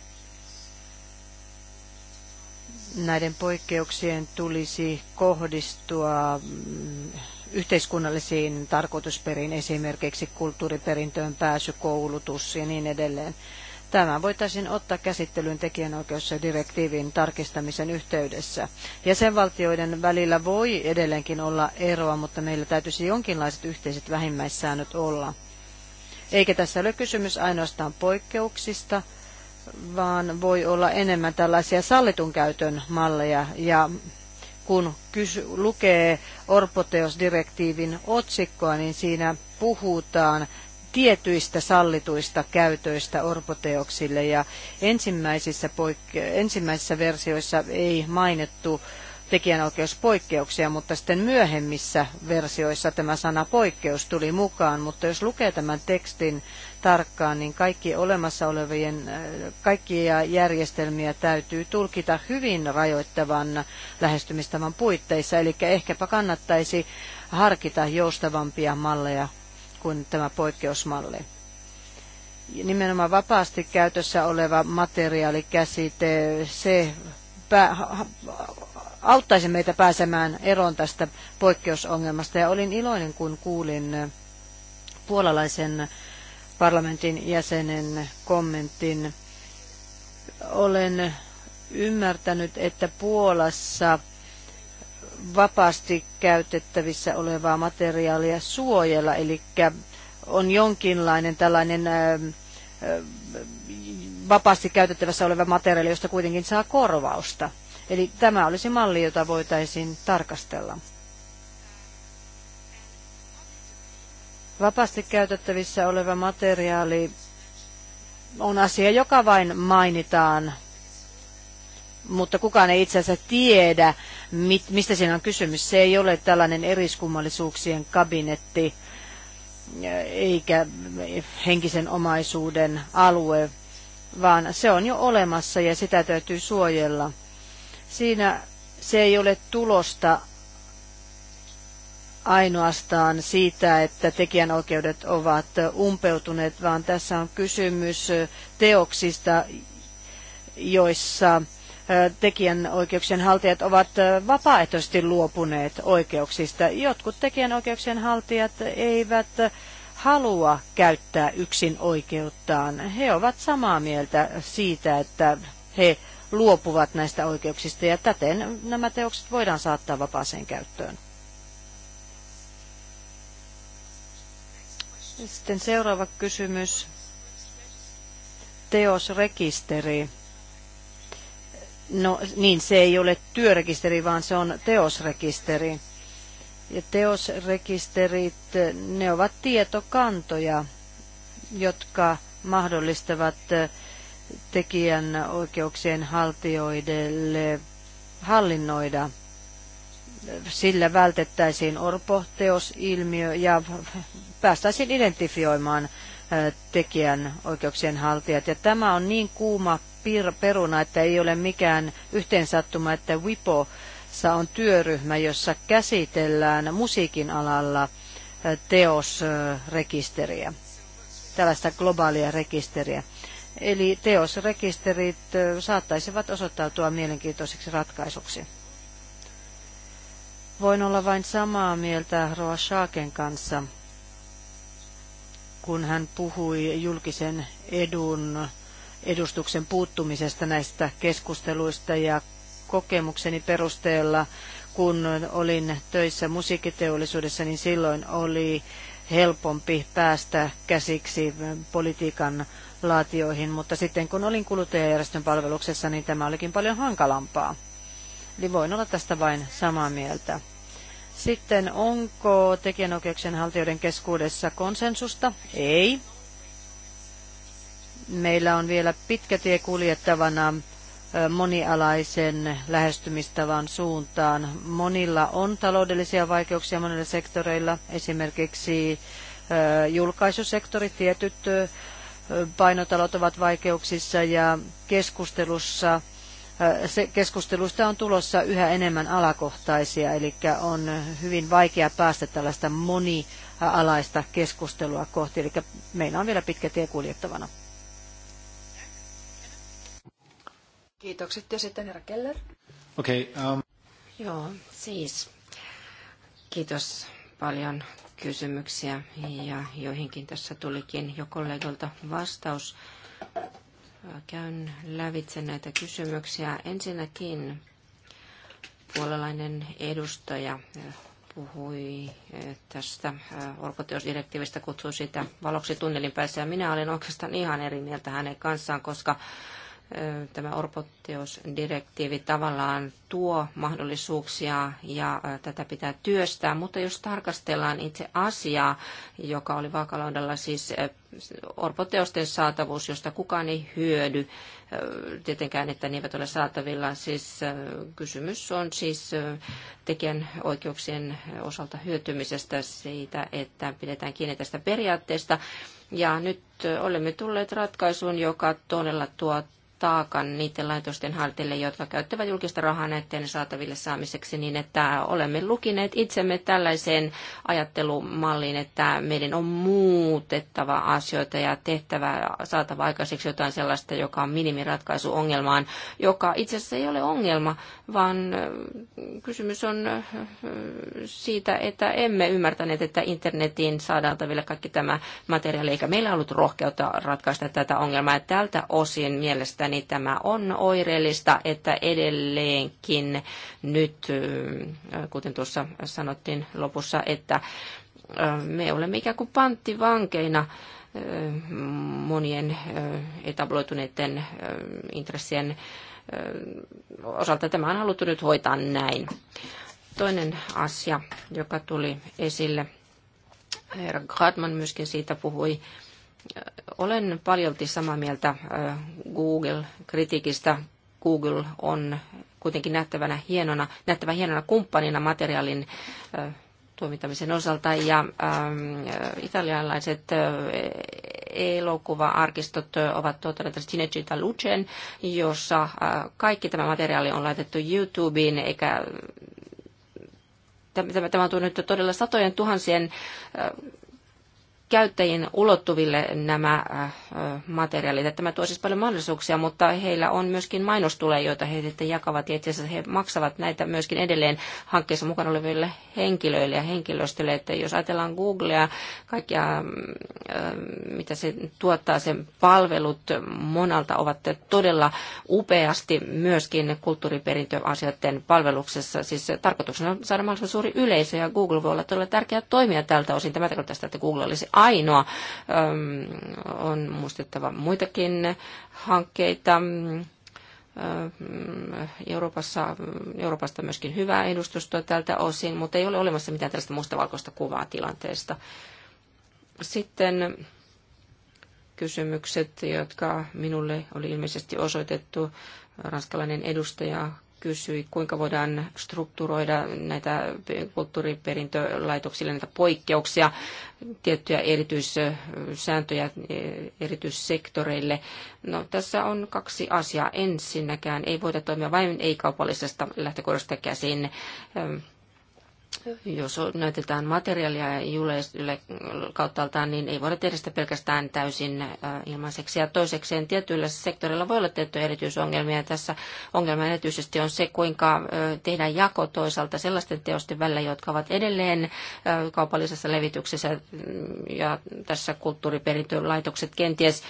näiden poikkeuksien tulisi kohdistua mm, yhteiskunnallisiin tarkoitusperiin, esimerkiksi kulttuuriperintöön pääsy, koulutus ja niin edelleen. Tämä voitaisiin ottaa käsittelyyn direktiivin tarkistamisen yhteydessä. Jäsenvaltioiden välillä voi edelleenkin olla eroa, mutta meillä täytyisi jonkinlaiset yhteiset vähimmäissäännöt olla. Eikä tässä ole kysymys ainoastaan poikkeuksista, vaan voi olla enemmän tällaisia sallitun käytön malleja. Ja kun kysy, lukee orpoteosdirektiivin otsikkoa, niin siinä puhutaan tietyistä sallituista käytöistä orpoteoksille ja ensimmäisissä, poikke- ensimmäisissä versioissa ei mainittu tekijänoikeuspoikkeuksia, mutta sitten myöhemmissä versioissa tämä sana poikkeus tuli mukaan. Mutta jos lukee tämän tekstin, tarkkaan, niin kaikki olemassa olevien, äh, kaikkia järjestelmiä täytyy tulkita hyvin rajoittavan lähestymistavan puitteissa. Eli ehkäpä kannattaisi harkita joustavampia malleja kuin tämä poikkeusmalli nimenomaan vapaasti käytössä oleva materiaalikäsite, se auttaisi meitä pääsemään eroon tästä poikkeusongelmasta. Ja olin iloinen, kun kuulin puolalaisen parlamentin jäsenen kommentin. Olen ymmärtänyt, että Puolassa vapaasti käytettävissä olevaa materiaalia suojella, eli on jonkinlainen tällainen vapaasti käytettävässä oleva materiaali, josta kuitenkin saa korvausta. Eli tämä olisi malli, jota voitaisiin tarkastella. Vapaasti käytettävissä oleva materiaali on asia, joka vain mainitaan, mutta kukaan ei itse asiassa tiedä, mistä siinä on kysymys. Se ei ole tällainen eriskummallisuuksien kabinetti eikä henkisen omaisuuden alue, vaan se on jo olemassa ja sitä täytyy suojella. Siinä se ei ole tulosta ainoastaan siitä, että tekijänoikeudet ovat umpeutuneet, vaan tässä on kysymys teoksista, joissa tekijänoikeuksien haltijat ovat vapaaehtoisesti luopuneet oikeuksista. Jotkut tekijänoikeuksien haltijat eivät halua käyttää yksin oikeuttaan. He ovat samaa mieltä siitä, että he luopuvat näistä oikeuksista ja täten nämä teokset voidaan saattaa vapaaseen käyttöön. Sitten seuraava kysymys. Teosrekisteri. No niin, se ei ole työrekisteri, vaan se on teosrekisteri. Ja teosrekisterit, ne ovat tietokantoja, jotka mahdollistavat eh, tekijän oikeuksien haltijoille hallinnoida – sillä vältettäisiin orpoteosilmiö ja päästäisiin identifioimaan tekijän oikeuksien haltijat. Ja tämä on niin kuuma peruna, että ei ole mikään yhteensattuma, että WIPO on työryhmä, jossa käsitellään musiikin alalla teosrekisteriä, tällaista globaalia rekisteriä. Eli teosrekisterit saattaisivat osoittautua mielenkiintoiseksi ratkaisuksi. Voin olla vain samaa mieltä Roa Schaaken kanssa, kun hän puhui julkisen edun edustuksen puuttumisesta näistä keskusteluista ja kokemukseni perusteella, kun olin töissä musiikkiteollisuudessa, niin silloin oli helpompi päästä käsiksi politiikan laatioihin, mutta sitten kun olin kuluttajajärjestön palveluksessa, niin tämä olikin paljon hankalampaa. Eli voin olla tästä vain samaa mieltä. Sitten onko tekijänoikeuksien haltijoiden keskuudessa konsensusta? Ei. Meillä on vielä pitkä tie kuljettavana monialaisen lähestymistavan suuntaan. Monilla on taloudellisia vaikeuksia monilla sektoreilla, esimerkiksi julkaisusektori, tietyt painotalot ovat vaikeuksissa ja keskustelussa se keskustelusta on tulossa yhä enemmän alakohtaisia, eli on hyvin vaikea päästä tällaista monialaista keskustelua kohti, eli meillä on vielä pitkä tie kuljettavana. Kiitokset ja sitten herra Keller. Okei. Okay, um... Ähm, Joo, siis kiitos paljon kysymyksiä ja joihinkin tässä tulikin jo kollegolta vastaus käyn lävitse näitä kysymyksiä. Ensinnäkin puolalainen edustaja puhui eh, tästä eh, orpoteosdirektiivistä, kutsui sitä valoksi tunnelin päässä. Ja minä olen oikeastaan ihan eri mieltä hänen kanssaan, koska tämä orpotteosdirektiivi tavallaan tuo mahdollisuuksia ja tätä pitää työstää, mutta jos tarkastellaan itse asiaa, joka oli vaakalaudalla siis orpoteosten saatavuus, josta kukaan ei hyödy, tietenkään, että ne eivät ole saatavilla. Siis kysymys on siis tekijän oikeuksien osalta hyötymisestä siitä, että pidetään kiinni tästä periaatteesta. Ja nyt olemme tulleet ratkaisuun, joka todella tuo taakan niiden laitosten harteille, jotka käyttävät julkista rahaa näiden saataville saamiseksi, niin että olemme lukineet itsemme tällaiseen ajattelumalliin, että meidän on muutettava asioita ja tehtävä, saatava aikaiseksi jotain sellaista, joka on minimiratkaisu ongelmaan, joka itse asiassa ei ole ongelma, vaan äh, kysymys on äh, siitä, että emme ymmärtäneet, että internetiin saadaan taville kaikki tämä materiaali, eikä meillä ollut rohkeutta ratkaista tätä ongelmaa. Ja tältä osin mielestäni mielestäni niin tämä on oireellista, että edelleenkin nyt, kuten tuossa sanottiin lopussa, että me olemme ikään kuin panttivankeina monien etabloituneiden intressien osalta. Tämä on haluttu nyt hoitaa näin. Toinen asia, joka tuli esille, herra Gradman myöskin siitä puhui, olen paljolti samaa mieltä Google-kritiikistä. Google on kuitenkin nähtävänä hienona, nähtävä hienona kumppanina materiaalin toimittamisen osalta ja italialaiset äh, elokuva-arkistot ovat tuottaneet Cinecittà Lucen, jossa äh, kaikki tämä materiaali on laitettu YouTubeen eikä Tämä, tämä on tuonut todella satojen tuhansien äh, käyttäjien ulottuville nämä äh, materiaalit. Että tämä tuo siis paljon mahdollisuuksia, mutta heillä on myöskin mainostuleja, joita he sitten jakavat. Ja itse asiassa he maksavat näitä myöskin edelleen hankkeessa mukana oleville henkilöille ja henkilöstölle. Että jos ajatellaan Googlea, kaikkia äh, äh, mitä se tuottaa, sen palvelut monalta ovat todella upeasti myöskin kulttuuriperintöasioiden palveluksessa. Siis tarkoituksena on saada mahdollisimman suuri yleisö ja Google voi olla todella tärkeä toimija tältä osin. Tämä tarkoittaa sitä, että Google olisi ainoa. On muistettava muitakin hankkeita. Euroopassa, Euroopasta myöskin hyvää edustustoa tältä osin, mutta ei ole olemassa mitään tällaista mustavalkoista kuvaa tilanteesta. Sitten kysymykset, jotka minulle oli ilmeisesti osoitettu. Ranskalainen edustaja kysyi, kuinka voidaan strukturoida näitä kulttuuriperintölaitoksille näitä poikkeuksia, tiettyjä erityissääntöjä erityissektoreille. No, tässä on kaksi asiaa. Ensinnäkään ei voida toimia vain ei-kaupallisesta lähtökohdasta käsin jos näytetään materiaalia yle kauttaaltaan, niin ei voida tehdä sitä pelkästään täysin äh, ilmaiseksi. Ja toisekseen tietyillä sektoreilla voi olla tiettyjä erityisongelmia. Ja tässä ongelma erityisesti on se, kuinka äh, tehdään jako toisaalta sellaisten teosten välillä, jotka ovat edelleen äh, kaupallisessa levityksessä mm, ja tässä kulttuuriperintölaitokset kenties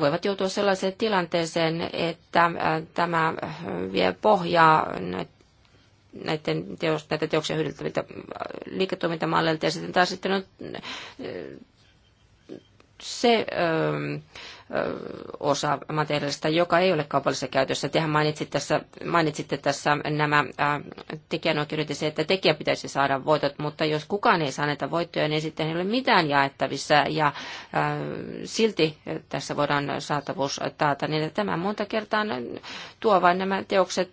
voivat joutua sellaiseen tilanteeseen, että tämä vie pohjaa näiden teos, näitä teoksia hyödyntäviltä äh, liiketoimintamalleilta. Ja sitten taas sitten on äh, se ähm, osa materiaalista, joka ei ole kaupallisessa käytössä. Tehän mainitsit tässä, mainitsitte tässä nämä tekijänoikeudet ja se, että tekijä pitäisi saada voitot, mutta jos kukaan ei saa näitä voittoja, niin sitten ei ole mitään jaettavissa ja silti tässä voidaan saatavuus taata. Niin tämä monta kertaa tuo vain nämä teokset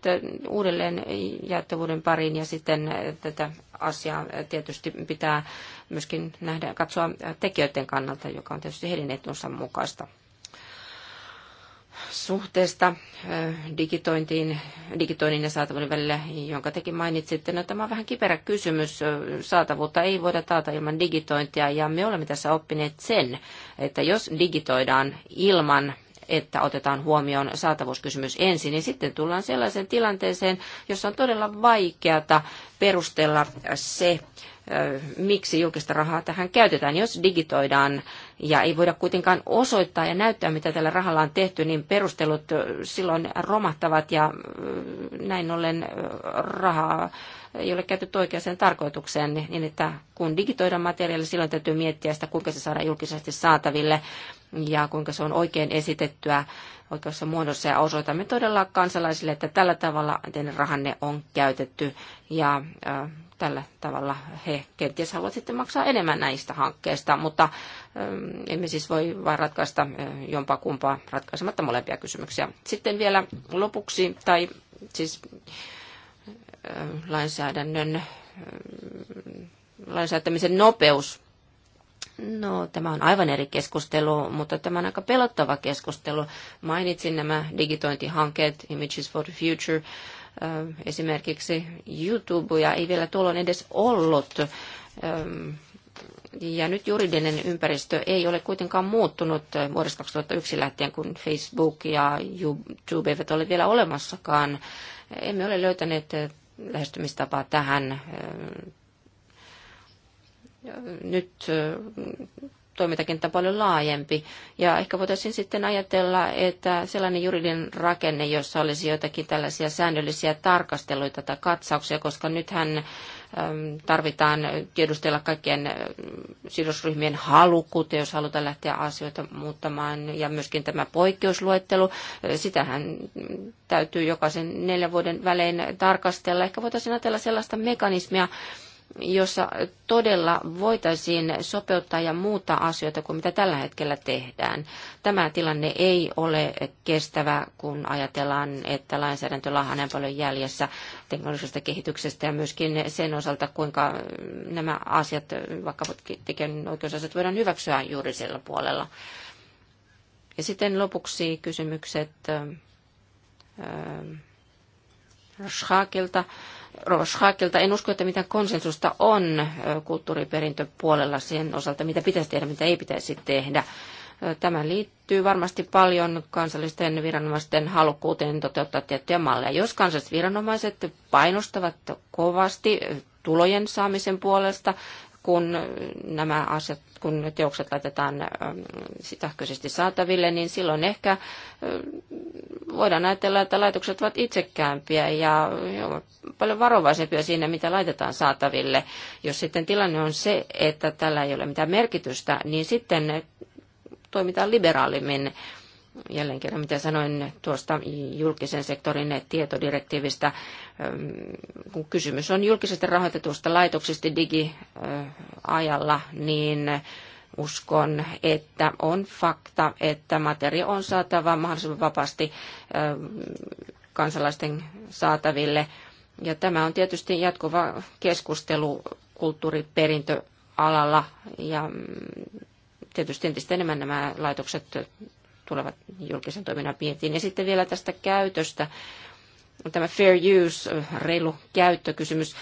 uudelleen jaettavuuden pariin ja sitten tätä asiaa tietysti pitää myöskin nähdä, katsoa tekijöiden kannalta, joka on tietysti heidän etunsa mukaista suhteesta digitointiin, digitoinnin ja saatavuuden välillä, jonka tekin mainitsitte. No, tämä on vähän kiperä kysymys. Saatavuutta ei voida taata ilman digitointia ja me olemme tässä oppineet sen, että jos digitoidaan ilman että otetaan huomioon saatavuuskysymys ensin, niin sitten tullaan sellaiseen tilanteeseen, jossa on todella vaikeata perustella se, miksi julkista rahaa tähän käytetään. Jos digitoidaan ja ei voida kuitenkaan osoittaa ja näyttää, mitä tällä rahalla on tehty, niin perustelut silloin romahtavat ja näin ollen rahaa ei ole käytetty oikeaan tarkoitukseen, niin että kun digitoidaan materiaali, silloin täytyy miettiä sitä, kuinka se saadaan julkisesti saataville ja kuinka se on oikein esitettyä oikeassa muodossa ja osoitamme todella kansalaisille, että tällä tavalla teidän rahanne on käytetty ja tällä tavalla he kenties haluavat sitten maksaa enemmän näistä hankkeista, mutta ähm, emme siis voi vain ratkaista äh, jompaa kumpaa ratkaisematta molempia kysymyksiä. Sitten vielä lopuksi, tai siis äh, lainsäädännön äh, lainsäätämisen nopeus No, tämä on aivan eri keskustelu, mutta tämä on aika pelottava keskustelu. Mainitsin nämä digitointihankkeet, Images for the Future, äh, esimerkiksi ja ei vielä tuolloin edes ollut. Ähm, ja nyt juridinen ympäristö ei ole kuitenkaan muuttunut äh, vuodesta 2001 lähtien, kun Facebook ja YouTube eivät ole vielä olemassakaan. Emme ole löytäneet äh, lähestymistapaa tähän nyt toimintakenttä paljon laajempi. Ja ehkä voitaisiin sitten ajatella, että sellainen juridinen rakenne, jossa olisi jotakin tällaisia säännöllisiä tarkasteluita tai katsauksia, koska nythän tarvitaan tiedustella kaikkien sidosryhmien halukkuutta, jos halutaan lähteä asioita muuttamaan, ja myöskin tämä poikkeusluettelu. Sitähän täytyy jokaisen neljän vuoden välein tarkastella. Ehkä voitaisiin ajatella sellaista mekanismia, jossa todella voitaisiin sopeuttaa ja muuttaa asioita kuin mitä tällä hetkellä tehdään. Tämä tilanne ei ole kestävä, kun ajatellaan, että lainsäädäntö on paljon jäljessä teknologisesta kehityksestä ja myöskin sen osalta, kuinka nämä asiat, vaikka tekijänoikeusasiat voidaan hyväksyä juuri sillä puolella. Ja sitten lopuksi kysymykset äh, äh Schakilta. Äh, Rova Schakilta. En usko, että mitään konsensusta on kulttuuriperintöpuolella sen osalta, mitä pitäisi tehdä, mitä ei pitäisi tehdä. Tämä liittyy varmasti paljon kansallisten viranomaisten halukkuuteen toteuttaa tiettyjä malleja. Jos kansalliset viranomaiset painostavat kovasti tulojen saamisen puolesta, kun nämä asiat, kun teokset laitetaan sähköisesti saataville, niin silloin ehkä voidaan ajatella, että laitokset ovat itsekäämpiä ja paljon varovaisempia siinä, mitä laitetaan saataville. Jos sitten tilanne on se, että tällä ei ole mitään merkitystä, niin sitten toimitaan liberaalimmin jälleen kerran, mitä sanoin tuosta julkisen sektorin tietodirektiivistä, ähm, kun kysymys on julkisesti rahoitetusta laitoksesta digiajalla, niin uskon, että on fakta, että materia on saatava mahdollisimman vapaasti ähm, kansalaisten saataville. Ja tämä on tietysti jatkuva keskustelu kulttuuriperintöalalla ja mm, tietysti entistä enemmän nämä laitokset tulevat julkisen toiminnan piirtiin. Ja sitten vielä tästä käytöstä, tämä fair use, reilu käyttökysymys.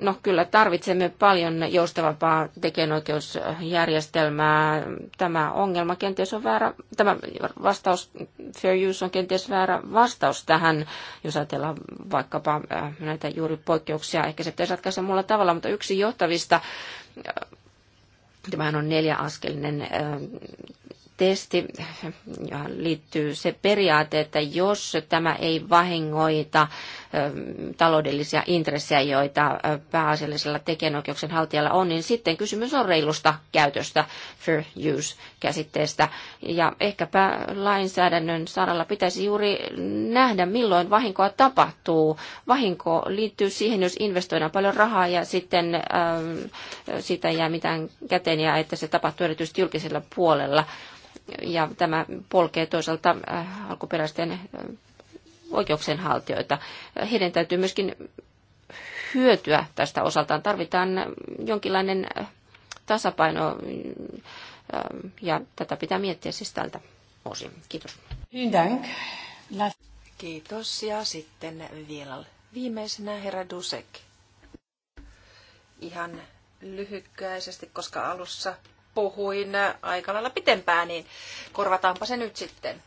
No kyllä tarvitsemme paljon joustavampaa tekijänoikeusjärjestelmää. Tämä ongelma kenties on väärä, tämä vastaus, fair use on kenties väärä vastaus tähän, jos ajatellaan vaikkapa äh, näitä juuri poikkeuksia. Ehkä se pitäisi ratkaista muulla tavalla, mutta yksi johtavista äh, Tämähän on neljäaskelinen äh, testi, johon liittyy se periaate, että jos tämä ei vahingoita taloudellisia intressejä, joita pääasiallisella tekijänoikeuksien haltijalla on, niin sitten kysymys on reilusta käytöstä, fair use-käsitteestä. Ja ehkäpä lainsäädännön saralla pitäisi juuri nähdä, milloin vahinkoa tapahtuu. Vahinko liittyy siihen, jos investoidaan paljon rahaa ja sitten ähm, siitä ei jää mitään käteen ja että se tapahtuu erityisesti julkisella puolella ja tämä polkee toisaalta äh, alkuperäisten äh, oikeuksien haltijoita. Heidän täytyy myöskin hyötyä tästä osaltaan. Tarvitaan jonkinlainen äh, tasapaino ja tätä pitää miettiä siis tältä osin. Kiitos. Kiitos ja sitten vielä viimeisenä herra Dusek. Ihan lyhykkäisesti, koska alussa puhuin aika lailla pitempään, niin korvataanpa se nyt sitten.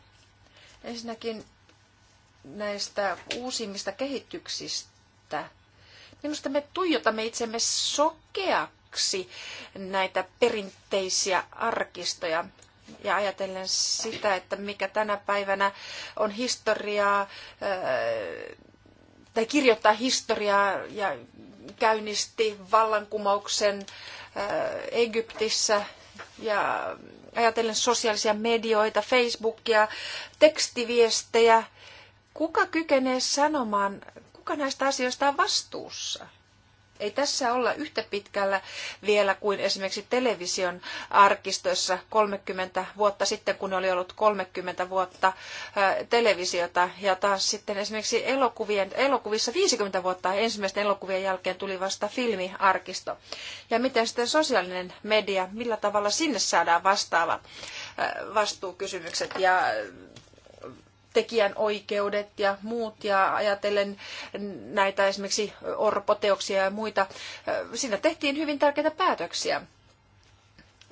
Ensinnäkin näistä uusimmista kehityksistä. Minusta me tuijotamme itsemme sokeaksi näitä perinteisiä arkistoja ja ajatellen sitä, että mikä tänä päivänä on historiaa tai kirjoittaa historiaa ja käynnisti vallankumouksen Egyptissä ja ajatellen sosiaalisia medioita, Facebookia, tekstiviestejä. Kuka kykenee sanomaan, kuka näistä asioista on vastuussa? Ei tässä olla yhtä pitkällä vielä kuin esimerkiksi television arkistoissa 30 vuotta sitten, kun oli ollut 30 vuotta äh, televisiota. Ja taas sitten esimerkiksi elokuvien, elokuvissa 50 vuotta ensimmäisten elokuvien jälkeen tuli vasta filmiarkisto. Ja miten sitten sosiaalinen media, millä tavalla sinne saadaan vastaava äh, vastuukysymykset ja tekijänoikeudet oikeudet ja muut ja ajatellen näitä esimerkiksi orpoteoksia ja muita. Siinä tehtiin hyvin tärkeitä päätöksiä.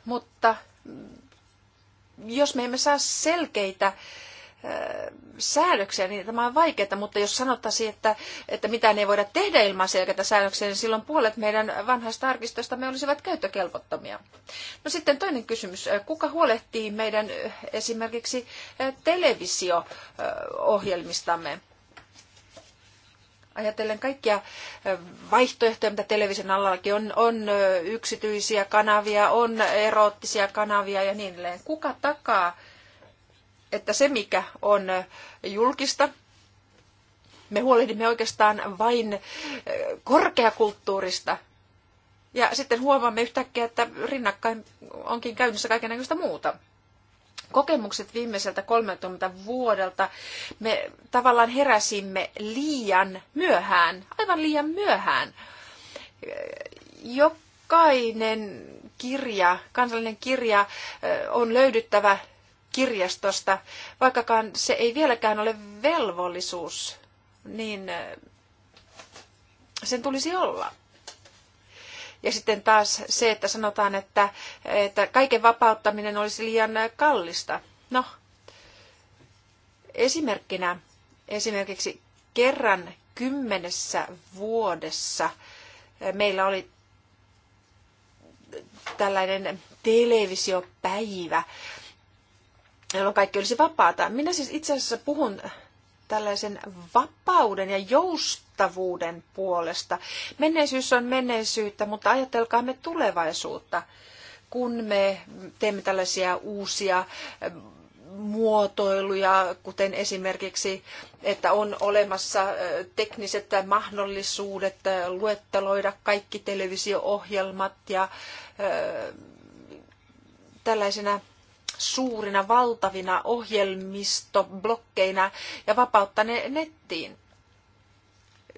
Mutta jos me emme saa selkeitä säädöksiä, niin tämä on vaikeaa, mutta jos sanottaisiin, että, että mitään ei voida tehdä ilman selkeitä säädöksiä, niin silloin puolet meidän vanhasta arkistosta me olisivat käyttökelvottomia. No sitten toinen kysymys. Kuka huolehtii meidän esimerkiksi televisio-ohjelmistamme? ajatellen kaikkia vaihtoehtoja, mitä television allakin on, on yksityisiä kanavia, on eroottisia kanavia ja niin edelleen. Kuka takaa että se mikä on julkista, me huolehdimme oikeastaan vain eh, korkeakulttuurista. Ja sitten huomaamme yhtäkkiä, että rinnakkain onkin käynnissä kaikenlaista muuta. Kokemukset viimeiseltä 30 vuodelta me tavallaan heräsimme liian myöhään, aivan liian myöhään. Eh, jokainen kirja, kansallinen kirja eh, on löydyttävä kirjastosta, vaikkakaan se ei vieläkään ole velvollisuus, niin sen tulisi olla. Ja sitten taas se, että sanotaan, että, että kaiken vapauttaminen olisi liian kallista. No, esimerkkinä esimerkiksi kerran kymmenessä vuodessa meillä oli tällainen televisiopäivä, jolloin kaikki olisi vapaata. Minä siis itse asiassa puhun tällaisen vapauden ja joustavuuden puolesta. Menneisyys on menneisyyttä, mutta ajatelkaamme tulevaisuutta, kun me teemme tällaisia uusia eh, muotoiluja, kuten esimerkiksi, että on olemassa eh, tekniset mahdollisuudet eh, luetteloida kaikki televisio-ohjelmat ja tällaisena suurina, valtavina ohjelmistoblokkeina ja vapauttaa ne nettiin.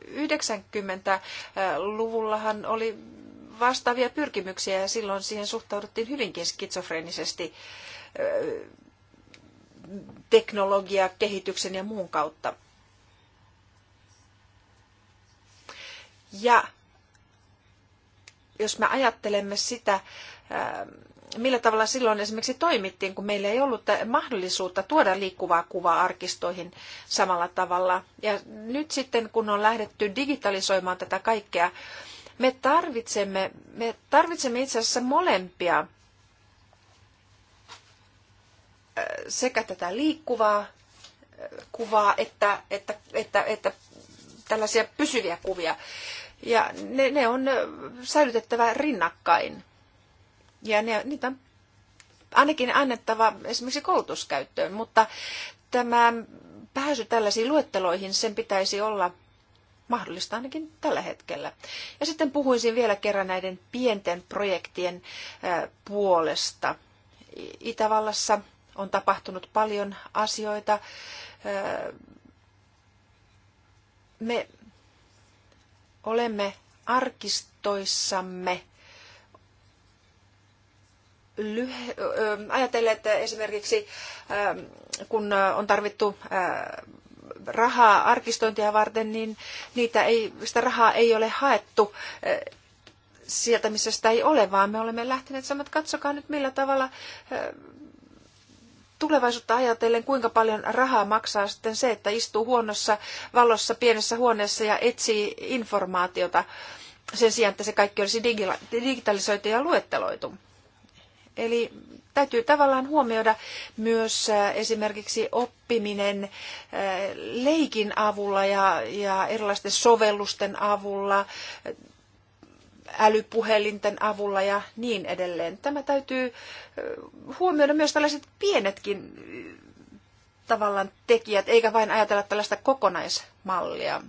90-luvullahan oli vastaavia pyrkimyksiä ja silloin siihen suhtauduttiin hyvinkin skitsofreenisesti teknologia, kehityksen ja muun kautta. Ja jos me ajattelemme sitä, millä tavalla silloin esimerkiksi toimittiin, kun meillä ei ollut mahdollisuutta tuoda liikkuvaa kuvaa arkistoihin samalla tavalla. Ja nyt sitten, kun on lähdetty digitalisoimaan tätä kaikkea, me tarvitsemme, me tarvitsemme itse asiassa molempia äh, sekä tätä liikkuvaa äh, kuvaa että, että, että, että tällaisia pysyviä kuvia. Ja ne, ne on säilytettävä rinnakkain. Ja ne, niitä on ainakin annettava esimerkiksi koulutuskäyttöön, mutta tämä pääsy tällaisiin luetteloihin, sen pitäisi olla mahdollista ainakin tällä hetkellä. Ja sitten puhuisin vielä kerran näiden pienten projektien puolesta. Itävallassa on tapahtunut paljon asioita. Me olemme arkistoissamme ajatellen, että esimerkiksi, kun on tarvittu rahaa arkistointia varten, niin niitä ei, sitä rahaa ei ole haettu sieltä, missä sitä ei ole, vaan me olemme lähteneet samat, katsokaa nyt millä tavalla tulevaisuutta ajatellen, kuinka paljon rahaa maksaa sitten se, että istuu huonossa valossa pienessä huoneessa ja etsii informaatiota sen sijaan, että se kaikki olisi digitalisoitu ja luetteloitu. Eli täytyy tavallaan huomioida myös äh, esimerkiksi oppiminen äh, leikin avulla ja, ja erilaisten sovellusten avulla, äh, älypuhelinten avulla ja niin edelleen. Tämä täytyy huomioida myös tällaiset pienetkin tavallaan tekijät, eikä vain ajatella tällaista kokonaismallia.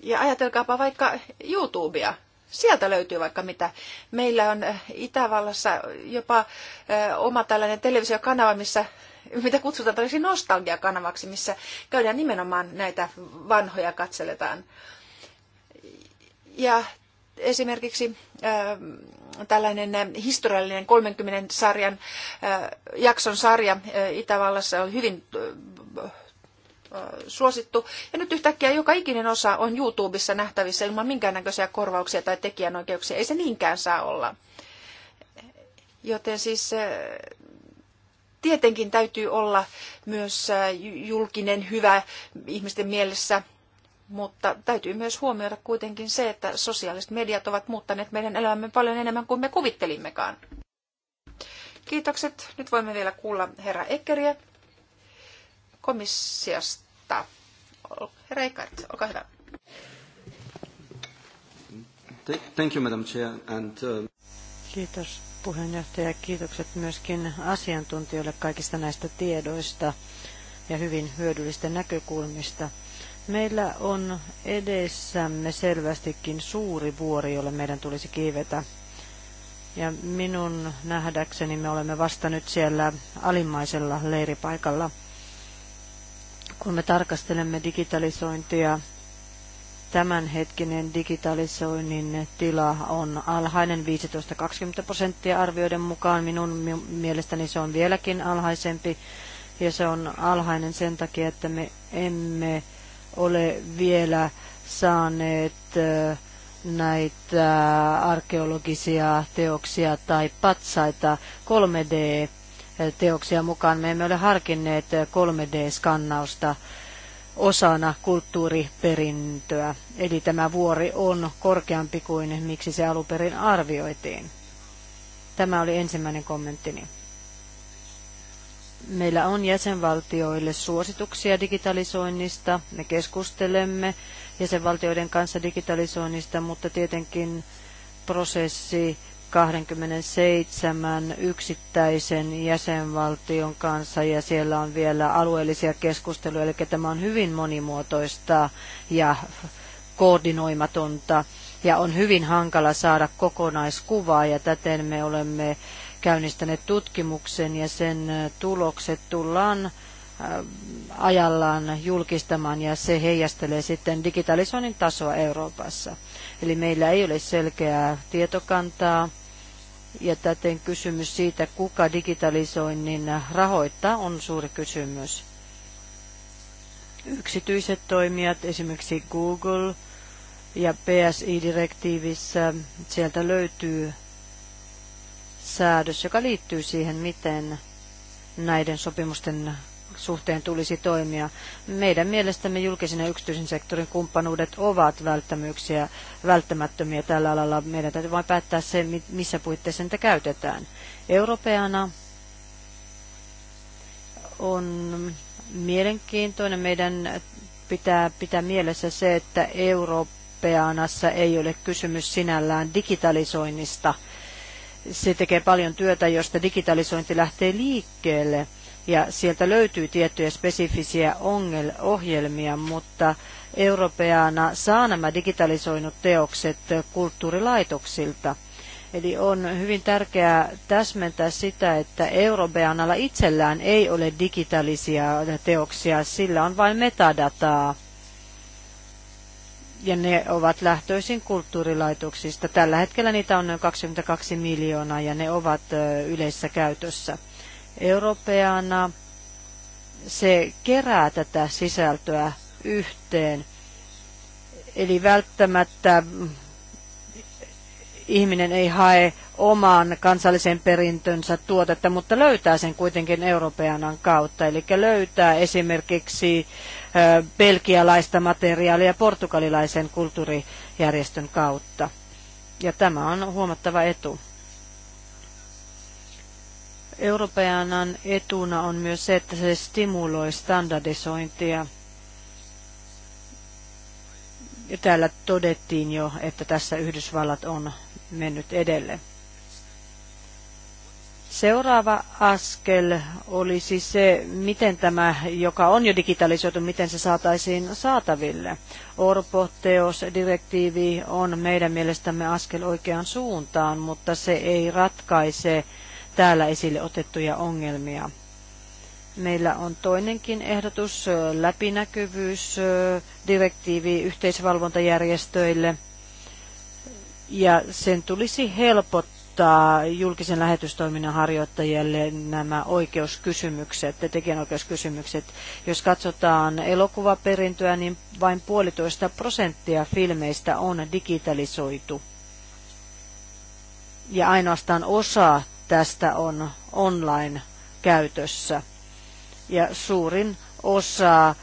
Ja ajatelkaapa vaikka YouTubea. Sieltä löytyy vaikka mitä. Meillä on eh, Itävallassa jopa eh, oma tällainen televisiokanava, missä mitä kutsutaan tällaisiin nostalgiakanavaksi, missä käydään nimenomaan näitä vanhoja katseletaan. Ja esimerkiksi äh, tällainen historiallinen 30 sarjan äh, jakson sarja äh, Itävallassa on hyvin äh, suosittu. Ja nyt yhtäkkiä joka ikinen osa on YouTubessa nähtävissä ilman minkäännäköisiä korvauksia tai tekijänoikeuksia. Ei se niinkään saa olla. Joten siis tietenkin täytyy olla myös julkinen hyvä ihmisten mielessä, mutta täytyy myös huomioida kuitenkin se, että sosiaaliset mediat ovat muuttaneet meidän elämämme paljon enemmän kuin me kuvittelimmekaan. Kiitokset. Nyt voimme vielä kuulla herra Eckeriä komissiasta ottaa. Herra Eikart, olkaa hyvä. Thank you, Madam Chair, and, uh... Kiitos puheenjohtaja. Kiitokset myöskin asiantuntijoille kaikista näistä tiedoista ja hyvin hyödyllistä näkökulmista. Meillä on edessämme selvästikin suuri vuori, jolle meidän tulisi kiivetä. Ja minun nähdäkseni me olemme vasta nyt siellä alimmaisella leiripaikalla – kun me tarkastelemme digitalisointia, tämänhetkinen digitalisoinnin tila on alhainen 15-20 prosenttia arvioiden mukaan. Minun mielestäni se on vieläkin alhaisempi ja se on alhainen sen takia, että me emme ole vielä saaneet näitä arkeologisia teoksia tai patsaita 3D teoksia mukaan. Me emme ole harkinneet 3D-skannausta osana kulttuuriperintöä. Eli tämä vuori on korkeampi kuin miksi se aluperin arvioitiin. Tämä oli ensimmäinen kommenttini. Meillä on jäsenvaltioille suosituksia digitalisoinnista. Me keskustelemme jäsenvaltioiden kanssa digitalisoinnista, mutta tietenkin prosessi 27 yksittäisen jäsenvaltion kanssa ja siellä on vielä alueellisia keskusteluja, eli tämä on hyvin monimuotoista ja koordinoimatonta ja on hyvin hankala saada kokonaiskuvaa ja täten me olemme käynnistäneet tutkimuksen ja sen tulokset tullaan äh, ajallaan julkistamaan ja se heijastelee sitten digitalisoinnin tasoa Euroopassa. Eli meillä ei ole selkeää tietokantaa ja täten kysymys siitä, kuka digitalisoinnin rahoittaa, on suuri kysymys. Yksityiset toimijat, esimerkiksi Google ja PSI-direktiivissä, sieltä löytyy säädös, joka liittyy siihen, miten näiden sopimusten suhteen tulisi toimia. Meidän mielestämme julkisen ja yksityisen sektorin kumppanuudet ovat välttämyksiä, välttämättömiä tällä alalla. Meidän täytyy vain päättää se, missä puitteissa niitä käytetään. Europeana on mielenkiintoinen. Meidän pitää pitää mielessä se, että Europeanassa ei ole kysymys sinällään digitalisoinnista. Se tekee paljon työtä, josta digitalisointi lähtee liikkeelle – ja sieltä löytyy tiettyjä spesifisiä ohjelmia, mutta europeana saa nämä digitalisoinut teokset kulttuurilaitoksilta. Eli on hyvin tärkeää täsmentää sitä, että Eurobeanalla itsellään ei ole digitalisia teoksia, sillä on vain metadataa. Ja ne ovat lähtöisin kulttuurilaitoksista. Tällä hetkellä niitä on noin 22 miljoonaa ja ne ovat yleisessä käytössä europeana. Se kerää tätä sisältöä yhteen. Eli välttämättä ihminen ei hae oman kansallisen perintönsä tuotetta, mutta löytää sen kuitenkin Europeanan kautta. Eli löytää esimerkiksi belgialaista materiaalia portugalilaisen kulttuurijärjestön kautta. Ja tämä on huomattava etu. Europeanan etuna on myös se, että se stimuloi standardisointia. Ja täällä todettiin jo, että tässä Yhdysvallat on mennyt edelle. Seuraava askel olisi se, miten tämä, joka on jo digitalisoitu, miten se saataisiin saataville. Orpo, teos, direktiivi on meidän mielestämme askel oikeaan suuntaan, mutta se ei ratkaise täällä esille otettuja ongelmia. Meillä on toinenkin ehdotus, läpinäkyvyys, direktiivi yhteisvalvontajärjestöille, ja sen tulisi helpottaa julkisen lähetystoiminnan harjoittajille nämä oikeuskysymykset, tekijänoikeuskysymykset. Jos katsotaan elokuvaperintöä, niin vain puolitoista prosenttia filmeistä on digitalisoitu ja ainoastaan osa tästä on online käytössä. Ja suurin osa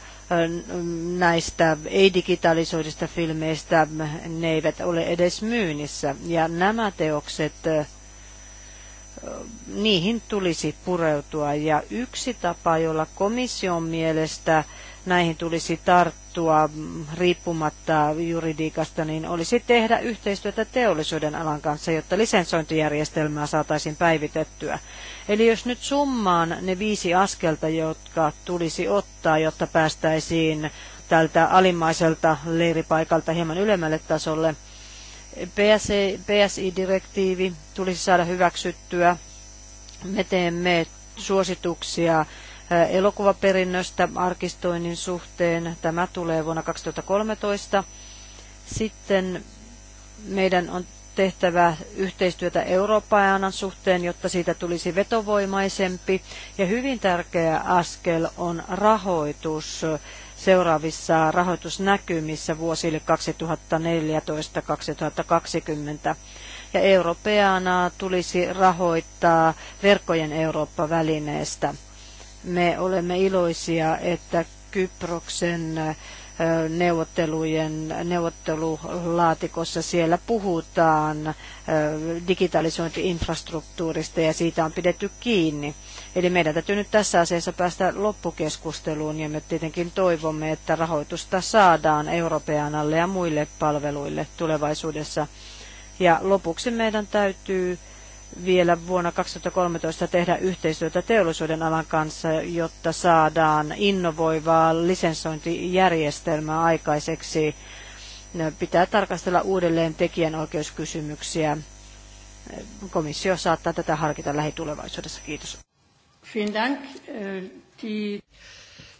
näistä ei-digitalisoidista filmeistä, ne eivät ole edes myynnissä. Ja nämä teokset, niihin tulisi pureutua. Ja yksi tapa, jolla komission mielestä näihin tulisi tarttua, etua mm, riippumatta juridiikasta, niin olisi tehdä yhteistyötä teollisuuden alan kanssa, jotta lisensointijärjestelmää saataisiin päivitettyä. Eli jos nyt summaan ne viisi askelta, jotka tulisi ottaa, jotta päästäisiin tältä alimmaiselta leiripaikalta hieman ylemmälle tasolle, PSI-direktiivi tulisi saada hyväksyttyä. Me teemme suosituksia elokuvaperinnöstä arkistoinnin suhteen. Tämä tulee vuonna 2013. Sitten meidän on tehtävä yhteistyötä Euroopan suhteen, jotta siitä tulisi vetovoimaisempi. Ja hyvin tärkeä askel on rahoitus seuraavissa rahoitusnäkymissä vuosille 2014-2020. Ja Europeana tulisi rahoittaa verkkojen Eurooppa-välineestä. Me olemme iloisia, että Kyproksen neuvottelujen, neuvottelulaatikossa siellä puhutaan digitalisointiinfrastruktuurista ja siitä on pidetty kiinni. Eli meidän täytyy nyt tässä asiassa päästä loppukeskusteluun ja me tietenkin toivomme, että rahoitusta saadaan Europeanalle ja muille palveluille tulevaisuudessa. Ja lopuksi meidän täytyy vielä vuonna 2013 tehdä yhteistyötä teollisuuden alan kanssa, jotta saadaan innovoivaa lisensointijärjestelmää aikaiseksi. Pitää tarkastella uudelleen tekijänoikeuskysymyksiä. Komissio saattaa tätä harkita lähitulevaisuudessa. Kiitos.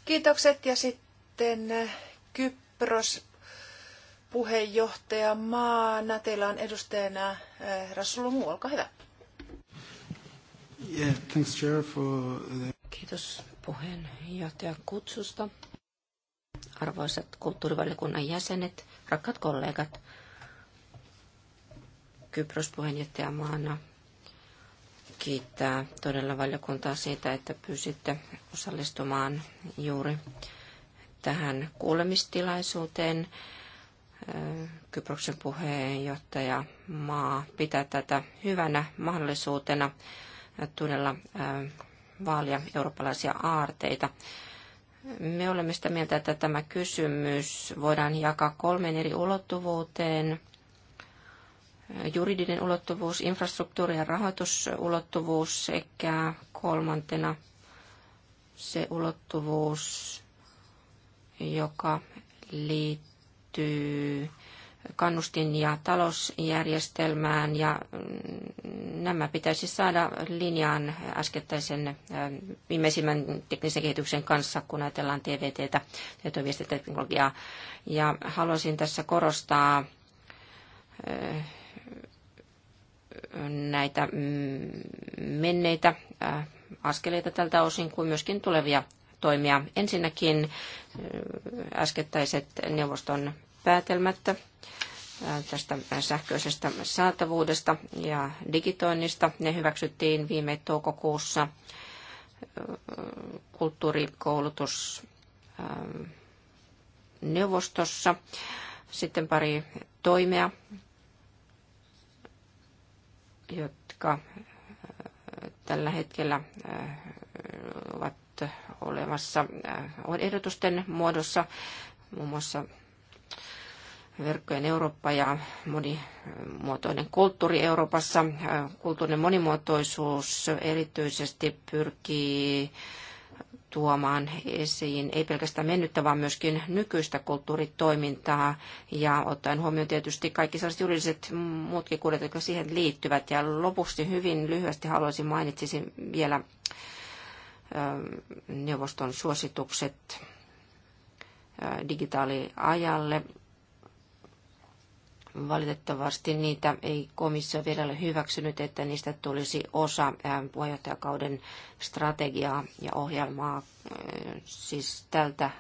Kiitokset ja sitten eh, Kypros puheenjohtaja Teillä on edustajana eh, Rassulu olkaa hyvä. Yeah, thanks, Chair, for the... Kiitos puheenjohtaja kutsusta. Arvoisat kulttuurivaliokunnan jäsenet, rakkaat kollegat, Kypros puheenjohtajamaana kiittää todella valiokuntaa siitä, että pyysitte osallistumaan juuri tähän kuulemistilaisuuteen. Kyproksen puheenjohtaja maa pitää tätä hyvänä mahdollisuutena todella vaalia eurooppalaisia aarteita. Me olemme sitä mieltä, että tämä kysymys voidaan jakaa kolmeen eri ulottuvuuteen. Juridinen ulottuvuus, infrastruktuuri- ja rahoitusulottuvuus sekä kolmantena se ulottuvuus, joka liittyy kannustin- ja talousjärjestelmään ja mm, nämä pitäisi saada linjaan äskettäisen viimeisimmän teknisen kehityksen kanssa, kun ajatellaan TVTtä, tä, ja Ja haluaisin tässä korostaa näitä mm, menneitä askeleita tältä osin kuin myöskin tulevia toimia. Ensinnäkin äskettäiset neuvoston päätelmät Äh, tästä sähköisestä saatavuudesta ja digitoinnista. Ne hyväksyttiin viime toukokuussa äh, kulttuurikoulutusneuvostossa. Ähm, Sitten pari toimea, jotka äh, tällä hetkellä ovat olemassa ehdotusten muodossa, muun muassa verkkojen Eurooppa ja monimuotoinen kulttuuri Euroopassa. Kulttuurinen monimuotoisuus erityisesti pyrkii tuomaan esiin ei pelkästään mennyttä, vaan myöskin nykyistä kulttuuritoimintaa ja ottaen huomioon tietysti kaikki sellaiset juridiset muutkin kuudet, jotka siihen liittyvät. Ja lopuksi hyvin lyhyesti haluaisin mainitsisin vielä neuvoston suositukset digitaaliajalle Valitettavasti niitä ei komissio vielä ole hyväksynyt, että niistä tulisi osa puheenjohtajakauden strategiaa ja ohjelmaa. Siis tältä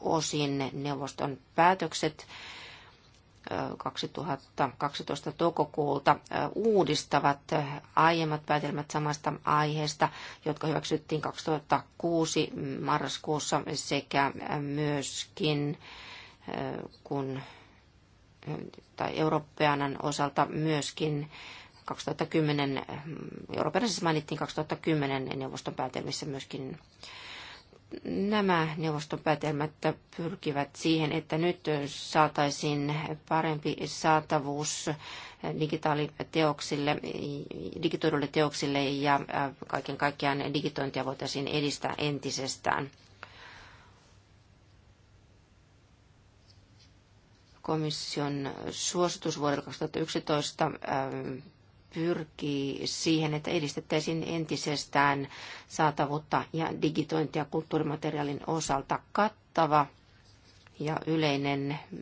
osin neuvoston päätökset 2012 toukokuulta uudistavat aiemmat päätelmät samasta aiheesta, jotka hyväksyttiin 2006 marraskuussa sekä myöskin kun tai europeanan osalta myöskin 2010, Euroopan siis mainittiin 2010 neuvoston päätelmissä myöskin nämä neuvoston päätelmät pyrkivät siihen, että nyt saataisiin parempi saatavuus digitaaliteoksille, digitoiduille teoksille ja kaiken kaikkiaan digitointia voitaisiin edistää entisestään. komission suositus vuodelta 2011 ähm, pyrkii siihen, että edistettäisiin entisestään saatavuutta ja digitointia kulttuurimateriaalin osalta kattava ja yleinen mm,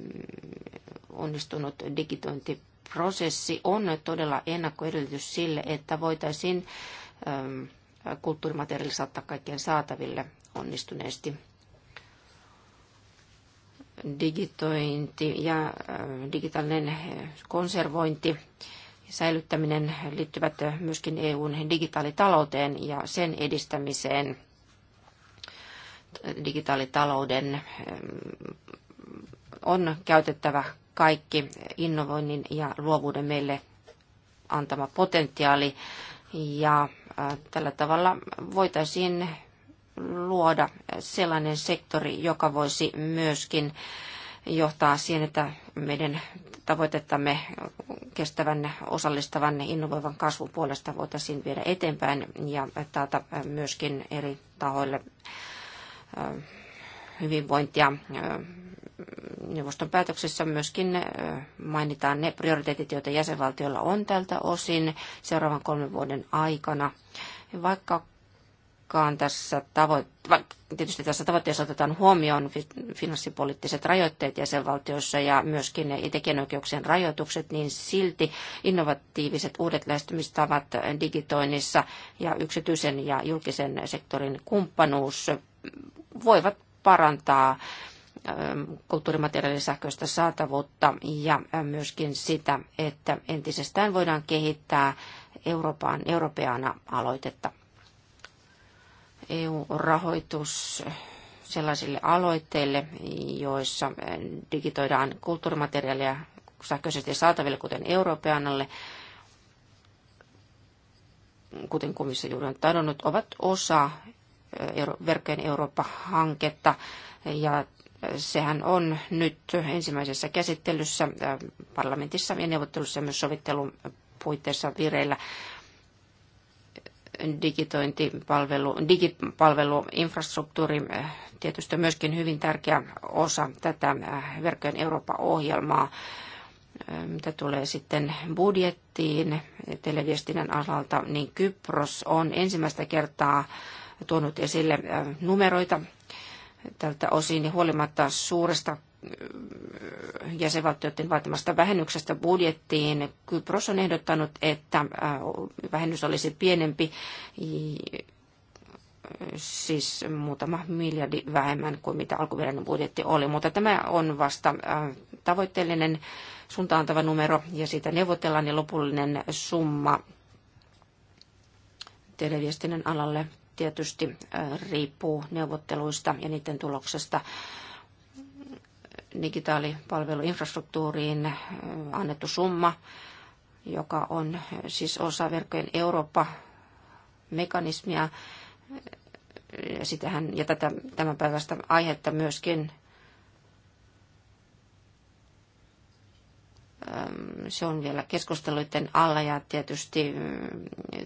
onnistunut digitointiprosessi on todella ennakkoedellytys sille, että voitaisiin ähm, kulttuurimateriaali saattaa kaikkien saataville onnistuneesti digitointi ja äh, digitaalinen konservointi säilyttäminen liittyvät myöskin EUn digitaalitalouteen ja sen edistämiseen digitaalitalouden ähm, on käytettävä kaikki innovoinnin ja luovuuden meille antama potentiaali ja äh, tällä tavalla voitaisiin luoda sellainen sektori, joka voisi myöskin johtaa siihen, että meidän tavoitettamme kestävän, osallistavan, innovoivan kasvun puolesta voitaisiin viedä eteenpäin ja taata myöskin eri tahoille hyvinvointia. Neuvoston päätöksessä myöskin mainitaan ne prioriteetit, joita jäsenvaltiolla on tältä osin seuraavan kolmen vuoden aikana. Vaikka vaikkakaan tässä tavoitteessa, tietysti tässä tavoitteessa otetaan huomioon finanssipoliittiset rajoitteet jäsenvaltioissa ja myöskin ne tekijänoikeuksien rajoitukset, niin silti innovatiiviset uudet lähestymistavat digitoinnissa ja yksityisen ja julkisen sektorin kumppanuus voivat parantaa ähm, kulttuurimateriaalin sähköistä saatavuutta ja äh, myöskin sitä, että entisestään voidaan kehittää Euroopan, europeana aloitetta. EU-rahoitus sellaisille aloitteille, joissa digitoidaan kulttuurimateriaalia sähköisesti saataville, kuten Europeanalle, kuten komissio juuri on tadonnut, ovat osa verkkojen Eurooppa-hanketta. Ja sehän on nyt ensimmäisessä käsittelyssä äh, parlamentissa ja neuvottelussa ja myös sovittelun puitteissa vireillä digitointipalvelu, digipalveluinfrastruktuuri eh, tietysti myöskin hyvin tärkeä osa tätä eh, Verkkojen Eurooppa-ohjelmaa. Eh, mitä tulee sitten budjettiin televiestinnän alalta, niin Kypros on ensimmäistä kertaa tuonut esille numeroita tältä osin, niin huolimatta suuresta jäsenvaltioiden vaatimasta vähennyksestä budjettiin. Kypros on ehdottanut, että äh, vähennys olisi pienempi, siis muutama miljardi vähemmän kuin mitä alkuperäinen budjetti oli, mutta tämä on vasta äh, tavoitteellinen suuntaantava numero ja siitä neuvotellaan ja lopullinen summa televiestinnän alalle tietysti äh, riippuu neuvotteluista ja niiden tuloksesta digitaalipalveluinfrastruktuuriin äh, annettu summa, joka on siis osa verkkojen Eurooppa-mekanismia. Ja, sitähän, ja tätä tämän päivästä aihetta myöskin ähm, se on vielä keskusteluiden alla ja tietysti äh,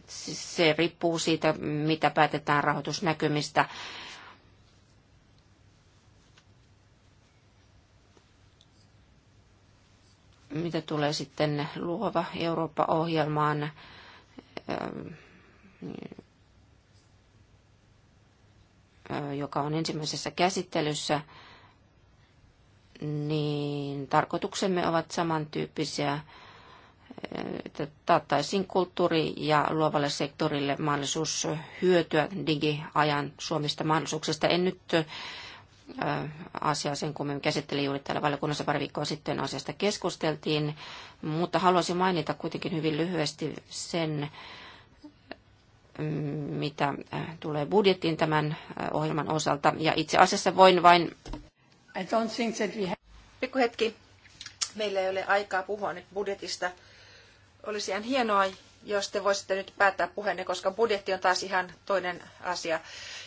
se riippuu siitä, mitä päätetään rahoitusnäkymistä mitä tulee sitten Luova Eurooppa-ohjelmaan, ähm, niin, äh, joka on ensimmäisessä käsittelyssä, niin tarkoituksemme ovat samantyyppisiä, äh, että taattaisiin kulttuuri- ja luovalle sektorille mahdollisuus hyötyä digiajan suomista mahdollisuuksista. En nyt äh, asiaa sen kummemmin käsittelin juuri täällä valiokunnassa pari viikkoa sitten asiasta keskusteltiin, mutta haluaisin mainita kuitenkin hyvin lyhyesti sen, mm, mitä tulee budjettiin tämän ohjelman osalta. Ja itse asiassa voin vain... I don't think that we have... Pikku hetki. Meillä ei ole aikaa puhua nyt budjetista. Olisi ihan hienoa, jos te voisitte nyt päättää puheenne, koska budjetti on taas ihan toinen asia.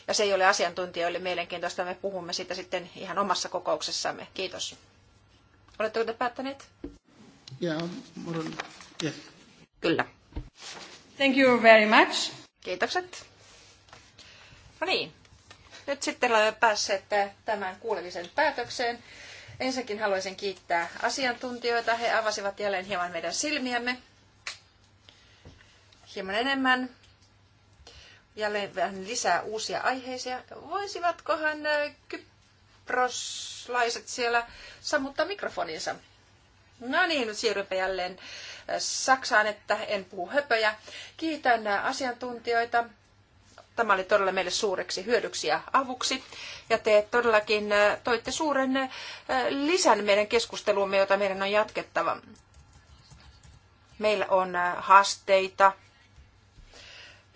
Ja se ei ole asiantuntijoille mielenkiintoista, me puhumme siitä sitten ihan omassa kokouksessamme. Kiitos. Oletteko te päättäneet? Yeah, Kyllä. Thank you very much. Kiitokset. No niin, nyt sitten olemme päässeet tämän kuulemisen päätökseen. Ensinnäkin haluaisin kiittää asiantuntijoita. He avasivat jälleen hieman meidän silmiämme hieman enemmän. Jälleen vähän lisää uusia aiheisia. Voisivatkohan kyproslaiset siellä sammuttaa mikrofoninsa? No niin, nyt siirrypä jälleen Saksaan, että en puhu höpöjä. Kiitän asiantuntijoita. Tämä oli todella meille suureksi hyödyksi ja avuksi. Ja te todellakin toitte suuren lisän meidän keskusteluumme, jota meidän on jatkettava. Meillä on haasteita,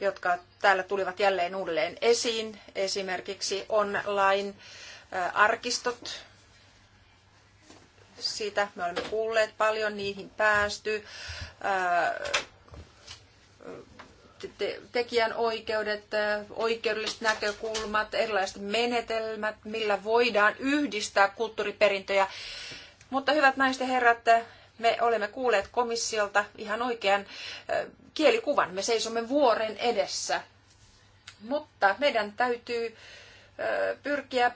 jotka täällä tulivat jälleen uudelleen esiin, esimerkiksi online-arkistot. Äh, Siitä me olemme kuulleet paljon, niihin päästy. Äh, tekijän tekijänoikeudet, äh, oikeudelliset näkökulmat, erilaiset menetelmät, millä voidaan yhdistää kulttuuriperintöjä. Mutta hyvät naiset ja herrat, me olemme kuulleet komissiolta ihan oikean kielikuvan. Me seisomme vuoren edessä. Mutta meidän täytyy pyrkiä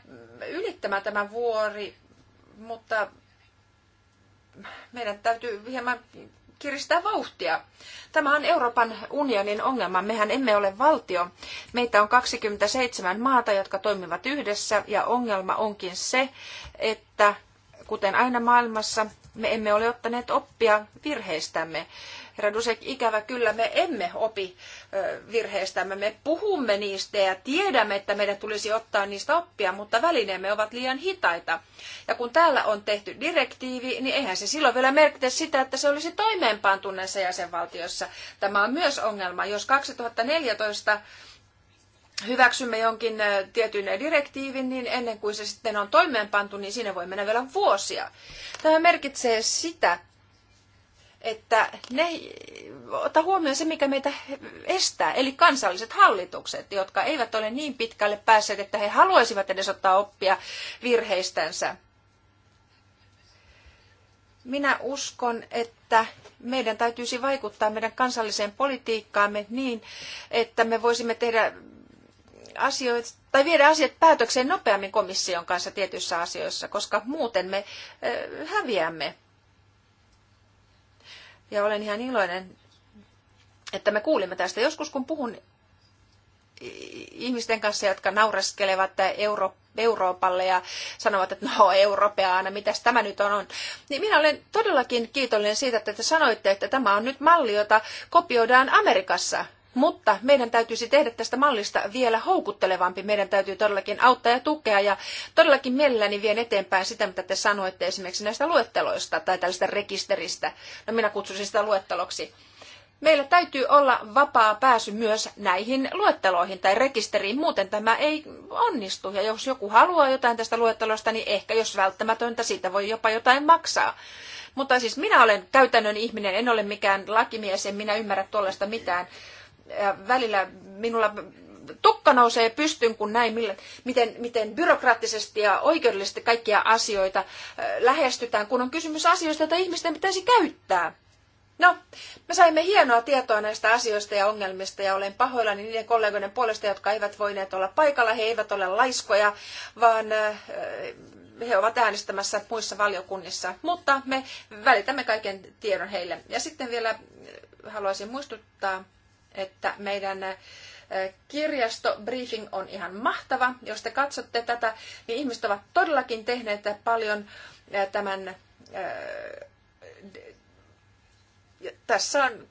ylittämään tämä vuori, mutta meidän täytyy hieman kiristää vauhtia. Tämä on Euroopan unionin ongelma. Mehän emme ole valtio. Meitä on 27 maata, jotka toimivat yhdessä ja ongelma onkin se, että kuten aina maailmassa, me emme ole ottaneet oppia virheistämme. Herra Dusek, ikävä kyllä me emme opi virheistämme. Me puhumme niistä ja tiedämme, että meidän tulisi ottaa niistä oppia, mutta välineemme ovat liian hitaita. Ja kun täällä on tehty direktiivi, niin eihän se silloin vielä merkitä sitä, että se olisi toimeenpantu näissä jäsenvaltioissa. Tämä on myös ongelma. Jos 2014 hyväksymme jonkin tietyn direktiivin, niin ennen kuin se sitten on toimeenpantu, niin siinä voi mennä vielä vuosia. Tämä merkitsee sitä, että ne, ota huomioon se, mikä meitä estää, eli kansalliset hallitukset, jotka eivät ole niin pitkälle päässeet, että he haluaisivat edes ottaa oppia virheistänsä. Minä uskon, että meidän täytyisi vaikuttaa meidän kansalliseen politiikkaamme niin, että me voisimme tehdä Asioit tai viedä asiat päätökseen nopeammin komission kanssa tietyissä asioissa, koska muuten me eh, häviämme. Ja olen ihan iloinen, että me kuulimme tästä. Joskus kun puhun ihmisten kanssa, jotka naureskelevat Euro- Euroopalle ja sanovat, että no europeana, mitäs tämä nyt on, on, niin minä olen todellakin kiitollinen siitä, että te sanoitte, että tämä on nyt malli, jota kopioidaan Amerikassa. Mutta meidän täytyisi tehdä tästä mallista vielä houkuttelevampi. Meidän täytyy todellakin auttaa ja tukea ja todellakin mielelläni vien eteenpäin sitä, mitä te sanoitte esimerkiksi näistä luetteloista tai tällaista rekisteristä. No minä kutsusin sitä luetteloksi. Meillä täytyy olla vapaa pääsy myös näihin luetteloihin tai rekisteriin, muuten tämä ei onnistu. Ja jos joku haluaa jotain tästä luettelosta, niin ehkä jos välttämätöntä, siitä voi jopa jotain maksaa. Mutta siis minä olen käytännön ihminen, en ole mikään lakimies, en minä ymmärrä tuollaista mitään ja välillä minulla tukka nousee pystyyn, kun näin, millä, miten, miten byrokraattisesti ja oikeudellisesti kaikkia asioita lähestytään, kun on kysymys asioista, joita ihmisten pitäisi käyttää. No, me saimme hienoa tietoa näistä asioista ja ongelmista ja olen pahoillani niiden kollegoiden puolesta, jotka eivät voineet olla paikalla. He eivät ole laiskoja, vaan he ovat äänestämässä muissa valiokunnissa, mutta me välitämme kaiken tiedon heille. Ja sitten vielä haluaisin muistuttaa että meidän eh, kirjastobriefing on ihan mahtava. Jos te katsotte tätä, niin ihmiset ovat todellakin tehneet paljon eh, tämän... Eh, tässä on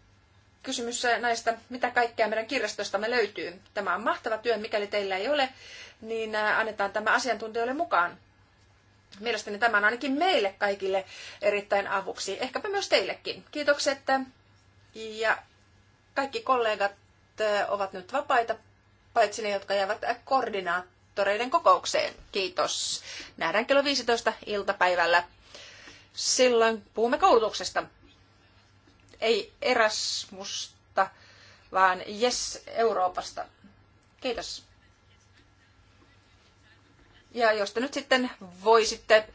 kysymys näistä, mitä kaikkea meidän me löytyy. Tämä on mahtava työ, mikäli teillä ei ole, niin annetaan tämä asiantuntijoille mukaan. Mielestäni tämä on ainakin meille kaikille erittäin avuksi, ehkäpä myös teillekin. Kiitokset ja kaikki kollegat ovat nyt vapaita, paitsi ne, jotka jäävät koordinaattoreiden kokoukseen. Kiitos. Nähdään kello 15 iltapäivällä. Silloin puhumme koulutuksesta. Ei Erasmusta, vaan Yes Euroopasta. Kiitos. Ja jos te nyt sitten voisitte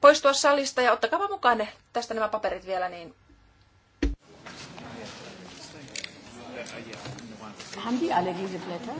poistua salista ja ottakaa mukaan ne, tästä nämä paperit vielä, niin haben die alle diese Blätter?